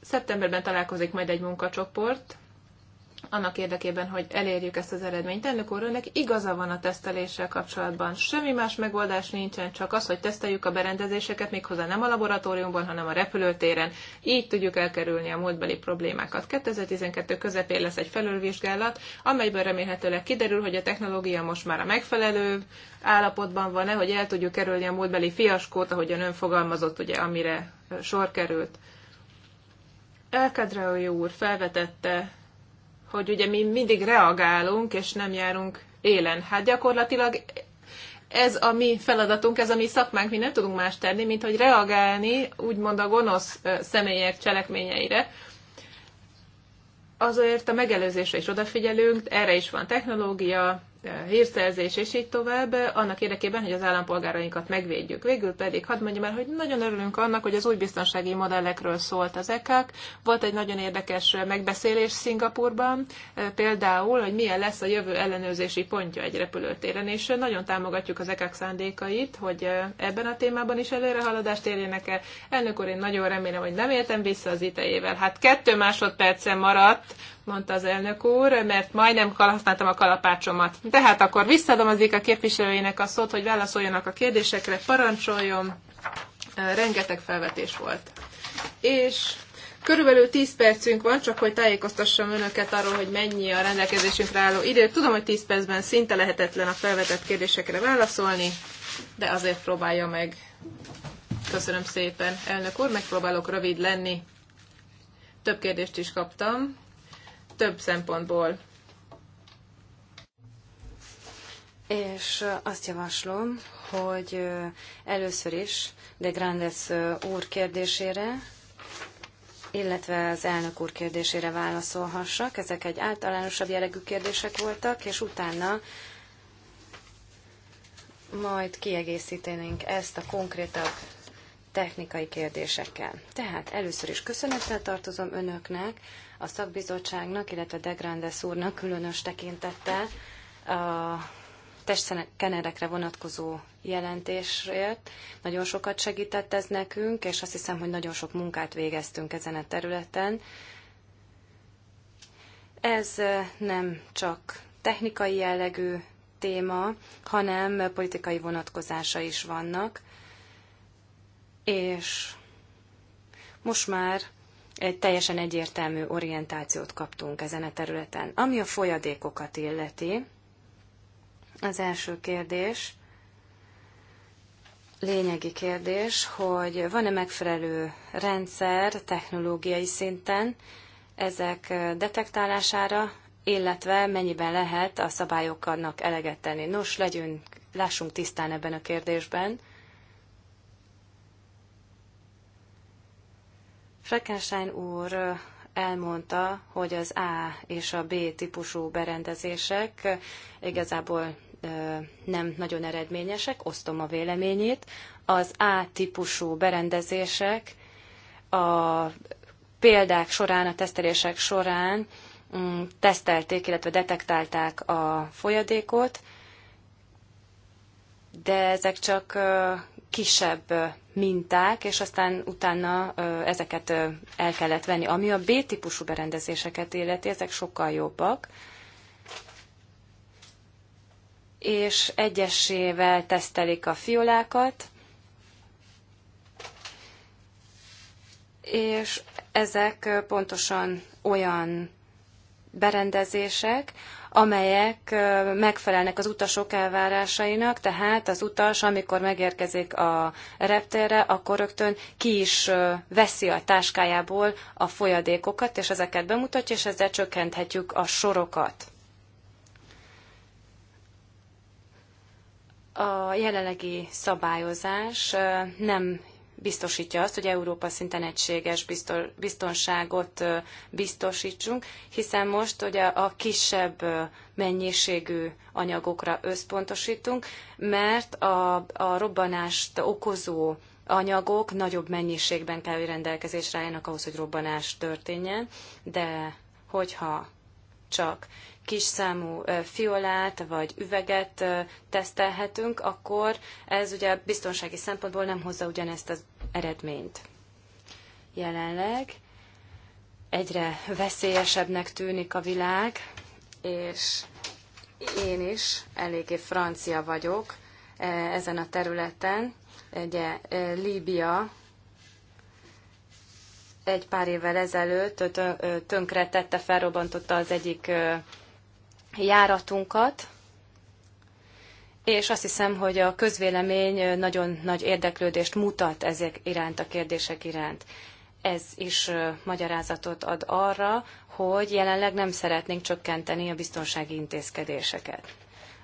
Szeptemberben találkozik majd egy munkacsoport, annak érdekében, hogy elérjük ezt az eredményt. Elnök úr, önnek igaza van a teszteléssel kapcsolatban. Semmi más megoldás nincsen, csak az, hogy teszteljük a berendezéseket, méghozzá nem a laboratóriumban, hanem a repülőtéren. Így tudjuk elkerülni a múltbeli problémákat. 2012 közepén lesz egy felülvizsgálat, amelyben remélhetőleg kiderül, hogy a technológia most már a megfelelő állapotban van-e, hogy el tudjuk kerülni a múltbeli fiaskót, ahogyan ön fogalmazott, ugye, amire sor került. Elkadrai úr felvetette hogy ugye mi mindig reagálunk, és nem járunk élen. Hát gyakorlatilag ez a mi feladatunk, ez a mi szakmánk, mi nem tudunk más tenni, mint hogy reagálni úgymond a gonosz személyek cselekményeire. Azért a megelőzésre is odafigyelünk, erre is van technológia, hírszerzés, és így tovább, annak érdekében, hogy az állampolgárainkat megvédjük. Végül pedig hadd mondjam el, hogy nagyon örülünk annak, hogy az új biztonsági modellekről szólt az EKAK. Volt egy nagyon érdekes megbeszélés Szingapurban, például, hogy milyen lesz a jövő ellenőrzési pontja egy repülőtéren, és nagyon támogatjuk az EKAK szándékait, hogy ebben a témában is haladást érjenek el. Elnök úr, én nagyon remélem, hogy nem éltem vissza az idejével. Hát kettő másodpercen maradt, mondta az elnök úr, mert majdnem használtam a kalapácsomat. Tehát akkor visszadom az a képviselőjének a szót, hogy válaszoljanak a kérdésekre, parancsoljon. Rengeteg felvetés volt. És Körülbelül 10 percünk van, csak hogy tájékoztassam önöket arról, hogy mennyi a rendelkezésünkre álló idő. Tudom, hogy 10 percben szinte lehetetlen a felvetett kérdésekre válaszolni, de azért próbálja meg. Köszönöm szépen, elnök úr, megpróbálok rövid lenni. Több kérdést is kaptam több szempontból. És azt javaslom, hogy először is de Grandes úr kérdésére, illetve az elnök úr kérdésére válaszolhassak. Ezek egy általánosabb jellegű kérdések voltak, és utána majd kiegészítenénk ezt a konkrétabb technikai kérdésekkel. Tehát először is köszönettel tartozom önöknek, a szakbizottságnak, illetve Degrandes úrnak különös tekintettel a testkenerekre vonatkozó jelentésért. Nagyon sokat segített ez nekünk, és azt hiszem, hogy nagyon sok munkát végeztünk ezen a területen. Ez nem csak technikai jellegű téma, hanem politikai vonatkozása is vannak, és most már egy teljesen egyértelmű orientációt kaptunk ezen a területen. Ami a folyadékokat illeti, az első kérdés, lényegi kérdés, hogy van-e megfelelő rendszer technológiai szinten ezek detektálására, illetve mennyiben lehet a szabályoknak eleget tenni. Nos, legyünk, lássunk tisztán ebben a kérdésben. Fleckenstein úr elmondta, hogy az A és a B típusú berendezések igazából nem nagyon eredményesek, osztom a véleményét. Az A típusú berendezések a példák során, a tesztelések során mm, tesztelték, illetve detektálták a folyadékot, de ezek csak kisebb minták, és aztán utána ezeket el kellett venni. Ami a B-típusú berendezéseket illeti, ezek sokkal jobbak, és egyesével tesztelik a fiolákat, és ezek pontosan olyan berendezések, amelyek megfelelnek az utasok elvárásainak, tehát az utas, amikor megérkezik a reptérre, akkor rögtön ki is veszi a táskájából a folyadékokat, és ezeket bemutatja, és ezzel csökkenthetjük a sorokat. a jelenlegi szabályozás nem biztosítja azt, hogy Európa szinten egységes biztonságot biztosítsunk, hiszen most hogy a kisebb mennyiségű anyagokra összpontosítunk, mert a, a robbanást okozó anyagok nagyobb mennyiségben kell, hogy rendelkezésre álljanak ahhoz, hogy robbanás történjen, de hogyha csak kis számú fiolát vagy üveget tesztelhetünk, akkor ez ugye biztonsági szempontból nem hozza ugyanezt az eredményt. Jelenleg egyre veszélyesebbnek tűnik a világ, és én is eléggé francia vagyok ezen a területen. Ugye Líbia egy pár évvel ezelőtt tönkre tette, felrobbantotta az egyik járatunkat, és azt hiszem, hogy a közvélemény nagyon nagy érdeklődést mutat ezek iránt, a kérdések iránt. Ez is magyarázatot ad arra, hogy jelenleg nem szeretnénk csökkenteni a biztonsági intézkedéseket.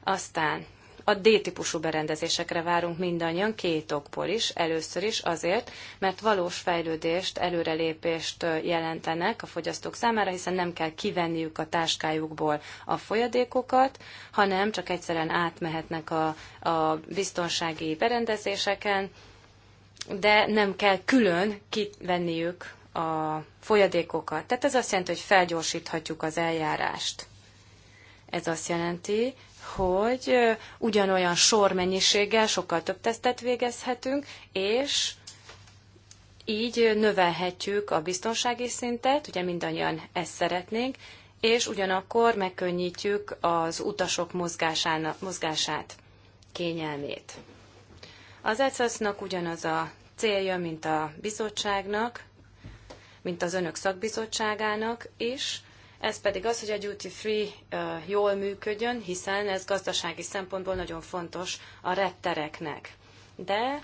Aztán a D-típusú berendezésekre várunk mindannyian, két okból is. Először is azért, mert valós fejlődést, előrelépést jelentenek a fogyasztók számára, hiszen nem kell kivenniük a táskájukból a folyadékokat, hanem csak egyszerűen átmehetnek a, a biztonsági berendezéseken, de nem kell külön kivenniük a folyadékokat. Tehát ez azt jelenti, hogy felgyorsíthatjuk az eljárást. Ez azt jelenti, hogy ugyanolyan sormennyiséggel sokkal több tesztet végezhetünk, és így növelhetjük a biztonsági szintet, ugye mindannyian ezt szeretnénk, és ugyanakkor megkönnyítjük az utasok mozgását, kényelmét. Az ECSZ-nak ugyanaz a célja, mint a bizottságnak, mint az önök szakbizottságának is, ez pedig az, hogy a duty free jól működjön, hiszen ez gazdasági szempontból nagyon fontos a rettereknek. De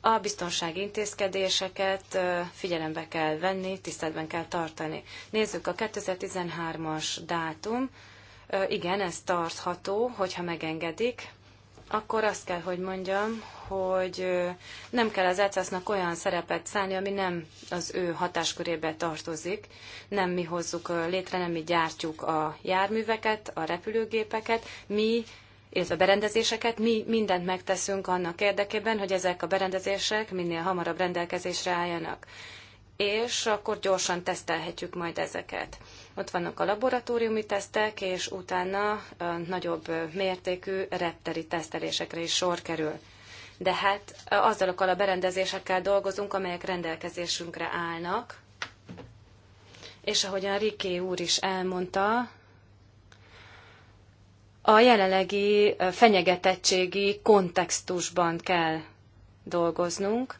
a biztonsági intézkedéseket figyelembe kell venni, tiszteletben kell tartani. Nézzük a 2013-as dátum. Igen, ez tartható, hogyha megengedik, akkor azt kell, hogy mondjam, hogy nem kell az ECSZ-nak olyan szerepet szállni, ami nem az ő hatáskörébe tartozik. Nem mi hozzuk létre, nem mi gyártjuk a járműveket, a repülőgépeket, mi illetve berendezéseket, mi mindent megteszünk annak érdekében, hogy ezek a berendezések minél hamarabb rendelkezésre álljanak és akkor gyorsan tesztelhetjük majd ezeket. Ott vannak a laboratóriumi tesztek, és utána nagyobb mértékű repteri tesztelésekre is sor kerül. De hát azzalokkal a berendezésekkel dolgozunk, amelyek rendelkezésünkre állnak. És ahogyan Riké úr is elmondta, a jelenlegi fenyegetettségi kontextusban kell dolgoznunk,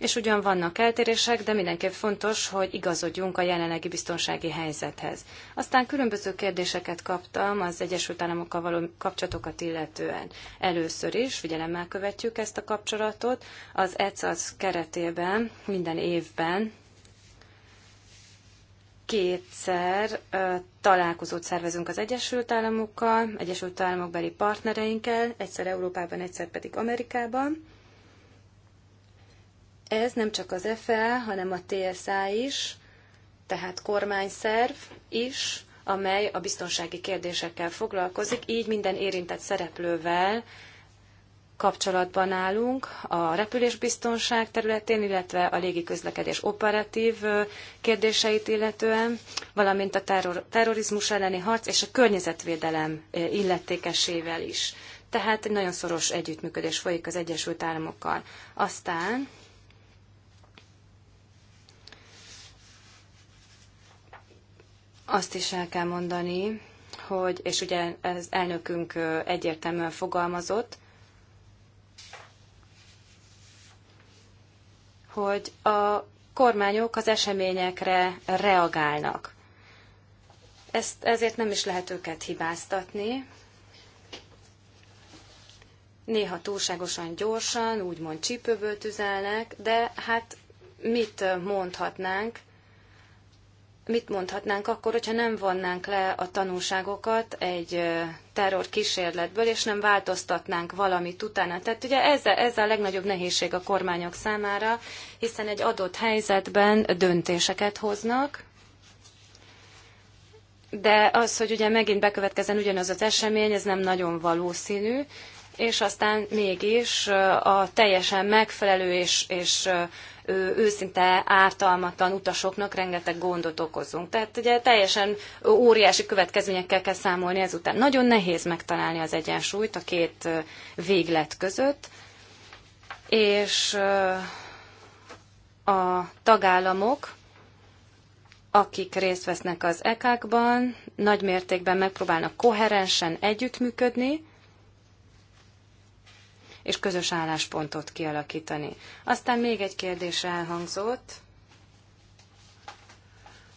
és ugyan vannak eltérések, de mindenképp fontos, hogy igazodjunk a jelenlegi biztonsági helyzethez. Aztán különböző kérdéseket kaptam az Egyesült Államokkal való kapcsolatokat illetően. Először is figyelemmel követjük ezt a kapcsolatot. Az ECAS keretében minden évben kétszer találkozót szervezünk az Egyesült Államokkal, Egyesült Államok beli partnereinkkel, egyszer Európában, egyszer pedig Amerikában ez nem csak az FE, hanem a TSA is, tehát kormányszerv is, amely a biztonsági kérdésekkel foglalkozik, így minden érintett szereplővel kapcsolatban állunk a repülésbiztonság területén, illetve a légiközlekedés operatív kérdéseit illetően, valamint a terror, terrorizmus elleni harc és a környezetvédelem illetékesével is. Tehát egy nagyon szoros együttműködés folyik az Egyesült Államokkal. Aztán Azt is el kell mondani, hogy, és ugye ez elnökünk egyértelműen fogalmazott, hogy a kormányok az eseményekre reagálnak. Ezt, ezért nem is lehet őket hibáztatni. Néha túlságosan gyorsan, úgymond csípőből tüzelnek, de hát mit mondhatnánk, mit mondhatnánk akkor, hogyha nem vonnánk le a tanulságokat egy terror kísérletből, és nem változtatnánk valamit utána. Tehát ugye ez, ez a legnagyobb nehézség a kormányok számára, hiszen egy adott helyzetben döntéseket hoznak, de az, hogy ugye megint bekövetkezzen ugyanaz az esemény, ez nem nagyon valószínű, és aztán mégis a teljesen megfelelő és, és őszinte ártalmatlan utasoknak rengeteg gondot okozunk. Tehát ugye teljesen óriási következményekkel kell számolni ezután. Nagyon nehéz megtalálni az egyensúlyt a két véglet között, és a tagállamok, akik részt vesznek az ekákban, nagymértékben nagy mértékben megpróbálnak koherensen együttműködni, és közös álláspontot kialakítani. Aztán még egy kérdés elhangzott,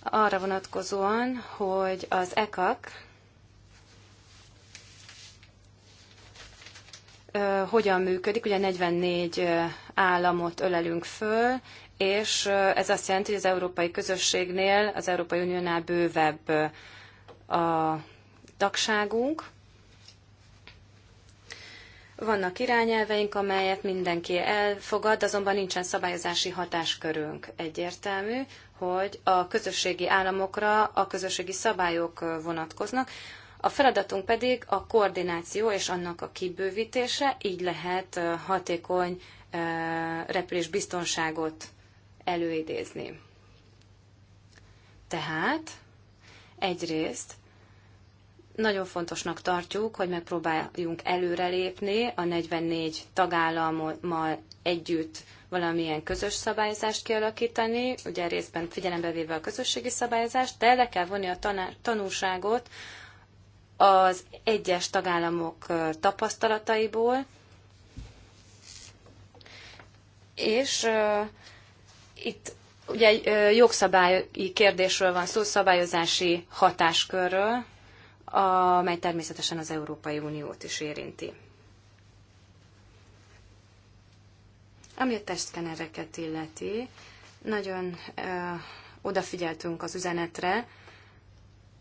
arra vonatkozóan, hogy az ECAC hogyan működik, ugye 44 államot ölelünk föl, és ez azt jelenti, hogy az európai közösségnél, az Európai Uniónál bővebb a tagságunk, vannak irányelveink, amelyet mindenki elfogad, azonban nincsen szabályozási hatáskörünk. Egyértelmű, hogy a közösségi államokra a közösségi szabályok vonatkoznak, a feladatunk pedig a koordináció és annak a kibővítése, így lehet hatékony repülés biztonságot előidézni. Tehát egyrészt nagyon fontosnak tartjuk, hogy megpróbáljunk előrelépni a 44 tagállammal együtt valamilyen közös szabályozást kialakítani, ugye részben figyelembe véve a közösségi szabályozást, de le kell vonni a tanulságot az egyes tagállamok tapasztalataiból, és uh, itt ugye jogszabályi kérdésről van szó, szabályozási hatáskörről, amely természetesen az Európai Uniót is érinti. Ami a testkenereket illeti, nagyon ö, odafigyeltünk az üzenetre,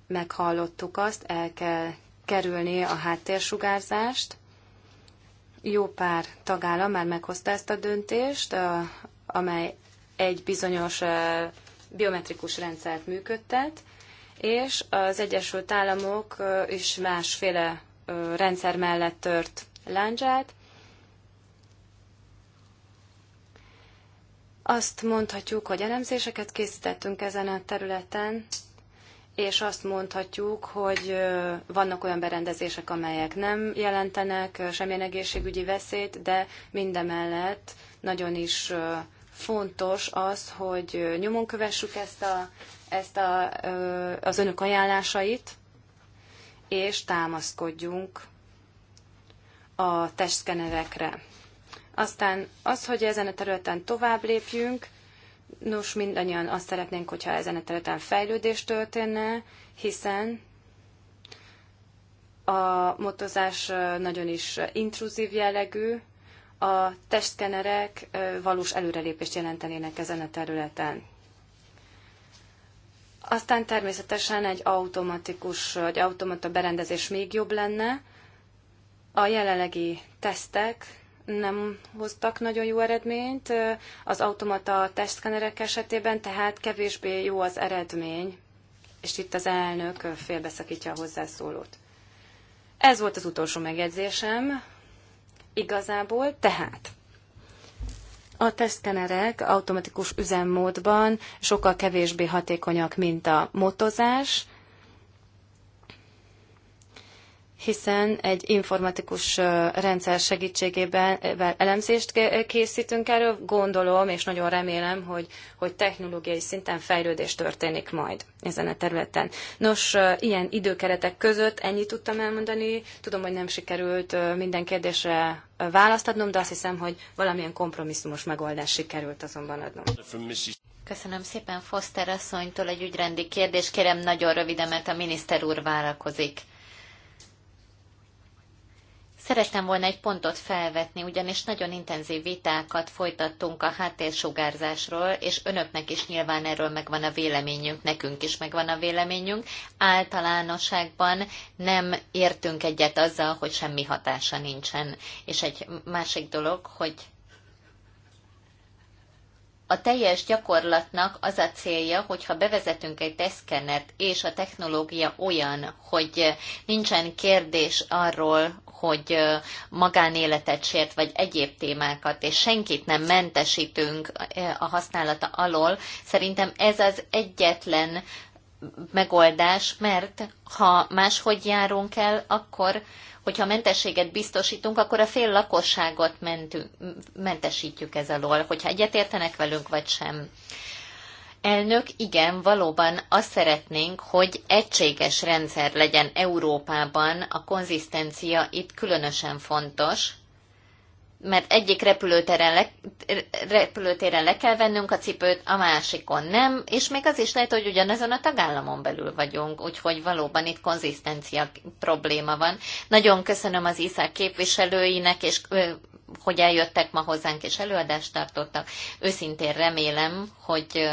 meghallottuk azt, el kell kerülni a háttérsugárzást. Jó pár tagállam már meghozta ezt a döntést, ö, amely egy bizonyos ö, biometrikus rendszert működtet, és az Egyesült Államok is másféle rendszer mellett tört láncsát. Azt mondhatjuk, hogy elemzéseket készítettünk ezen a területen, és azt mondhatjuk, hogy vannak olyan berendezések, amelyek nem jelentenek semmilyen egészségügyi veszélyt, de mindemellett nagyon is fontos az, hogy nyomon kövessük ezt a ezt a, az önök ajánlásait, és támaszkodjunk a testkenerekre. Aztán az, hogy ezen a területen tovább lépjünk, nos, mindannyian azt szeretnénk, hogyha ezen a területen fejlődés történne, hiszen a motozás nagyon is intruzív jellegű, a testkenerek valós előrelépést jelentenének ezen a területen. Aztán természetesen egy automatikus, egy automata berendezés még jobb lenne. A jelenlegi tesztek nem hoztak nagyon jó eredményt az automata testszkenerek esetében, tehát kevésbé jó az eredmény, és itt az elnök félbeszakítja a hozzászólót. Ez volt az utolsó megjegyzésem igazából, tehát a tesztkenerek automatikus üzemmódban sokkal kevésbé hatékonyak, mint a motozás, hiszen egy informatikus rendszer segítségében elemzést készítünk erről. Gondolom és nagyon remélem, hogy, hogy technológiai szinten fejlődés történik majd ezen a területen. Nos, ilyen időkeretek között ennyit tudtam elmondani. Tudom, hogy nem sikerült minden kérdésre választ adnom, de azt hiszem, hogy valamilyen kompromisszumos megoldás sikerült azonban adnom. Köszönöm szépen Foster asszonytól egy ügyrendi kérdés. Kérem nagyon röviden, mert a miniszter úr várakozik. Szerettem volna egy pontot felvetni, ugyanis nagyon intenzív vitákat folytattunk a háttérsugárzásról, és önöknek is nyilván erről megvan a véleményünk, nekünk is megvan a véleményünk. Általánosságban nem értünk egyet azzal, hogy semmi hatása nincsen. És egy másik dolog, hogy a teljes gyakorlatnak az a célja, hogyha bevezetünk egy teszkenet, és a technológia olyan, hogy nincsen kérdés arról, hogy magánéletet sért, vagy egyéb témákat, és senkit nem mentesítünk a használata alól, szerintem ez az egyetlen megoldás, mert ha máshogy járunk el, akkor hogyha mentességet biztosítunk, akkor a fél lakosságot mentünk, mentesítjük ez alól, hogyha egyetértenek velünk, vagy sem. Elnök, igen, valóban azt szeretnénk, hogy egységes rendszer legyen Európában, a konzisztencia itt különösen fontos, mert egyik repülőtéren le, repülőtéren le kell vennünk a cipőt, a másikon nem, és még az is lehet, hogy ugyanazon a tagállamon belül vagyunk, úgyhogy valóban itt konzisztencia probléma van. Nagyon köszönöm az ISZÁK képviselőinek, és hogy eljöttek ma hozzánk és előadást tartottak. Őszintén remélem, hogy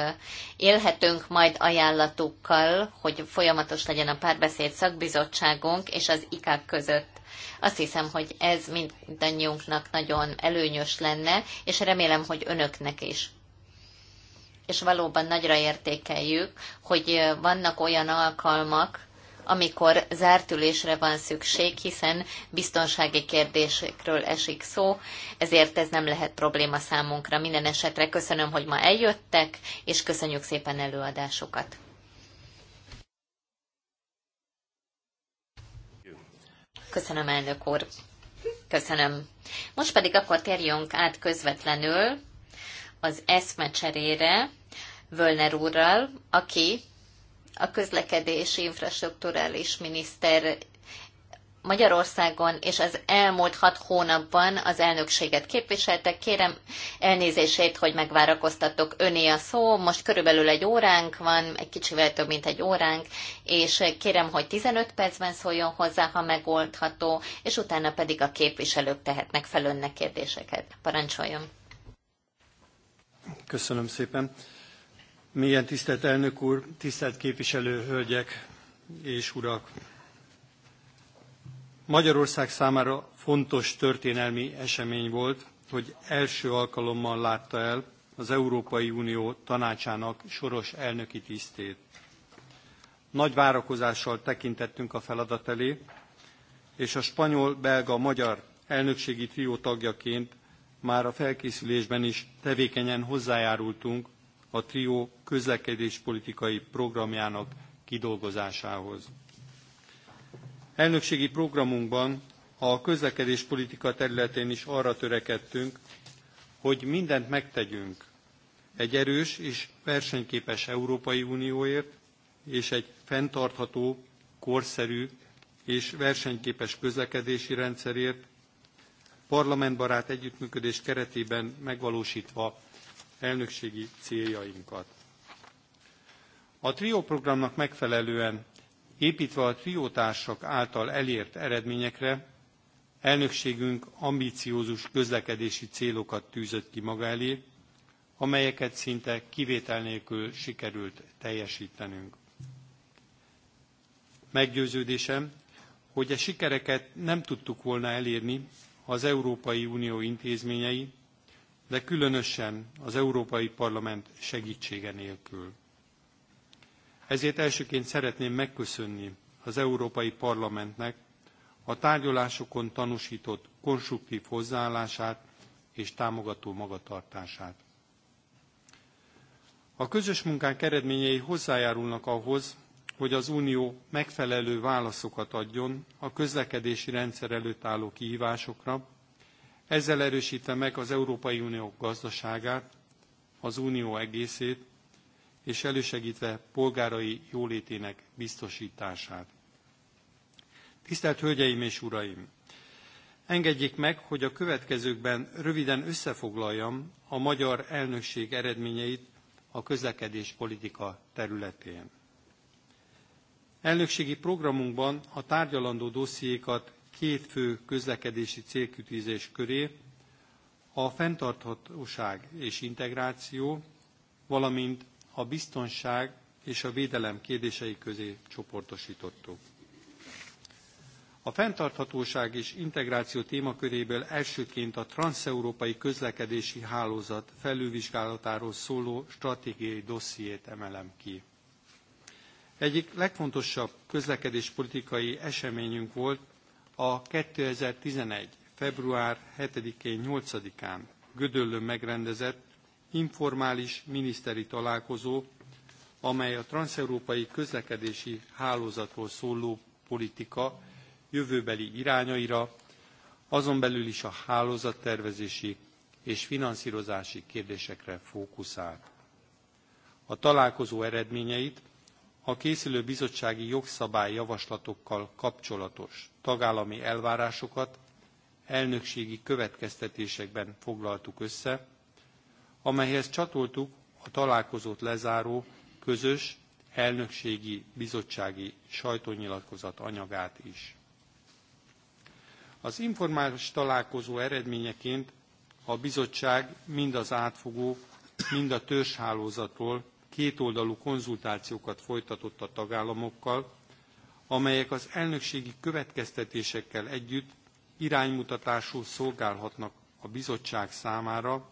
élhetünk majd ajánlatukkal, hogy folyamatos legyen a párbeszéd szakbizottságunk és az IKÁK között. Azt hiszem, hogy ez mindannyiunknak nagyon előnyös lenne, és remélem, hogy önöknek is és valóban nagyra értékeljük, hogy vannak olyan alkalmak, amikor zártülésre van szükség, hiszen biztonsági kérdésekről esik szó, ezért ez nem lehet probléma számunkra. Minden esetre köszönöm, hogy ma eljöttek, és köszönjük szépen előadásukat. Köszönöm, elnök úr. Köszönöm. Most pedig akkor térjünk át közvetlenül az eszmecserére Völner úrral, aki a közlekedési infrastruktúrális miniszter Magyarországon és az elmúlt hat hónapban az elnökséget képviseltek. Kérem elnézését, hogy megvárakoztatok öné a szó. Most körülbelül egy óránk van, egy kicsivel több, mint egy óránk, és kérem, hogy 15 percben szóljon hozzá, ha megoldható, és utána pedig a képviselők tehetnek fel önnek kérdéseket. Parancsoljon! Köszönöm szépen. Milyen tisztelt elnök úr, tisztelt képviselő, hölgyek és urak! Magyarország számára fontos történelmi esemény volt, hogy első alkalommal látta el az Európai Unió tanácsának soros elnöki tisztét. Nagy várakozással tekintettünk a feladat elé, és a spanyol, belga, magyar elnökségi trió tagjaként már a felkészülésben is tevékenyen hozzájárultunk a trió közlekedéspolitikai programjának kidolgozásához. Elnökségi programunkban a közlekedéspolitika területén is arra törekedtünk, hogy mindent megtegyünk egy erős és versenyképes Európai Unióért, és egy fenntartható, korszerű és versenyképes közlekedési rendszerért, parlamentbarát együttműködés keretében megvalósítva elnökségi céljainkat. A TRIO programnak megfelelően Építve a triótársak által elért eredményekre, elnökségünk ambiciózus közlekedési célokat tűzött ki maga elé, amelyeket szinte kivétel nélkül sikerült teljesítenünk. Meggyőződésem, hogy e sikereket nem tudtuk volna elérni, ha az Európai Unió intézményei, de különösen az Európai Parlament segítsége nélkül. Ezért elsőként szeretném megköszönni az Európai Parlamentnek a tárgyalásokon tanúsított konstruktív hozzáállását és támogató magatartását. A közös munkánk eredményei hozzájárulnak ahhoz, hogy az Unió megfelelő válaszokat adjon a közlekedési rendszer előtt álló kihívásokra, ezzel erősítve meg az Európai Unió gazdaságát, az Unió egészét, és elősegítve polgárai jólétének biztosítását. Tisztelt Hölgyeim és Uraim! Engedjék meg, hogy a következőkben röviden összefoglaljam a magyar elnökség eredményeit a közlekedés politika területén. Elnökségi programunkban a tárgyalandó dossziékat két fő közlekedési célkütőzés köré, a fenntarthatóság és integráció, valamint a biztonság és a védelem kérdései közé csoportosítottuk. A fenntarthatóság és integráció témaköréből elsőként a transeurópai közlekedési hálózat felülvizsgálatáról szóló stratégiai dossziét emelem ki. Egyik legfontosabb közlekedéspolitikai eseményünk volt a 2011. február 7-én 8-án Gödöllön megrendezett informális miniszteri találkozó, amely a transzeurópai közlekedési hálózatról szóló politika jövőbeli irányaira, azon belül is a hálózattervezési és finanszírozási kérdésekre fókuszált. A találkozó eredményeit a készülő bizottsági jogszabályjavaslatokkal kapcsolatos tagállami elvárásokat elnökségi következtetésekben foglaltuk össze, amelyhez csatoltuk a találkozót lezáró közös elnökségi bizottsági sajtónyilatkozat anyagát is. Az informális találkozó eredményeként a bizottság mind az átfogó, mind a törzshálózatról kétoldalú konzultációkat folytatott a tagállamokkal, amelyek az elnökségi következtetésekkel együtt iránymutatású szolgálhatnak a bizottság számára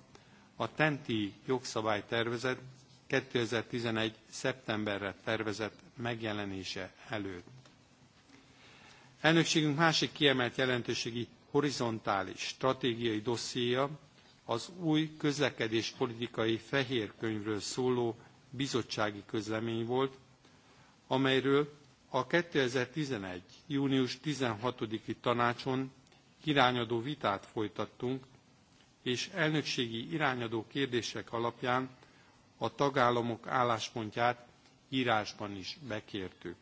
a TENTI jogszabálytervezet 2011. szeptemberre tervezett megjelenése előtt. Elnökségünk másik kiemelt jelentőségi horizontális stratégiai dossziéja az új közlekedéspolitikai fehér könyvről szóló bizottsági közlemény volt, amelyről a 2011. június 16-i tanácson irányadó vitát folytattunk, és elnökségi irányadó kérdések alapján a tagállamok álláspontját írásban is bekértük.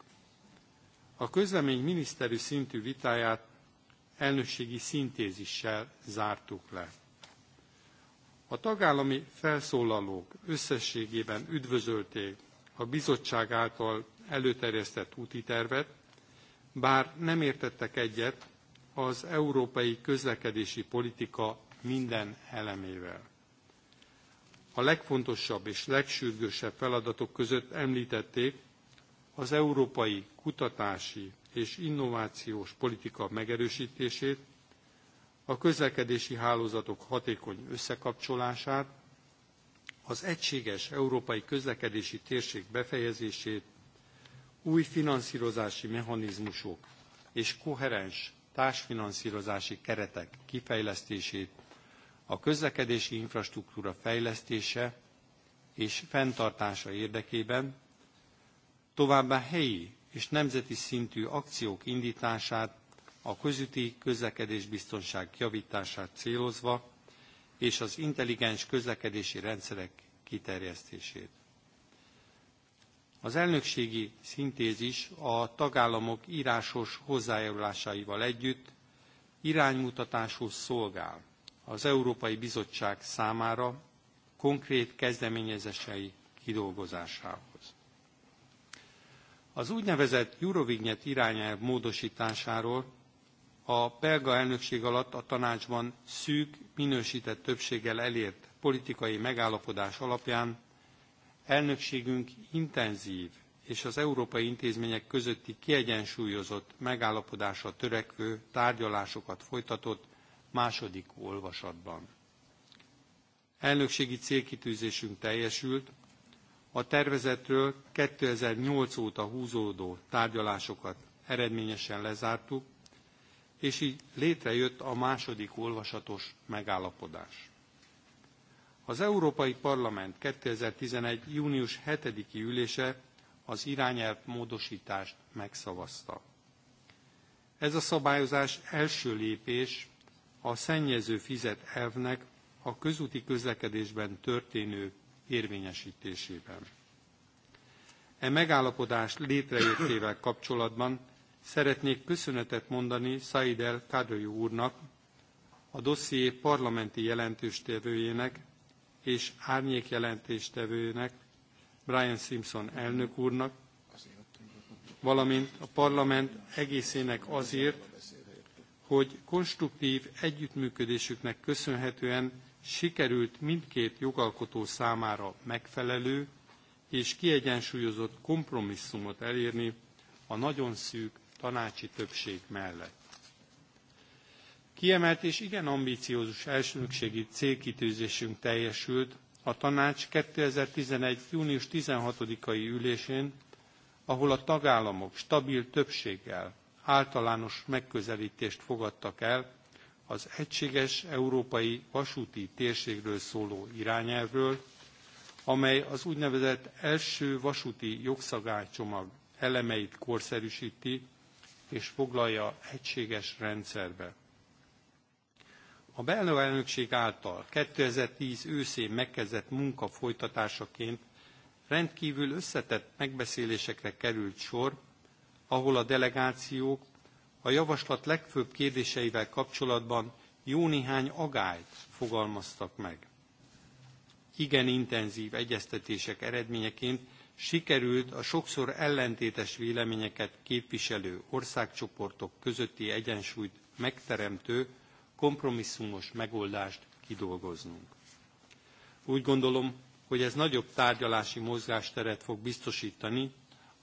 A közlemény miniszterű szintű vitáját elnökségi szintézissel zártuk le. A tagállami felszólalók összességében üdvözölték a bizottság által előterjesztett tervet, bár nem értettek egyet az európai közlekedési politika minden elemével. A legfontosabb és legsürgősebb feladatok között említették az európai kutatási és innovációs politika megerősítését, a közlekedési hálózatok hatékony összekapcsolását, az egységes európai közlekedési térség befejezését, új finanszírozási mechanizmusok és koherens társfinanszírozási keretek kifejlesztését, a közlekedési infrastruktúra fejlesztése és fenntartása érdekében, továbbá helyi és nemzeti szintű akciók indítását a közüti közlekedés biztonság javítását célozva, és az intelligens közlekedési rendszerek kiterjesztését. Az elnökségi szintézis a tagállamok írásos hozzájárulásaival együtt iránymutatáshoz szolgál az Európai Bizottság számára konkrét kezdeményezései kidolgozásához. Az úgynevezett Eurovignet irányelv módosításáról a belga elnökség alatt a tanácsban szűk, minősített többséggel elért politikai megállapodás alapján elnökségünk intenzív és az európai intézmények közötti kiegyensúlyozott megállapodásra törekvő tárgyalásokat folytatott második olvasatban. Elnökségi célkitűzésünk teljesült, a tervezetről 2008 óta húzódó tárgyalásokat eredményesen lezártuk, és így létrejött a második olvasatos megállapodás. Az Európai Parlament 2011. június 7-i ülése az irányelv módosítást megszavazta. Ez a szabályozás első lépés a szennyező fizet elvnek a közúti közlekedésben történő érvényesítésében. E megállapodás létrejöttével kapcsolatban szeretnék köszönetet mondani Said El úrnak, a dosszié parlamenti jelentőstevőjének és árnyék jelentéstevőjének, Brian Simpson elnök úrnak, valamint a parlament egészének azért, hogy konstruktív együttműködésüknek köszönhetően sikerült mindkét jogalkotó számára megfelelő és kiegyensúlyozott kompromisszumot elérni a nagyon szűk tanácsi többség mellett. Kiemelt és igen ambíciózus elsőnökségi célkitűzésünk teljesült a tanács 2011. június 16-ai ülésén, ahol a tagállamok stabil többséggel általános megközelítést fogadtak el az egységes európai vasúti térségről szóló irányelvről, amely az úgynevezett első vasúti jogszabálycsomag elemeit korszerűsíti és foglalja egységes rendszerbe. A belga elnökség által 2010 őszén megkezdett munka folytatásaként rendkívül összetett megbeszélésekre került sor ahol a delegációk a javaslat legfőbb kérdéseivel kapcsolatban jó néhány agályt fogalmaztak meg. Igen intenzív egyeztetések eredményeként sikerült a sokszor ellentétes véleményeket képviselő országcsoportok közötti egyensúlyt megteremtő kompromisszumos megoldást kidolgoznunk. Úgy gondolom, hogy ez nagyobb tárgyalási mozgásteret fog biztosítani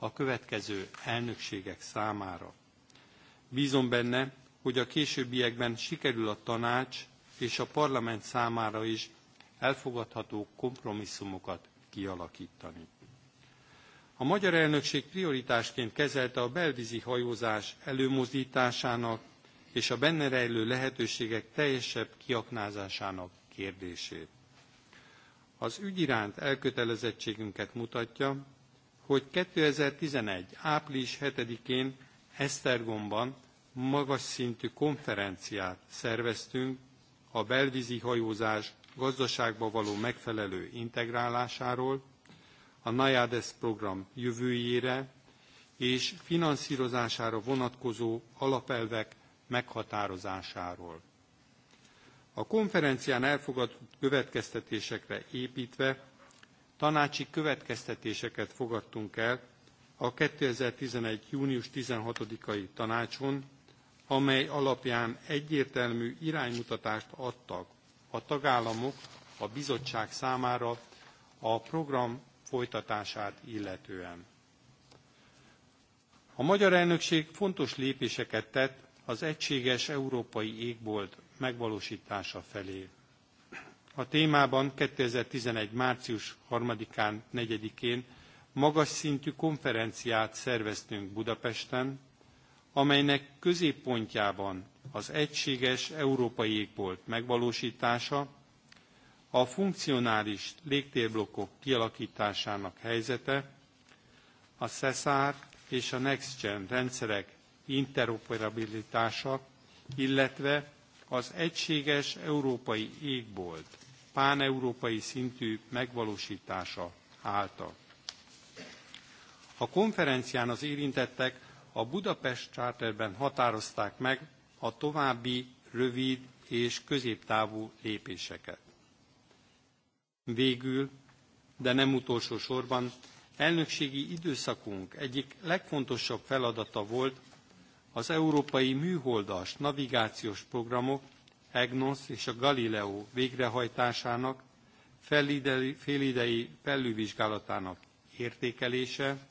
a következő elnökségek számára. Bízom benne, hogy a későbbiekben sikerül a tanács és a parlament számára is elfogadható kompromisszumokat kialakítani. A magyar elnökség prioritásként kezelte a belvízi hajózás előmozdításának és a benne rejlő lehetőségek teljesebb kiaknázásának kérdését. Az ügy iránt elkötelezettségünket mutatja, hogy 2011. április 7-én Esztergomban magas szintű konferenciát szerveztünk a belvízi hajózás gazdaságba való megfelelő integrálásáról, a NAJADES program jövőjére és finanszírozására vonatkozó alapelvek meghatározásáról. A konferencián elfogadott következtetésekre építve tanácsi következtetéseket fogadtunk el a 2011. június 16-ai tanácson, amely alapján egyértelmű iránymutatást adtak a tagállamok a bizottság számára a program folytatását illetően. A magyar elnökség fontos lépéseket tett az egységes európai égbolt megvalósítása felé. A témában 2011. március 3-án, 4-én magas szintű konferenciát szerveztünk Budapesten, amelynek középpontjában az egységes európai égbolt megvalósítása, a funkcionális légtérblokkok kialakításának helyzete, a SESAR és a NextGen rendszerek interoperabilitása, illetve az egységes európai égbolt páneurópai szintű megvalósítása által. A konferencián az érintettek a Budapest Charterben határozták meg a további rövid és középtávú lépéseket. Végül, de nem utolsó sorban, elnökségi időszakunk egyik legfontosabb feladata volt az európai műholdas navigációs programok Egnosz és a Galileo végrehajtásának félidei felülvizsgálatának értékelése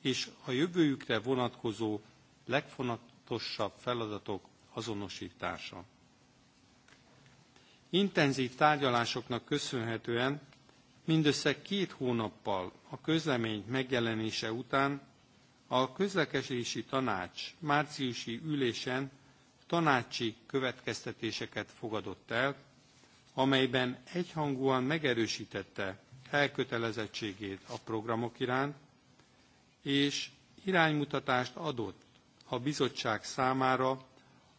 és a jövőjükre vonatkozó legfontosabb feladatok azonosítása. Intenzív tárgyalásoknak köszönhetően mindössze két hónappal a közlemény megjelenése után a közlekedési tanács márciusi ülésen tanácsi következtetéseket fogadott el, amelyben egyhangúan megerősítette elkötelezettségét a programok iránt, és iránymutatást adott a bizottság számára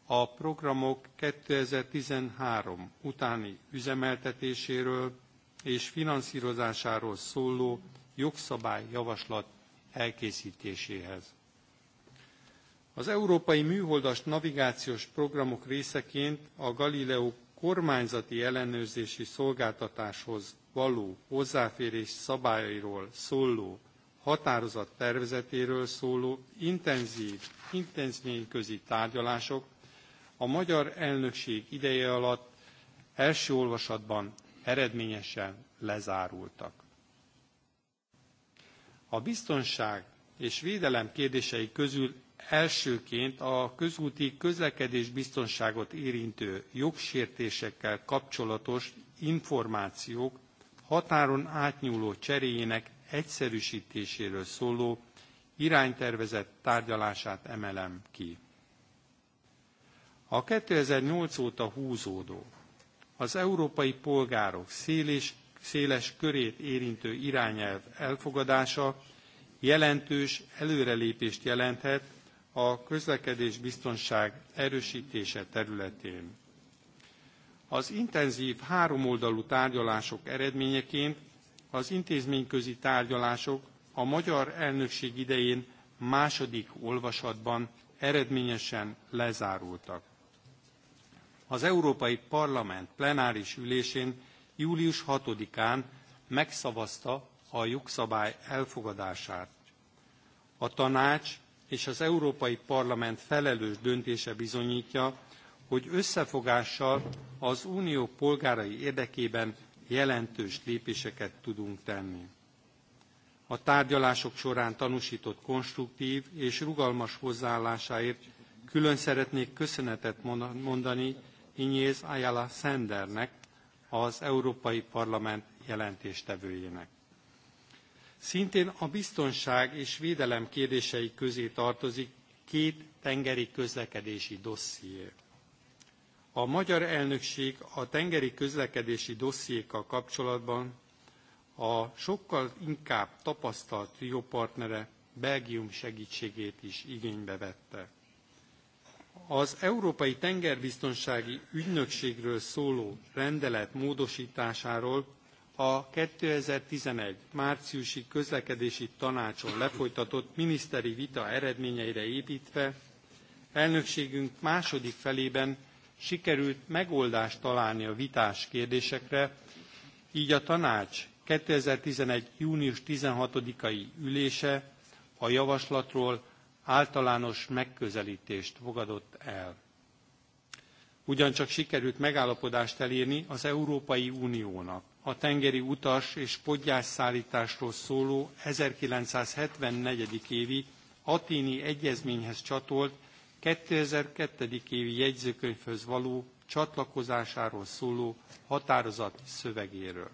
a programok 2013 utáni üzemeltetéséről és finanszírozásáról szóló jogszabályjavaslat elkészítéséhez. Az európai műholdas navigációs programok részeként a Galileo kormányzati ellenőrzési szolgáltatáshoz való hozzáférés szabályairól szóló határozat tervezetéről szóló intenzív, intézményközi tárgyalások a magyar elnökség ideje alatt első olvasatban eredményesen lezárultak. A biztonság és védelem kérdései közül Elsőként a közúti közlekedés biztonságot érintő jogsértésekkel kapcsolatos információk határon átnyúló cseréjének egyszerűsítéséről szóló iránytervezet tárgyalását emelem ki. A 2008 óta húzódó, az európai polgárok szélés, széles körét érintő irányelv elfogadása jelentős előrelépést jelenthet a közlekedés biztonság erősítése területén. Az intenzív háromoldalú tárgyalások eredményeként az intézményközi tárgyalások a magyar elnökség idején második olvasatban eredményesen lezárultak. Az Európai Parlament plenáris ülésén július 6-án megszavazta a jogszabály elfogadását. A tanács és az Európai Parlament felelős döntése bizonyítja, hogy összefogással az unió polgárai érdekében jelentős lépéseket tudunk tenni. A tárgyalások során tanúsított konstruktív és rugalmas hozzáállásáért külön szeretnék köszönetet mondani Inyéz Ayala Sendernek, az Európai Parlament jelentéstevőjének. Szintén a biztonság és védelem kérdései közé tartozik két tengeri közlekedési dosszié. A magyar elnökség a tengeri közlekedési dossziékkal kapcsolatban a sokkal inkább tapasztalt trió partnere Belgium segítségét is igénybe vette. Az Európai Tengerbiztonsági Ügynökségről szóló rendelet módosításáról a 2011 márciusi közlekedési tanácson lefolytatott miniszteri vita eredményeire építve elnökségünk második felében sikerült megoldást találni a vitás kérdésekre, így a tanács 2011. június 16-ai ülése a javaslatról általános megközelítést fogadott el. Ugyancsak sikerült megállapodást elérni az Európai Uniónak a tengeri utas és podgyászszállításról szóló 1974. évi Aténi Egyezményhez csatolt 2002. évi jegyzőkönyvhöz való csatlakozásáról szóló határozat szövegéről.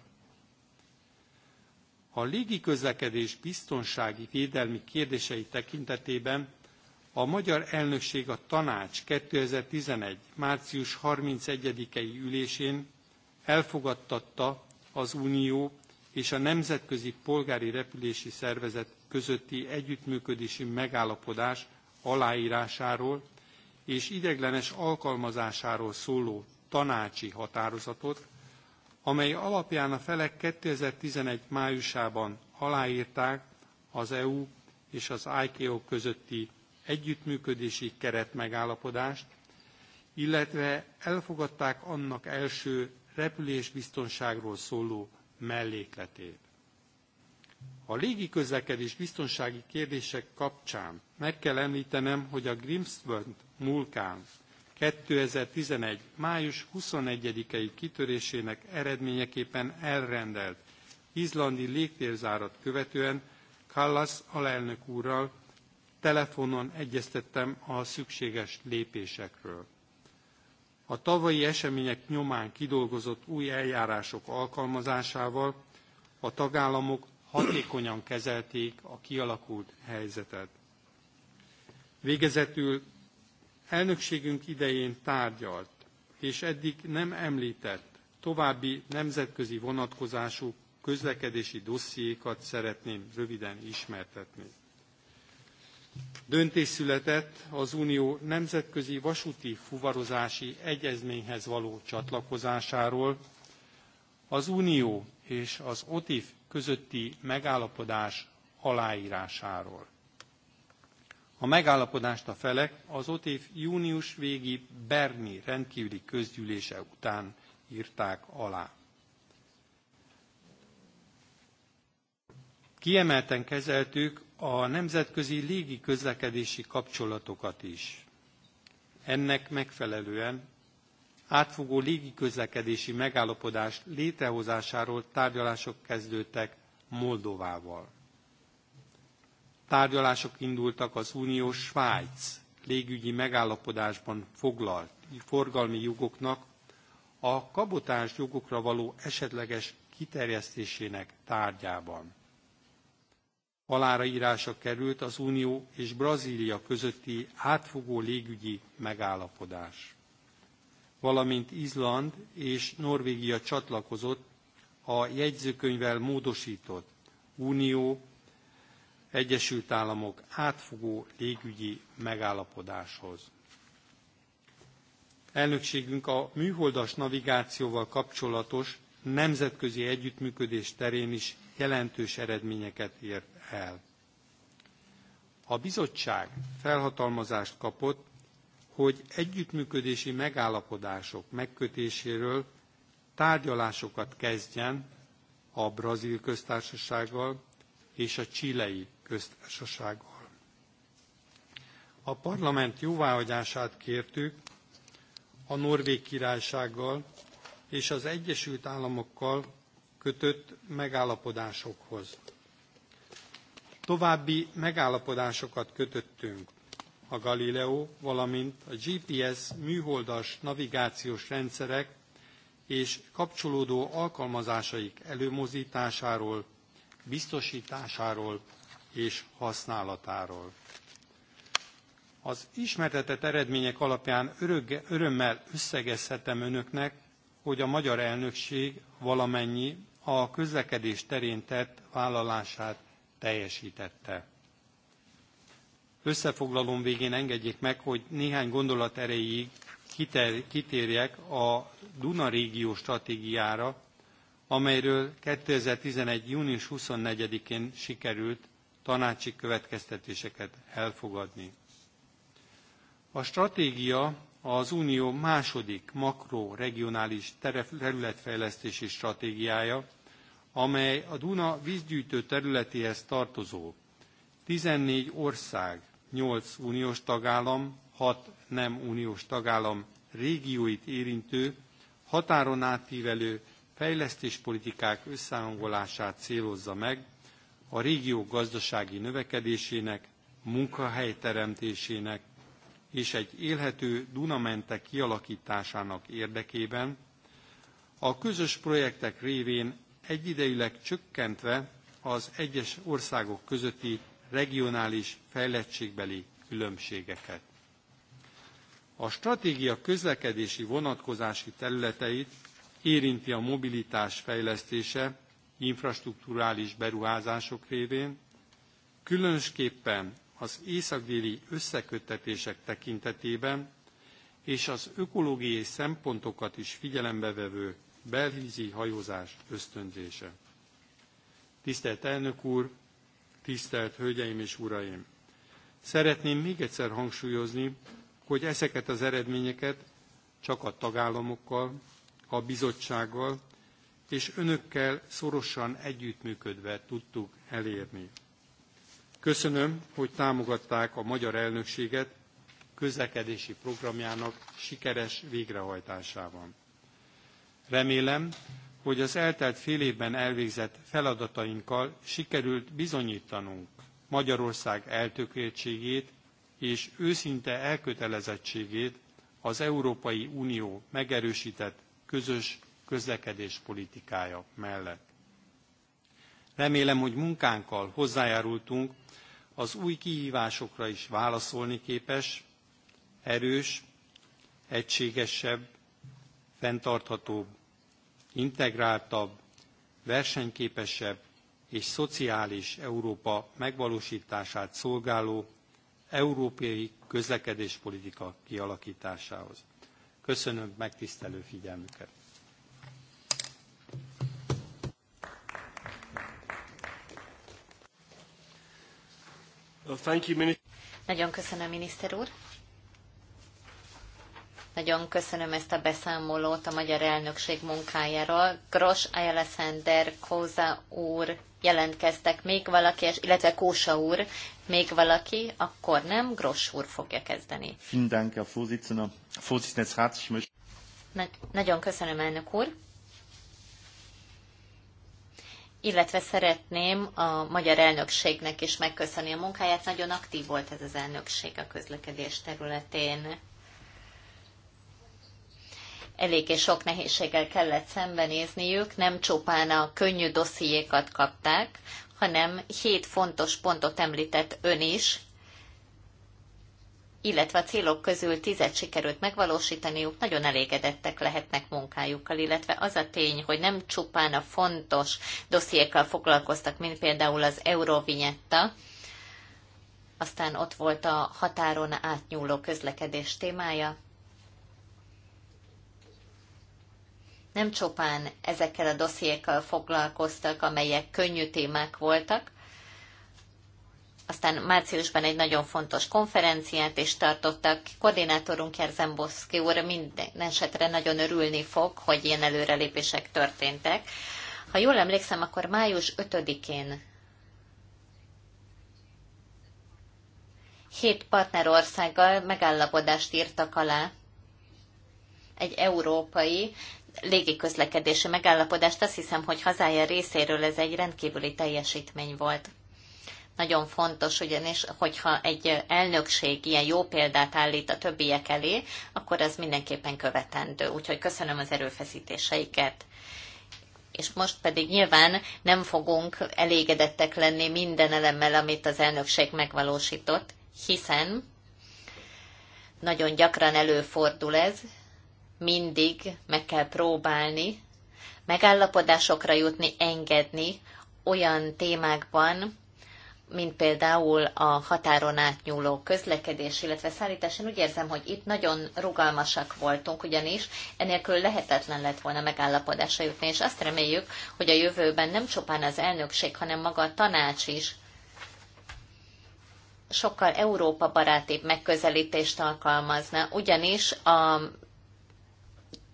A légiközlekedés biztonsági védelmi kérdései tekintetében a magyar elnökség a tanács 2011. március 31-i ülésén elfogadtatta az Unió és a Nemzetközi Polgári Repülési Szervezet közötti együttműködési megállapodás aláírásáról és ideiglenes alkalmazásáról szóló tanácsi határozatot, amely alapján a felek 2011. májusában aláírták az EU és az ICAO közötti együttműködési keretmegállapodást, illetve elfogadták annak első repülésbiztonságról szóló mellékletét. A légiközlekedés biztonsági kérdések kapcsán meg kell említenem, hogy a Grimsvöld vulkán 2011. május 21-i kitörésének eredményeképpen elrendelt izlandi légtérzárat követően Kallas alelnök úrral telefonon egyeztettem a szükséges lépésekről. A tavalyi események nyomán kidolgozott új eljárások alkalmazásával a tagállamok hatékonyan kezelték a kialakult helyzetet. Végezetül elnökségünk idején tárgyalt és eddig nem említett további nemzetközi vonatkozású közlekedési dossziékat szeretném röviden ismertetni. Döntés született az Unió nemzetközi vasúti fuvarozási egyezményhez való csatlakozásáról, az Unió és az OTIF közötti megállapodás aláírásáról. A megállapodást a felek az OTIF június végi Berni rendkívüli közgyűlése után írták alá. Kiemelten kezeltük a nemzetközi légi közlekedési kapcsolatokat is. Ennek megfelelően átfogó légiközlekedési megállapodás létrehozásáról tárgyalások kezdődtek Moldovával. Tárgyalások indultak az Unió Svájc légügyi megállapodásban foglalt forgalmi jogoknak, a kabotás jogokra való esetleges kiterjesztésének tárgyában aláraírása került az Unió és Brazília közötti átfogó légügyi megállapodás, valamint Izland és Norvégia csatlakozott a jegyzőkönyvvel módosított Unió Egyesült Államok átfogó légügyi megállapodáshoz. Elnökségünk a műholdas navigációval kapcsolatos nemzetközi együttműködés terén is jelentős eredményeket ért el. A bizottság felhatalmazást kapott, hogy együttműködési megállapodások megkötéséről tárgyalásokat kezdjen a brazil köztársasággal és a csilei köztársasággal. A parlament jóváhagyását kértük a Norvég királysággal és az Egyesült Államokkal kötött megállapodásokhoz. További megállapodásokat kötöttünk a Galileo, valamint a GPS műholdas navigációs rendszerek és kapcsolódó alkalmazásaik előmozításáról, biztosításáról és használatáról. Az ismertetett eredmények alapján örömmel összegezhetem önöknek, hogy a magyar elnökség valamennyi a közlekedés terén tett vállalását teljesítette. Összefoglalom végén engedjék meg, hogy néhány gondolat erejéig kitérjek a Duna régió stratégiára, amelyről 2011. június 24-én sikerült tanácsi következtetéseket elfogadni. A stratégia az Unió második makroregionális területfejlesztési stratégiája, amely a Duna vízgyűjtő területéhez tartozó 14 ország, 8 uniós tagállam, 6 nem uniós tagállam régióit érintő, határon átívelő fejlesztéspolitikák összehangolását célozza meg a régió gazdasági növekedésének, munkahelyteremtésének és egy élhető Dunamente kialakításának érdekében, a közös projektek révén egyidejűleg csökkentve az egyes országok közötti regionális fejlettségbeli különbségeket. A stratégia közlekedési vonatkozási területeit érinti a mobilitás fejlesztése infrastrukturális beruházások révén, különösképpen az északdéli összeköttetések tekintetében és az ökológiai szempontokat is figyelembe vevő belvízi hajózás ösztönzése. Tisztelt elnök úr, tisztelt hölgyeim és uraim! Szeretném még egyszer hangsúlyozni, hogy ezeket az eredményeket csak a tagállamokkal, a bizottsággal és önökkel szorosan együttműködve tudtuk elérni. Köszönöm, hogy támogatták a magyar elnökséget közlekedési programjának sikeres végrehajtásában. Remélem, hogy az eltelt fél évben elvégzett feladatainkkal sikerült bizonyítanunk Magyarország eltökéltségét és őszinte elkötelezettségét az Európai Unió megerősített közös közlekedéspolitikája mellett. Remélem, hogy munkánkkal hozzájárultunk az új kihívásokra is válaszolni képes, erős, egységesebb, fenntarthatóbb integráltabb, versenyképesebb és szociális Európa megvalósítását szolgáló európai közlekedéspolitika kialakításához. Köszönöm megtisztelő figyelmüket! Nagyon köszönöm, miniszter úr! Nagyon köszönöm ezt a beszámolót a magyar elnökség munkájáról. Gros Alexander Kóza úr jelentkeztek még valaki, illetve Kósa úr, még valaki, akkor nem, Gros úr fogja kezdeni. nagyon köszönöm, elnök úr. Illetve szeretném a magyar elnökségnek is megköszönni a munkáját. Nagyon aktív volt ez az elnökség a közlekedés területén eléggé sok nehézséggel kellett szembenézniük, nem csupán a könnyű dossziékat kapták, hanem hét fontos pontot említett ön is, illetve a célok közül tizet sikerült megvalósítaniuk, nagyon elégedettek lehetnek munkájukkal, illetve az a tény, hogy nem csupán a fontos dossziékkal foglalkoztak, mint például az Eurovinyetta, aztán ott volt a határon átnyúló közlekedés témája, nem csupán ezekkel a dossziékkal foglalkoztak, amelyek könnyű témák voltak, aztán márciusban egy nagyon fontos konferenciát is tartottak. Koordinátorunk Erzemboszki úr minden esetre nagyon örülni fog, hogy ilyen előrelépések történtek. Ha jól emlékszem, akkor május 5-én hét partnerországgal megállapodást írtak alá egy európai légiközlekedési megállapodást. Azt hiszem, hogy hazája részéről ez egy rendkívüli teljesítmény volt. Nagyon fontos, ugyanis, hogyha egy elnökség ilyen jó példát állít a többiek elé, akkor az mindenképpen követendő. Úgyhogy köszönöm az erőfeszítéseiket és most pedig nyilván nem fogunk elégedettek lenni minden elemmel, amit az elnökség megvalósított, hiszen nagyon gyakran előfordul ez, mindig meg kell próbálni megállapodásokra jutni, engedni olyan témákban, mint például a határon átnyúló közlekedés, illetve szállítás. Én úgy érzem, hogy itt nagyon rugalmasak voltunk, ugyanis enélkül lehetetlen lett volna megállapodásra jutni, és azt reméljük, hogy a jövőben nem csupán az elnökség, hanem maga a tanács is sokkal Európa barátibb megközelítést alkalmazna, ugyanis a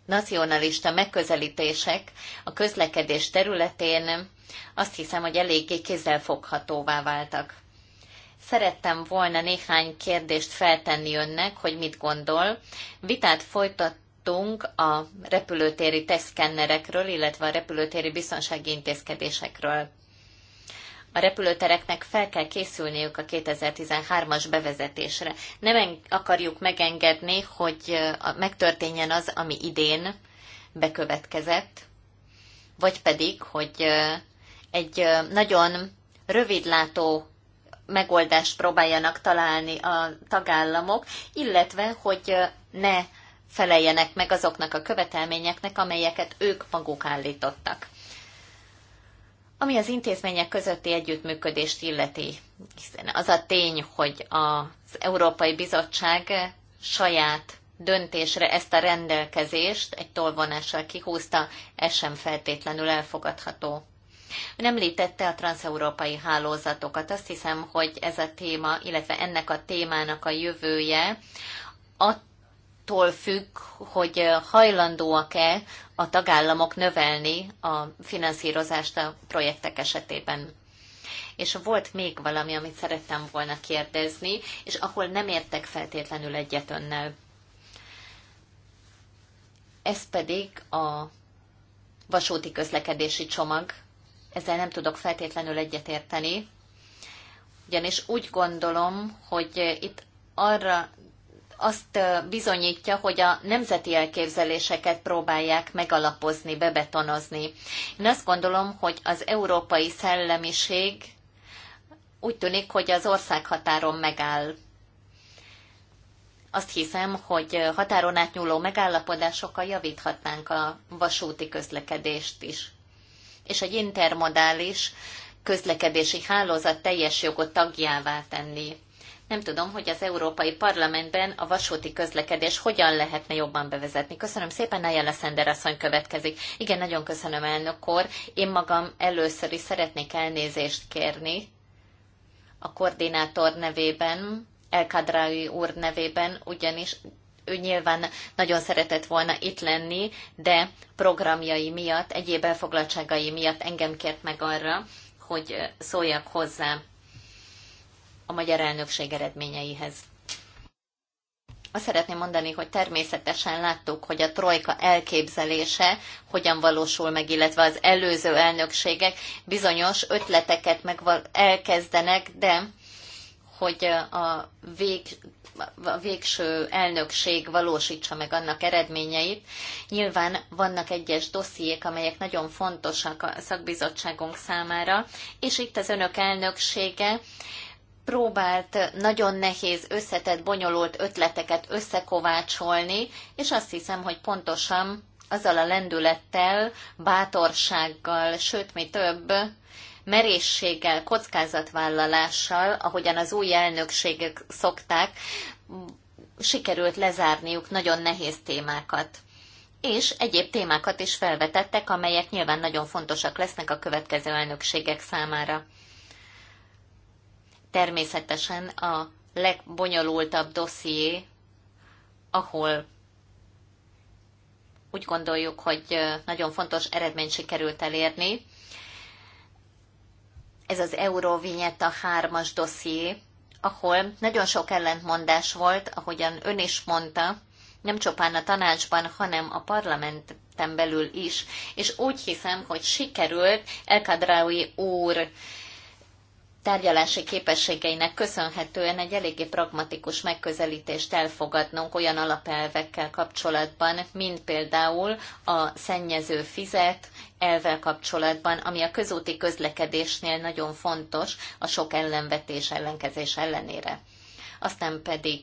nacionalista megközelítések a közlekedés területén azt hiszem, hogy eléggé kézzelfoghatóvá váltak. Szerettem volna néhány kérdést feltenni önnek, hogy mit gondol. Vitát folytattunk a repülőtéri tesztkennerekről, illetve a repülőtéri biztonsági intézkedésekről a repülőtereknek fel kell készülniük a 2013-as bevezetésre. Nem akarjuk megengedni, hogy megtörténjen az, ami idén bekövetkezett, vagy pedig, hogy egy nagyon rövidlátó megoldást próbáljanak találni a tagállamok, illetve, hogy ne feleljenek meg azoknak a követelményeknek, amelyeket ők maguk állítottak. Ami az intézmények közötti együttműködést illeti, hiszen az a tény, hogy az Európai Bizottság saját döntésre ezt a rendelkezést egy tolvonással kihúzta, ez sem feltétlenül elfogadható. Ön említette a transeurópai hálózatokat. Azt hiszem, hogy ez a téma, illetve ennek a témának a jövője, att attól függ, hogy hajlandóak-e a tagállamok növelni a finanszírozást a projektek esetében. És volt még valami, amit szerettem volna kérdezni, és ahol nem értek feltétlenül egyet önnel. Ez pedig a vasúti közlekedési csomag. Ezzel nem tudok feltétlenül egyet érteni, ugyanis úgy gondolom, hogy itt arra azt bizonyítja, hogy a nemzeti elképzeléseket próbálják megalapozni, bebetonozni. Én azt gondolom, hogy az európai szellemiség úgy tűnik, hogy az országhatáron megáll. Azt hiszem, hogy határon átnyúló megállapodásokkal javíthatnánk a vasúti közlekedést is. És egy intermodális közlekedési hálózat teljes jogot tagjává tenni. Nem tudom, hogy az Európai Parlamentben a vasúti közlekedés hogyan lehetne jobban bevezetni. Köszönöm szépen, Nájela Szender asszony következik. Igen, nagyon köszönöm, elnök úr. Én magam először is szeretnék elnézést kérni a koordinátor nevében, Elkadrai úr nevében, ugyanis ő nyilván nagyon szeretett volna itt lenni, de programjai miatt, egyéb elfoglaltságai miatt engem kért meg arra, hogy szóljak hozzá a magyar elnökség eredményeihez. Azt szeretném mondani, hogy természetesen láttuk, hogy a trojka elképzelése hogyan valósul meg, illetve az előző elnökségek bizonyos ötleteket meg elkezdenek, de hogy a, vég, a végső elnökség valósítsa meg annak eredményeit. Nyilván vannak egyes dossziék, amelyek nagyon fontosak a szakbizottságunk számára, és itt az önök elnöksége próbált nagyon nehéz, összetett, bonyolult ötleteket összekovácsolni, és azt hiszem, hogy pontosan azzal a lendülettel, bátorsággal, sőt, mi több, merészséggel, kockázatvállalással, ahogyan az új elnökségek szokták, sikerült lezárniuk nagyon nehéz témákat. És egyéb témákat is felvetettek, amelyek nyilván nagyon fontosak lesznek a következő elnökségek számára természetesen a legbonyolultabb dosszié, ahol úgy gondoljuk, hogy nagyon fontos eredményt sikerült elérni. Ez az Eurovinyetta 3-as dosszié, ahol nagyon sok ellentmondás volt, ahogyan ön is mondta, nem csupán a tanácsban, hanem a parlamenten belül is. És úgy hiszem, hogy sikerült El úr tárgyalási képességeinek köszönhetően egy eléggé pragmatikus megközelítést elfogadnunk olyan alapelvekkel kapcsolatban, mint például a szennyező fizet elvvel kapcsolatban, ami a közúti közlekedésnél nagyon fontos a sok ellenvetés ellenkezés ellenére. Aztán pedig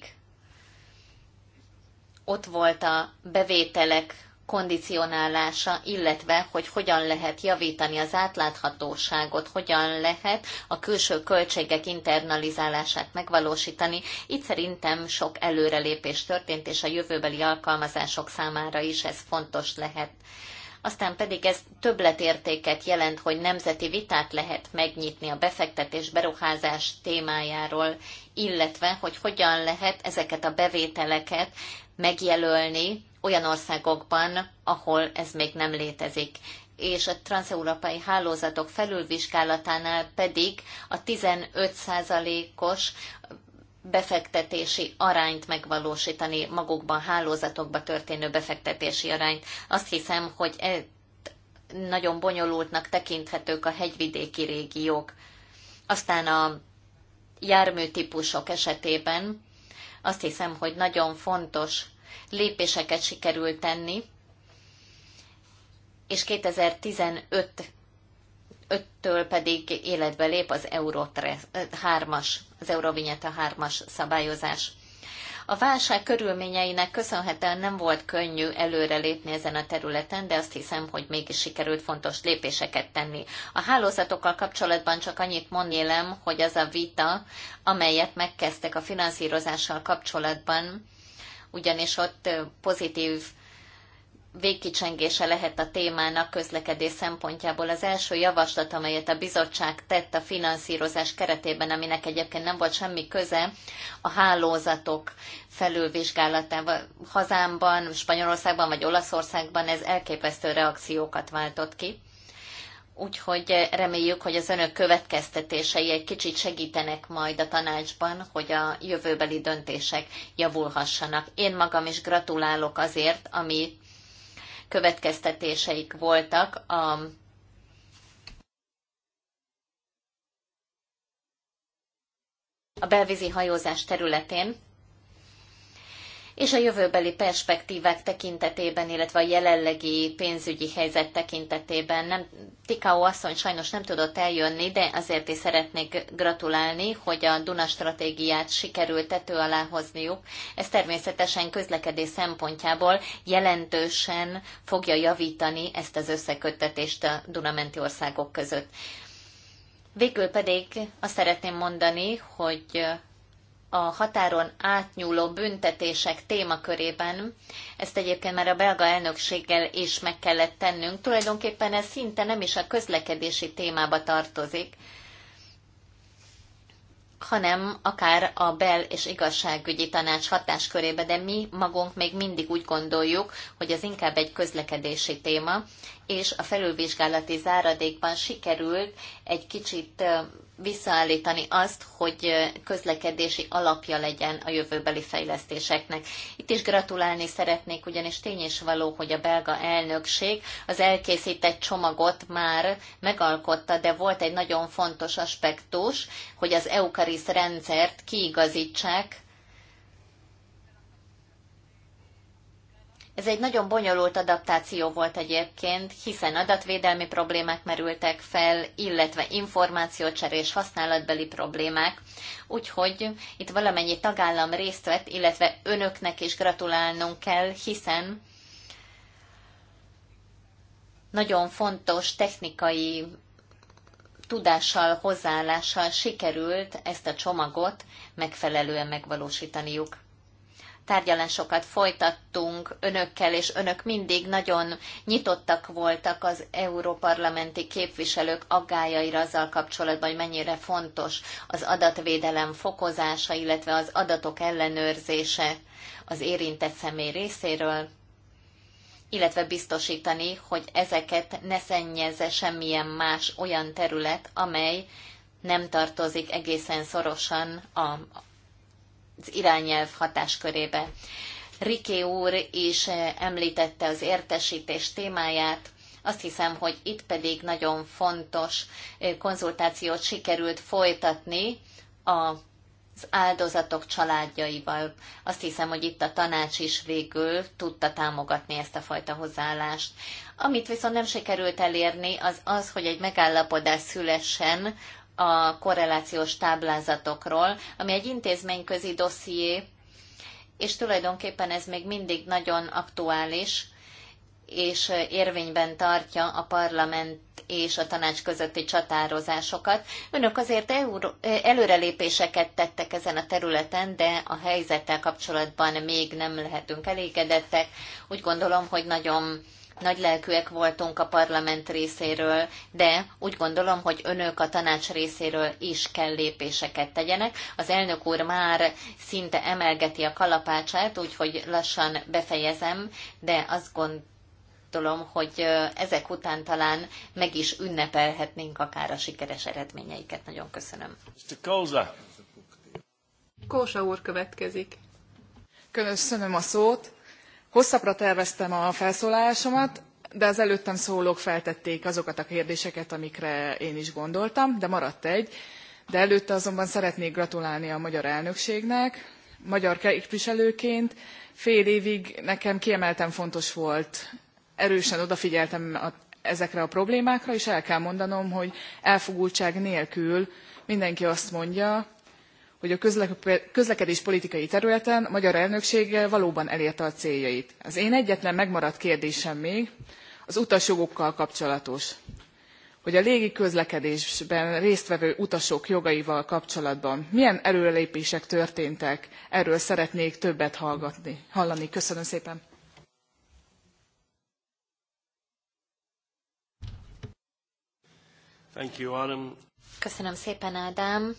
ott volt a bevételek kondicionálása, illetve hogy hogyan lehet javítani az átláthatóságot, hogyan lehet a külső költségek internalizálását megvalósítani. Itt szerintem sok előrelépés történt, és a jövőbeli alkalmazások számára is ez fontos lehet aztán pedig ez többletértéket jelent, hogy nemzeti vitát lehet megnyitni a befektetés beruházás témájáról, illetve hogy hogyan lehet ezeket a bevételeket megjelölni olyan országokban, ahol ez még nem létezik és a transeurópai hálózatok felülvizsgálatánál pedig a 15%-os befektetési arányt megvalósítani, magukban hálózatokba történő befektetési arányt. Azt hiszem, hogy e, nagyon bonyolultnak tekinthetők a hegyvidéki régiók. Aztán a járműtípusok esetében azt hiszem, hogy nagyon fontos lépéseket sikerült tenni, és 2015-től pedig életbe lép az Eurotre 3-as, az Eurovinyeta 3-as szabályozás. A válság körülményeinek köszönhetően nem volt könnyű előrelépni ezen a területen, de azt hiszem, hogy mégis sikerült fontos lépéseket tenni. A hálózatokkal kapcsolatban csak annyit mondélem, hogy az a vita, amelyet megkezdtek a finanszírozással kapcsolatban, ugyanis ott pozitív végkicsengése lehet a témának közlekedés szempontjából. Az első javaslat, amelyet a bizottság tett a finanszírozás keretében, aminek egyébként nem volt semmi köze, a hálózatok felülvizsgálatával hazámban, Spanyolországban vagy Olaszországban ez elképesztő reakciókat váltott ki úgyhogy reméljük, hogy az önök következtetései egy kicsit segítenek majd a tanácsban, hogy a jövőbeli döntések javulhassanak. Én magam is gratulálok azért, ami következtetéseik voltak a a belvízi hajózás területén, és a jövőbeli perspektívák tekintetében, illetve a jelenlegi pénzügyi helyzet tekintetében. Nem, Tikao asszony sajnos nem tudott eljönni, de azért is szeretnék gratulálni, hogy a Duna stratégiát sikerült tető alá hozniuk. Ez természetesen közlekedés szempontjából jelentősen fogja javítani ezt az összeköttetést a Dunamenti országok között. Végül pedig azt szeretném mondani, hogy a határon átnyúló büntetések témakörében. Ezt egyébként már a belga elnökséggel is meg kellett tennünk. Tulajdonképpen ez szinte nem is a közlekedési témába tartozik, hanem akár a bel- és igazságügyi tanács hatáskörébe, de mi magunk még mindig úgy gondoljuk, hogy ez inkább egy közlekedési téma, és a felülvizsgálati záradékban sikerült egy kicsit visszaállítani azt, hogy közlekedési alapja legyen a jövőbeli fejlesztéseknek. Itt is gratulálni szeretnék, ugyanis tény és való, hogy a belga elnökség az elkészített csomagot már megalkotta, de volt egy nagyon fontos aspektus, hogy az Eukarisz rendszert kiigazítsák Ez egy nagyon bonyolult adaptáció volt egyébként, hiszen adatvédelmi problémák merültek fel, illetve információcserés és használatbeli problémák. Úgyhogy itt valamennyi tagállam részt vett, illetve önöknek is gratulálnunk kell, hiszen nagyon fontos technikai tudással, hozzáállással sikerült ezt a csomagot megfelelően megvalósítaniuk tárgyalásokat folytattunk önökkel, és önök mindig nagyon nyitottak voltak az európarlamenti képviselők aggájaira azzal kapcsolatban, hogy mennyire fontos az adatvédelem fokozása, illetve az adatok ellenőrzése az érintett személy részéről illetve biztosítani, hogy ezeket ne szennyezze semmilyen más olyan terület, amely nem tartozik egészen szorosan a irányelv hatáskörébe. Riké úr is eh, említette az értesítés témáját, azt hiszem, hogy itt pedig nagyon fontos eh, konzultációt sikerült folytatni a az áldozatok családjaival. Azt hiszem, hogy itt a tanács is végül tudta támogatni ezt a fajta hozzáállást. Amit viszont nem sikerült elérni, az az, hogy egy megállapodás szülessen a korrelációs táblázatokról, ami egy intézményközi dosszié, és tulajdonképpen ez még mindig nagyon aktuális, és érvényben tartja a parlament és a tanács közötti csatározásokat. Önök azért előrelépéseket tettek ezen a területen, de a helyzettel kapcsolatban még nem lehetünk elégedettek. Úgy gondolom, hogy nagyon nagy lelkűek voltunk a parlament részéről, de úgy gondolom, hogy önök a tanács részéről is kell lépéseket tegyenek. Az elnök úr már szinte emelgeti a kalapácsát, úgyhogy lassan befejezem, de azt gondolom, hogy ezek után talán meg is ünnepelhetnénk akár a sikeres eredményeiket. Nagyon köszönöm. Kósa úr következik. Köszönöm a szót hosszabbra terveztem a felszólalásomat de az előttem szólók feltették azokat a kérdéseket amikre én is gondoltam de maradt egy de előtte azonban szeretnék gratulálni a magyar elnökségnek magyar képviselőként fél évig nekem kiemelten fontos volt erősen odafigyeltem a, ezekre a problémákra és el kell mondanom hogy elfogultság nélkül mindenki azt mondja hogy a közlekedéspolitikai területen a magyar elnökség valóban elérte a céljait. Az én egyetlen megmaradt kérdésem még az utasjogokkal kapcsolatos hogy a légi közlekedésben résztvevő utasok jogaival kapcsolatban milyen előrelépések történtek erről szeretnék többet hallgatni, hallani. köszönöm szépen! Köszönöm szépen, Ádám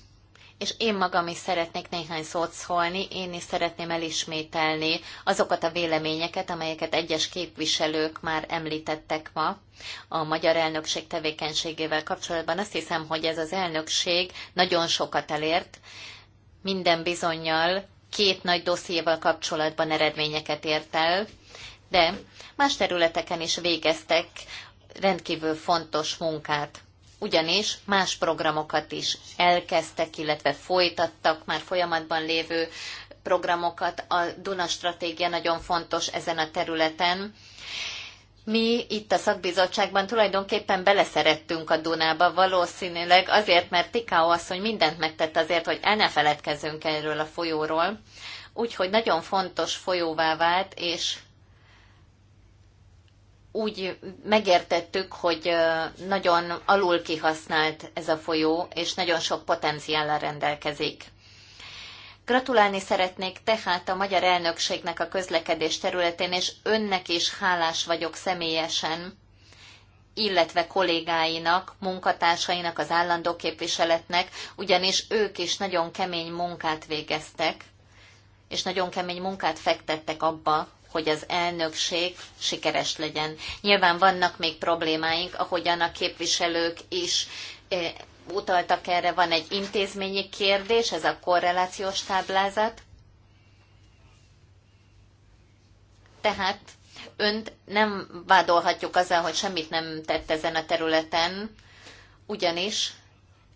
és én magam is szeretnék néhány szót szólni, én is szeretném elismételni azokat a véleményeket, amelyeket egyes képviselők már említettek ma a magyar elnökség tevékenységével kapcsolatban. Azt hiszem, hogy ez az elnökség nagyon sokat elért, minden bizonyal két nagy dossziéval kapcsolatban eredményeket ért el, de más területeken is végeztek rendkívül fontos munkát ugyanis más programokat is elkezdtek, illetve folytattak már folyamatban lévő programokat. A Duna stratégia nagyon fontos ezen a területen. Mi itt a szakbizottságban tulajdonképpen beleszerettünk a Dunába, valószínűleg azért, mert Tikao asszony mindent megtett azért, hogy el ne feledkezzünk erről a folyóról. Úgyhogy nagyon fontos folyóvá vált, és úgy megértettük, hogy nagyon alul kihasznált ez a folyó, és nagyon sok potenciállal rendelkezik. Gratulálni szeretnék tehát a magyar elnökségnek a közlekedés területén, és önnek is hálás vagyok személyesen, illetve kollégáinak, munkatársainak, az állandó képviseletnek, ugyanis ők is nagyon kemény munkát végeztek, és nagyon kemény munkát fektettek abba, hogy az elnökség sikeres legyen. Nyilván vannak még problémáink, ahogyan a képviselők is eh, utaltak erre, van egy intézményi kérdés, ez a korrelációs táblázat. Tehát önt nem vádolhatjuk azzal, hogy semmit nem tett ezen a területen, ugyanis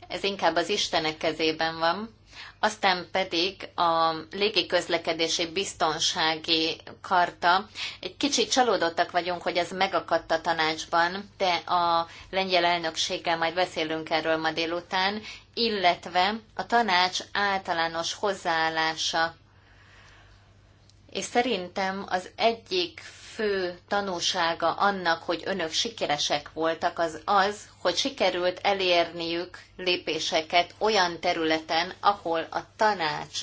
ez inkább az Istenek kezében van, aztán pedig a légiközlekedési biztonsági karta. Egy kicsit csalódottak vagyunk, hogy ez megakadt a tanácsban, de a lengyel elnökséggel majd beszélünk erről ma délután, illetve a tanács általános hozzáállása és szerintem az egyik fő tanúsága annak, hogy önök sikeresek voltak, az az, hogy sikerült elérniük lépéseket olyan területen, ahol a tanács,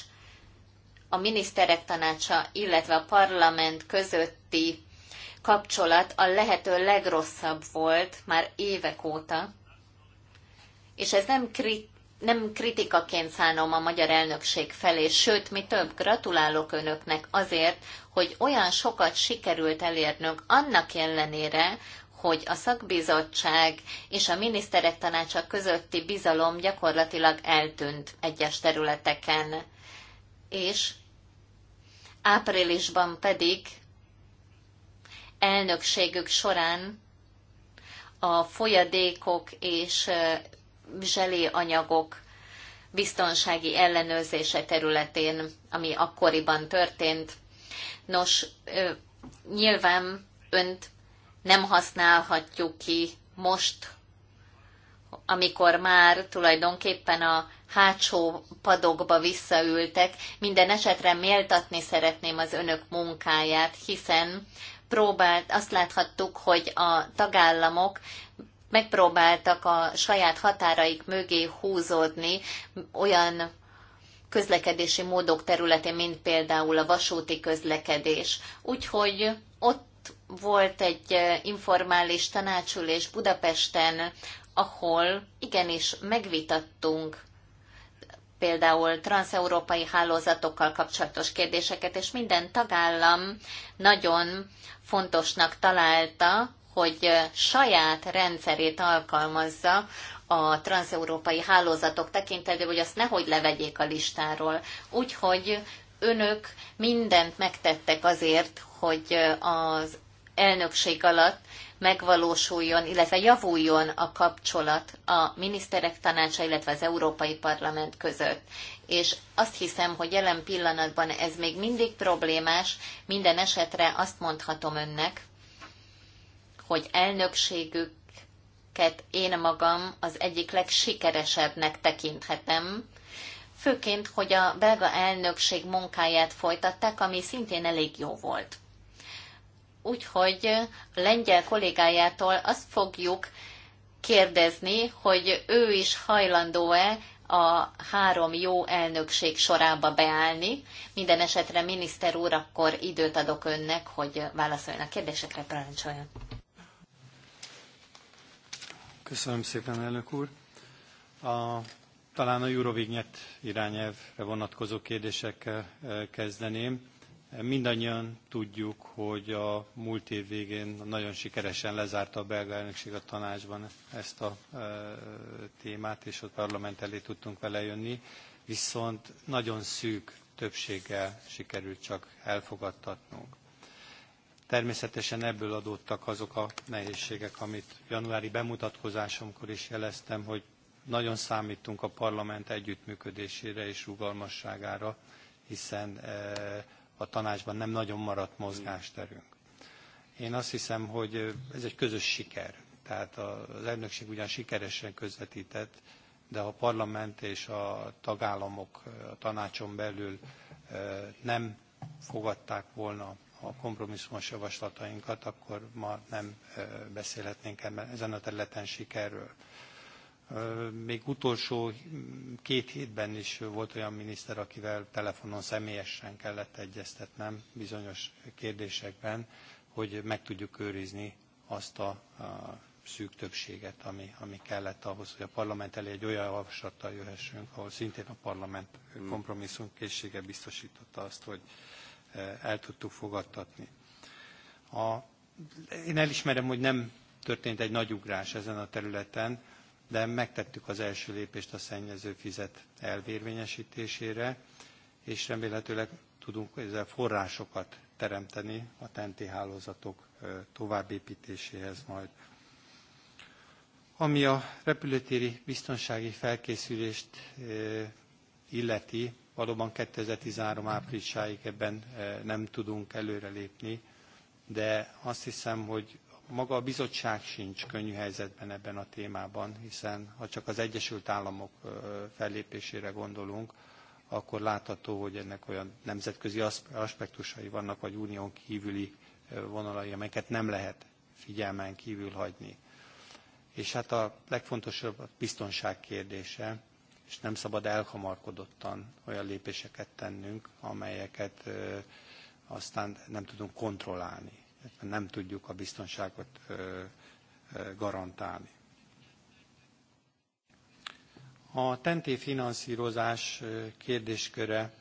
a miniszterek tanácsa, illetve a parlament közötti kapcsolat a lehető legrosszabb volt már évek óta. És ez nem krit nem kritikaként szánom a magyar elnökség felé, sőt, mi több, gratulálok önöknek azért, hogy olyan sokat sikerült elérnünk annak ellenére, hogy a szakbizottság és a miniszterek tanácsa közötti bizalom gyakorlatilag eltűnt egyes területeken. És áprilisban pedig elnökségük során a folyadékok és zselé anyagok biztonsági ellenőrzése területén, ami akkoriban történt. Nos, nyilván önt nem használhatjuk ki most, amikor már tulajdonképpen a hátsó padokba visszaültek. Minden esetre méltatni szeretném az önök munkáját, hiszen próbált, azt láthattuk, hogy a tagállamok megpróbáltak a saját határaik mögé húzódni olyan közlekedési módok területén, mint például a vasúti közlekedés. Úgyhogy ott volt egy eh, informális tanácsülés Budapesten, ahol igenis megvitattunk például transeurópai hálózatokkal kapcsolatos kérdéseket, és minden tagállam nagyon fontosnak találta, hogy saját rendszerét alkalmazza a transeurópai hálózatok tekintetében, hogy azt nehogy levegyék a listáról. Úgyhogy önök mindent megtettek azért, hogy az elnökség alatt megvalósuljon, illetve javuljon a kapcsolat a miniszterek tanácsa, illetve az Európai Parlament között. És azt hiszem, hogy jelen pillanatban ez még mindig problémás, minden esetre azt mondhatom önnek, hogy elnökségüket én magam az egyik legsikeresebbnek tekinthetem, főként, hogy a belga elnökség munkáját folytatták, ami szintén elég jó volt. Úgyhogy a lengyel kollégájától azt fogjuk kérdezni, hogy ő is hajlandó-e a három jó elnökség sorába beállni. Minden esetre miniszter úr, akkor időt adok önnek, hogy válaszoljon a kérdésekre, parancsoljon. Köszönöm szépen, elnök úr. A, talán a Eurovignet irányelvre vonatkozó kérdésekkel e, kezdeném. Mindannyian tudjuk, hogy a múlt év végén nagyon sikeresen lezárta a belga elnökség a tanácsban ezt a e, témát, és a parlament elé tudtunk vele jönni, viszont nagyon szűk többséggel sikerült csak elfogadtatnunk. Természetesen ebből adódtak azok a nehézségek, amit januári bemutatkozásomkor is jeleztem, hogy nagyon számítunk a parlament együttműködésére és rugalmasságára, hiszen e, a tanácsban nem nagyon maradt mozgásterünk. Én azt hiszem, hogy e, ez egy közös siker. Tehát az elnökség ugyan sikeresen közvetített, de ha a parlament és a tagállamok e, a tanácson belül nem fogadták volna a kompromisszumos javaslatainkat, akkor ma nem beszélhetnénk ezen a területen sikerről. Még utolsó két hétben is volt olyan miniszter, akivel telefonon személyesen kellett egyeztetnem bizonyos kérdésekben, hogy meg tudjuk őrizni azt a, szűk többséget, ami, ami kellett ahhoz, hogy a parlament elé egy olyan javaslattal jöhessünk, ahol szintén a parlament hmm. készsége biztosította azt, hogy Eh, el tudtuk fogadtatni. A, én elismerem, hogy nem történt egy nagy ugrás ezen a területen, de megtettük az első lépést a szennyező fizet elvérvényesítésére, és remélhetőleg tudunk ezzel forrásokat teremteni a tenti hálózatok eh, továbbépítéséhez majd. Ami a repülőtéri biztonsági felkészülést eh, illeti, Valóban 2013 áprilisáig ebben eh, nem tudunk előrelépni, de azt hiszem, hogy maga a bizottság sincs könnyű helyzetben ebben a témában, hiszen ha csak az Egyesült Államok eh, fellépésére gondolunk, akkor látható, hogy ennek olyan nemzetközi aspektusai vannak, vagy unión kívüli eh, vonalai, amelyeket nem lehet figyelmen kívül hagyni. És hát a legfontosabb a biztonság kérdése és nem szabad elhamarkodottan olyan lépéseket tennünk, amelyeket aztán nem tudunk kontrollálni, nem tudjuk a biztonságot garantálni. A tenté finanszírozás kérdésköre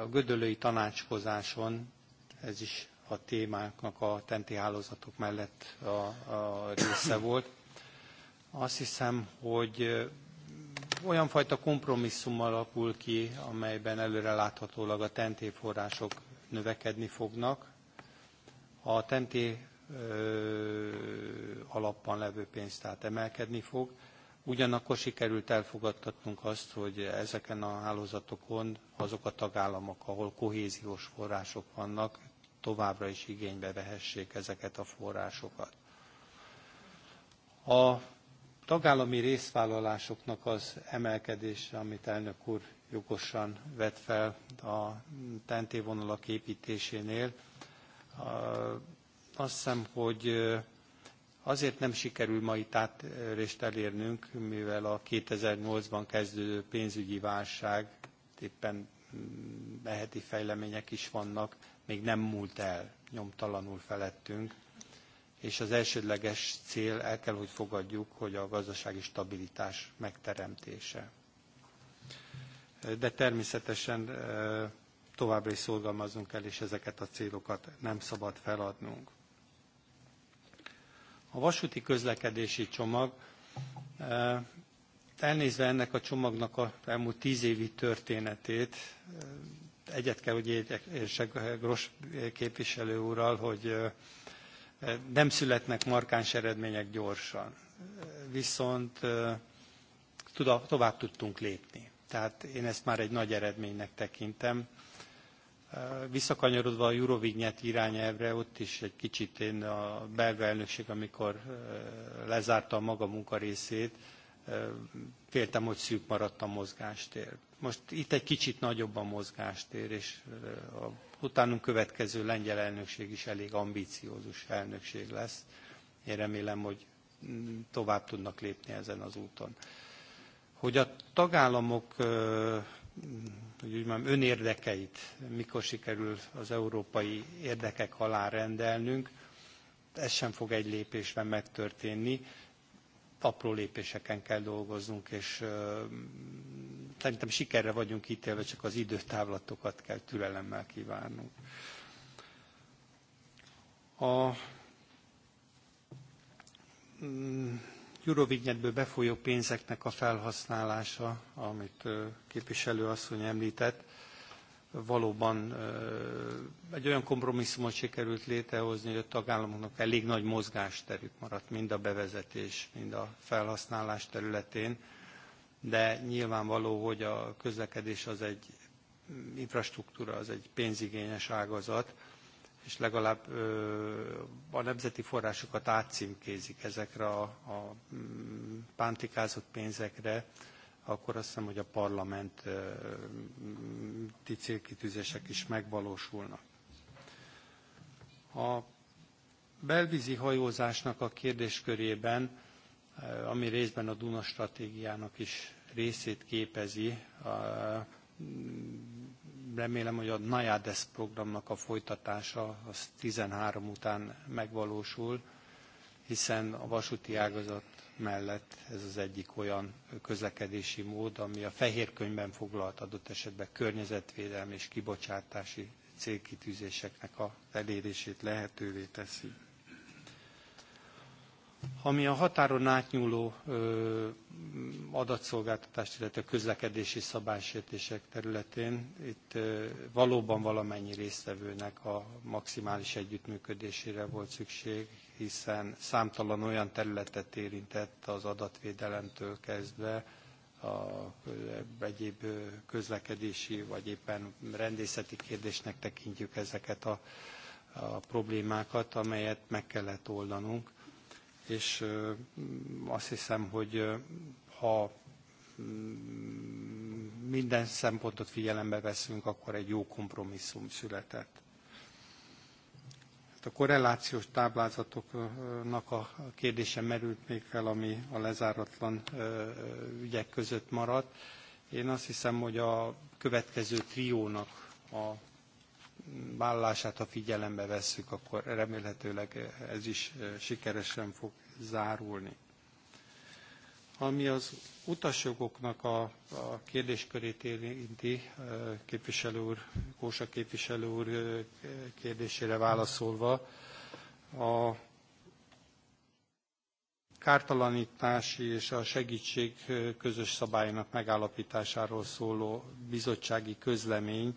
a gödölői tanácskozáson, ez is a témáknak a tenté hálózatok mellett a, a része volt. Azt hiszem, hogy olyan fajta kompromisszum alakul ki, amelyben előreláthatólag a tenté források növekedni fognak. A tenté alapban levő pénz tehát emelkedni fog. Ugyanakkor sikerült elfogadtatnunk azt, hogy ezeken a hálózatokon azok a tagállamok, ahol kohéziós források vannak, továbbra is igénybe vehessék ezeket a forrásokat. A tagállami részvállalásoknak az emelkedése, amit elnök úr jogosan vett fel a TNT vonalak építésénél, azt hiszem, hogy azért nem sikerül ma itt áttörést elérnünk, mivel a 2008-ban kezdődő pénzügyi válság, éppen eheti fejlemények is vannak, még nem múlt el, nyomtalanul felettünk és az elsődleges cél, el kell, hogy fogadjuk, hogy a gazdasági stabilitás megteremtése. De természetesen továbbra is szorgalmaznunk kell, és ezeket a célokat nem szabad feladnunk. A vasúti közlekedési csomag, elnézve ennek a csomagnak a elmúlt tíz évi történetét, egyet kell, hogy értsek Gross képviselő úrral, hogy nem születnek markáns eredmények gyorsan, viszont tovább tudtunk lépni. Tehát én ezt már egy nagy eredménynek tekintem. Visszakanyarodva a Eurovignet irányelvre, ott is egy kicsit én a belga elnökség, amikor lezárta a maga munkarészét, féltem, hogy szűk maradt a mozgástér. Most itt egy kicsit nagyobb a mozgástér, és a utánunk következő lengyel elnökség is elég ambíciózus elnökség lesz. Én remélem, hogy mm, tovább tudnak lépni ezen az úton. Hogy a tagállamok hogy úgy mondjam, önérdekeit mikor sikerül az európai érdekek alá rendelnünk, ez sem fog egy lépésben megtörténni apró lépéseken kell dolgoznunk, és szerintem sikerre vagyunk ítélve, csak az időtávlatokat kell türelemmel kívánnunk. A mm, Eurovignettből befolyó pénzeknek a felhasználása, amit képviselő asszony említett, valóban egy olyan kompromisszumot sikerült létrehozni, hogy a tagállamoknak elég nagy mozgásterük maradt, mind a bevezetés, mind a felhasználás területén, de nyilvánvaló, hogy a közlekedés az egy infrastruktúra, az egy pénzigényes ágazat, és legalább a nemzeti forrásokat átcímkézik ezekre a, a pántikázott pénzekre, akkor azt hiszem, hogy a parlamenti célkitűzések is megvalósulnak. A belvízi hajózásnak a kérdéskörében, ami részben a Duna stratégiának is részét képezi, remélem, hogy a NAJADES programnak a folytatása az 13 után megvalósul, hiszen a vasúti ágazat mellett ez az egyik olyan közlekedési mód, ami a fehér könyvben foglalt adott esetben környezetvédelmi és kibocsátási célkitűzéseknek az elérését lehetővé teszi. Ami a határon átnyúló adatszolgáltatást, illetve közlekedési szabálysértések területén, itt valóban valamennyi résztvevőnek a maximális együttműködésére volt szükség, hiszen számtalan olyan területet érintett az adatvédelemtől kezdve, a egyéb közlekedési vagy éppen rendészeti kérdésnek tekintjük ezeket a, a problémákat, amelyet meg kellett oldanunk és azt hiszem, hogy ha mm, minden szempontot figyelembe veszünk, akkor egy jó kompromisszum született. Hát a korrelációs táblázatoknak a kérdése merült még fel, ami a lezáratlan ügyek között maradt. Én azt hiszem, hogy a következő triónak a vállását, ha figyelembe vesszük, akkor remélhetőleg ez is eh, sikeresen fog zárulni. Ami az utasjogoknak a, a kérdéskörét érinti, eh, képviselő úr, Kósa képviselő úr eh, kérdésére válaszolva, a kártalanítási és a segítség közös szabályának megállapításáról szóló bizottsági közlemény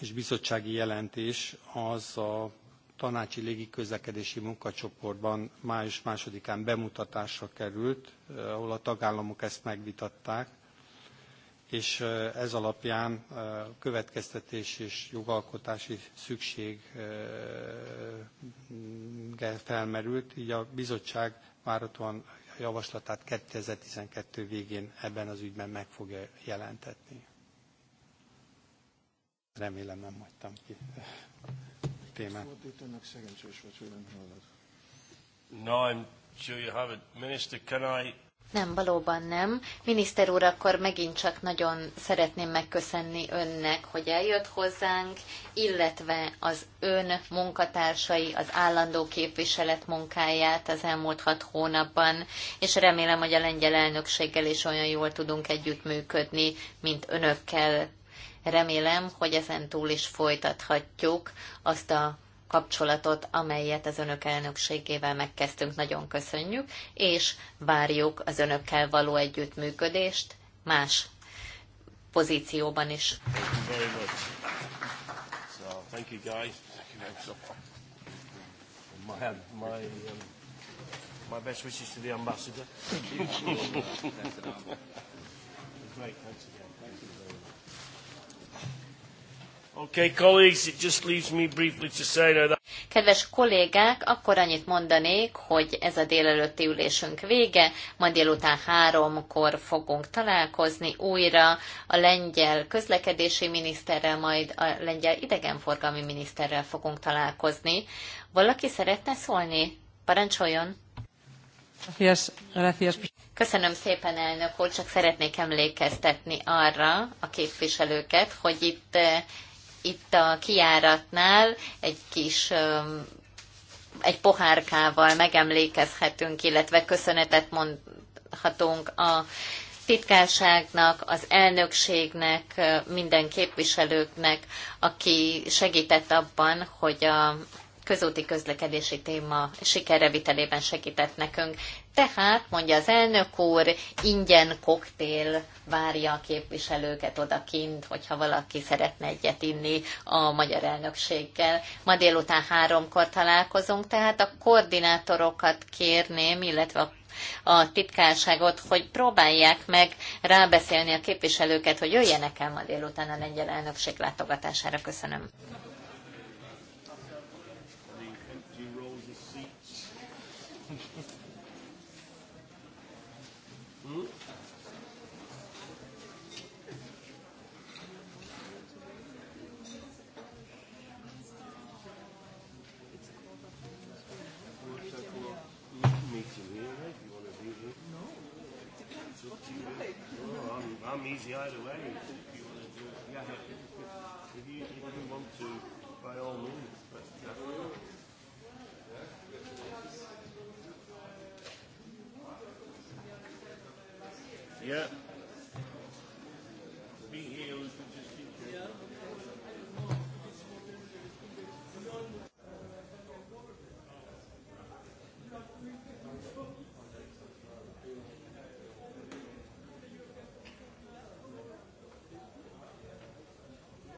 és bizottsági jelentés az a tanácsi légiközlekedési munkacsoportban május másodikán bemutatásra került, eh, ahol a tagállamok ezt megvitatták, és eh, ez alapján eh, következtetés és jogalkotási szükség felmerült, így a bizottság várhatóan javaslatát 2012 végén ebben az ügyben meg fogja jelentetni. Remélem nem hagytam ki témát. No, I'm Minister, can I... Nem, valóban nem. Miniszter úr, akkor megint csak nagyon szeretném megköszönni önnek, hogy eljött hozzánk, illetve az ön munkatársai, az állandó képviselet munkáját az elmúlt hat hónapban, és remélem, hogy a lengyel elnökséggel is olyan jól tudunk együttműködni, mint önökkel Remélem, hogy ezen túl is folytathatjuk azt a kapcsolatot, amelyet az önök elnökségével megkezdtünk. Nagyon köszönjük, és várjuk az önökkel való együttműködést más pozícióban is. Um, my best wishes to the ambassador. Great, thanks again. Kedves kollégák, akkor annyit mondanék, hogy ez a délelőtti ülésünk vége, ma délután háromkor fogunk találkozni újra a lengyel közlekedési miniszterrel, majd a lengyel idegenforgalmi miniszterrel fogunk találkozni. Valaki szeretne szólni? Parancsoljon! Köszönöm szépen, elnök úr, csak szeretnék emlékeztetni arra a képviselőket, hogy itt eh, itt a kiáratnál egy kis egy pohárkával megemlékezhetünk, illetve köszönetet mondhatunk a titkárságnak, az elnökségnek, minden képviselőknek, aki segített abban, hogy a közúti közlekedési téma sikerrevitelében segített nekünk. Tehát, mondja az elnök úr, ingyen koktél várja a képviselőket odakint, hogyha valaki szeretne egyet inni a magyar elnökséggel. Ma délután háromkor találkozunk, tehát a koordinátorokat kérném, illetve a a titkárságot, hogy próbálják meg rábeszélni a képviselőket, hogy jöjjenek el ma délután a lengyel elnökség látogatására. Köszönöm. easy either way if you want to do it. Yeah, if you, if you want to, by all means. But, yeah.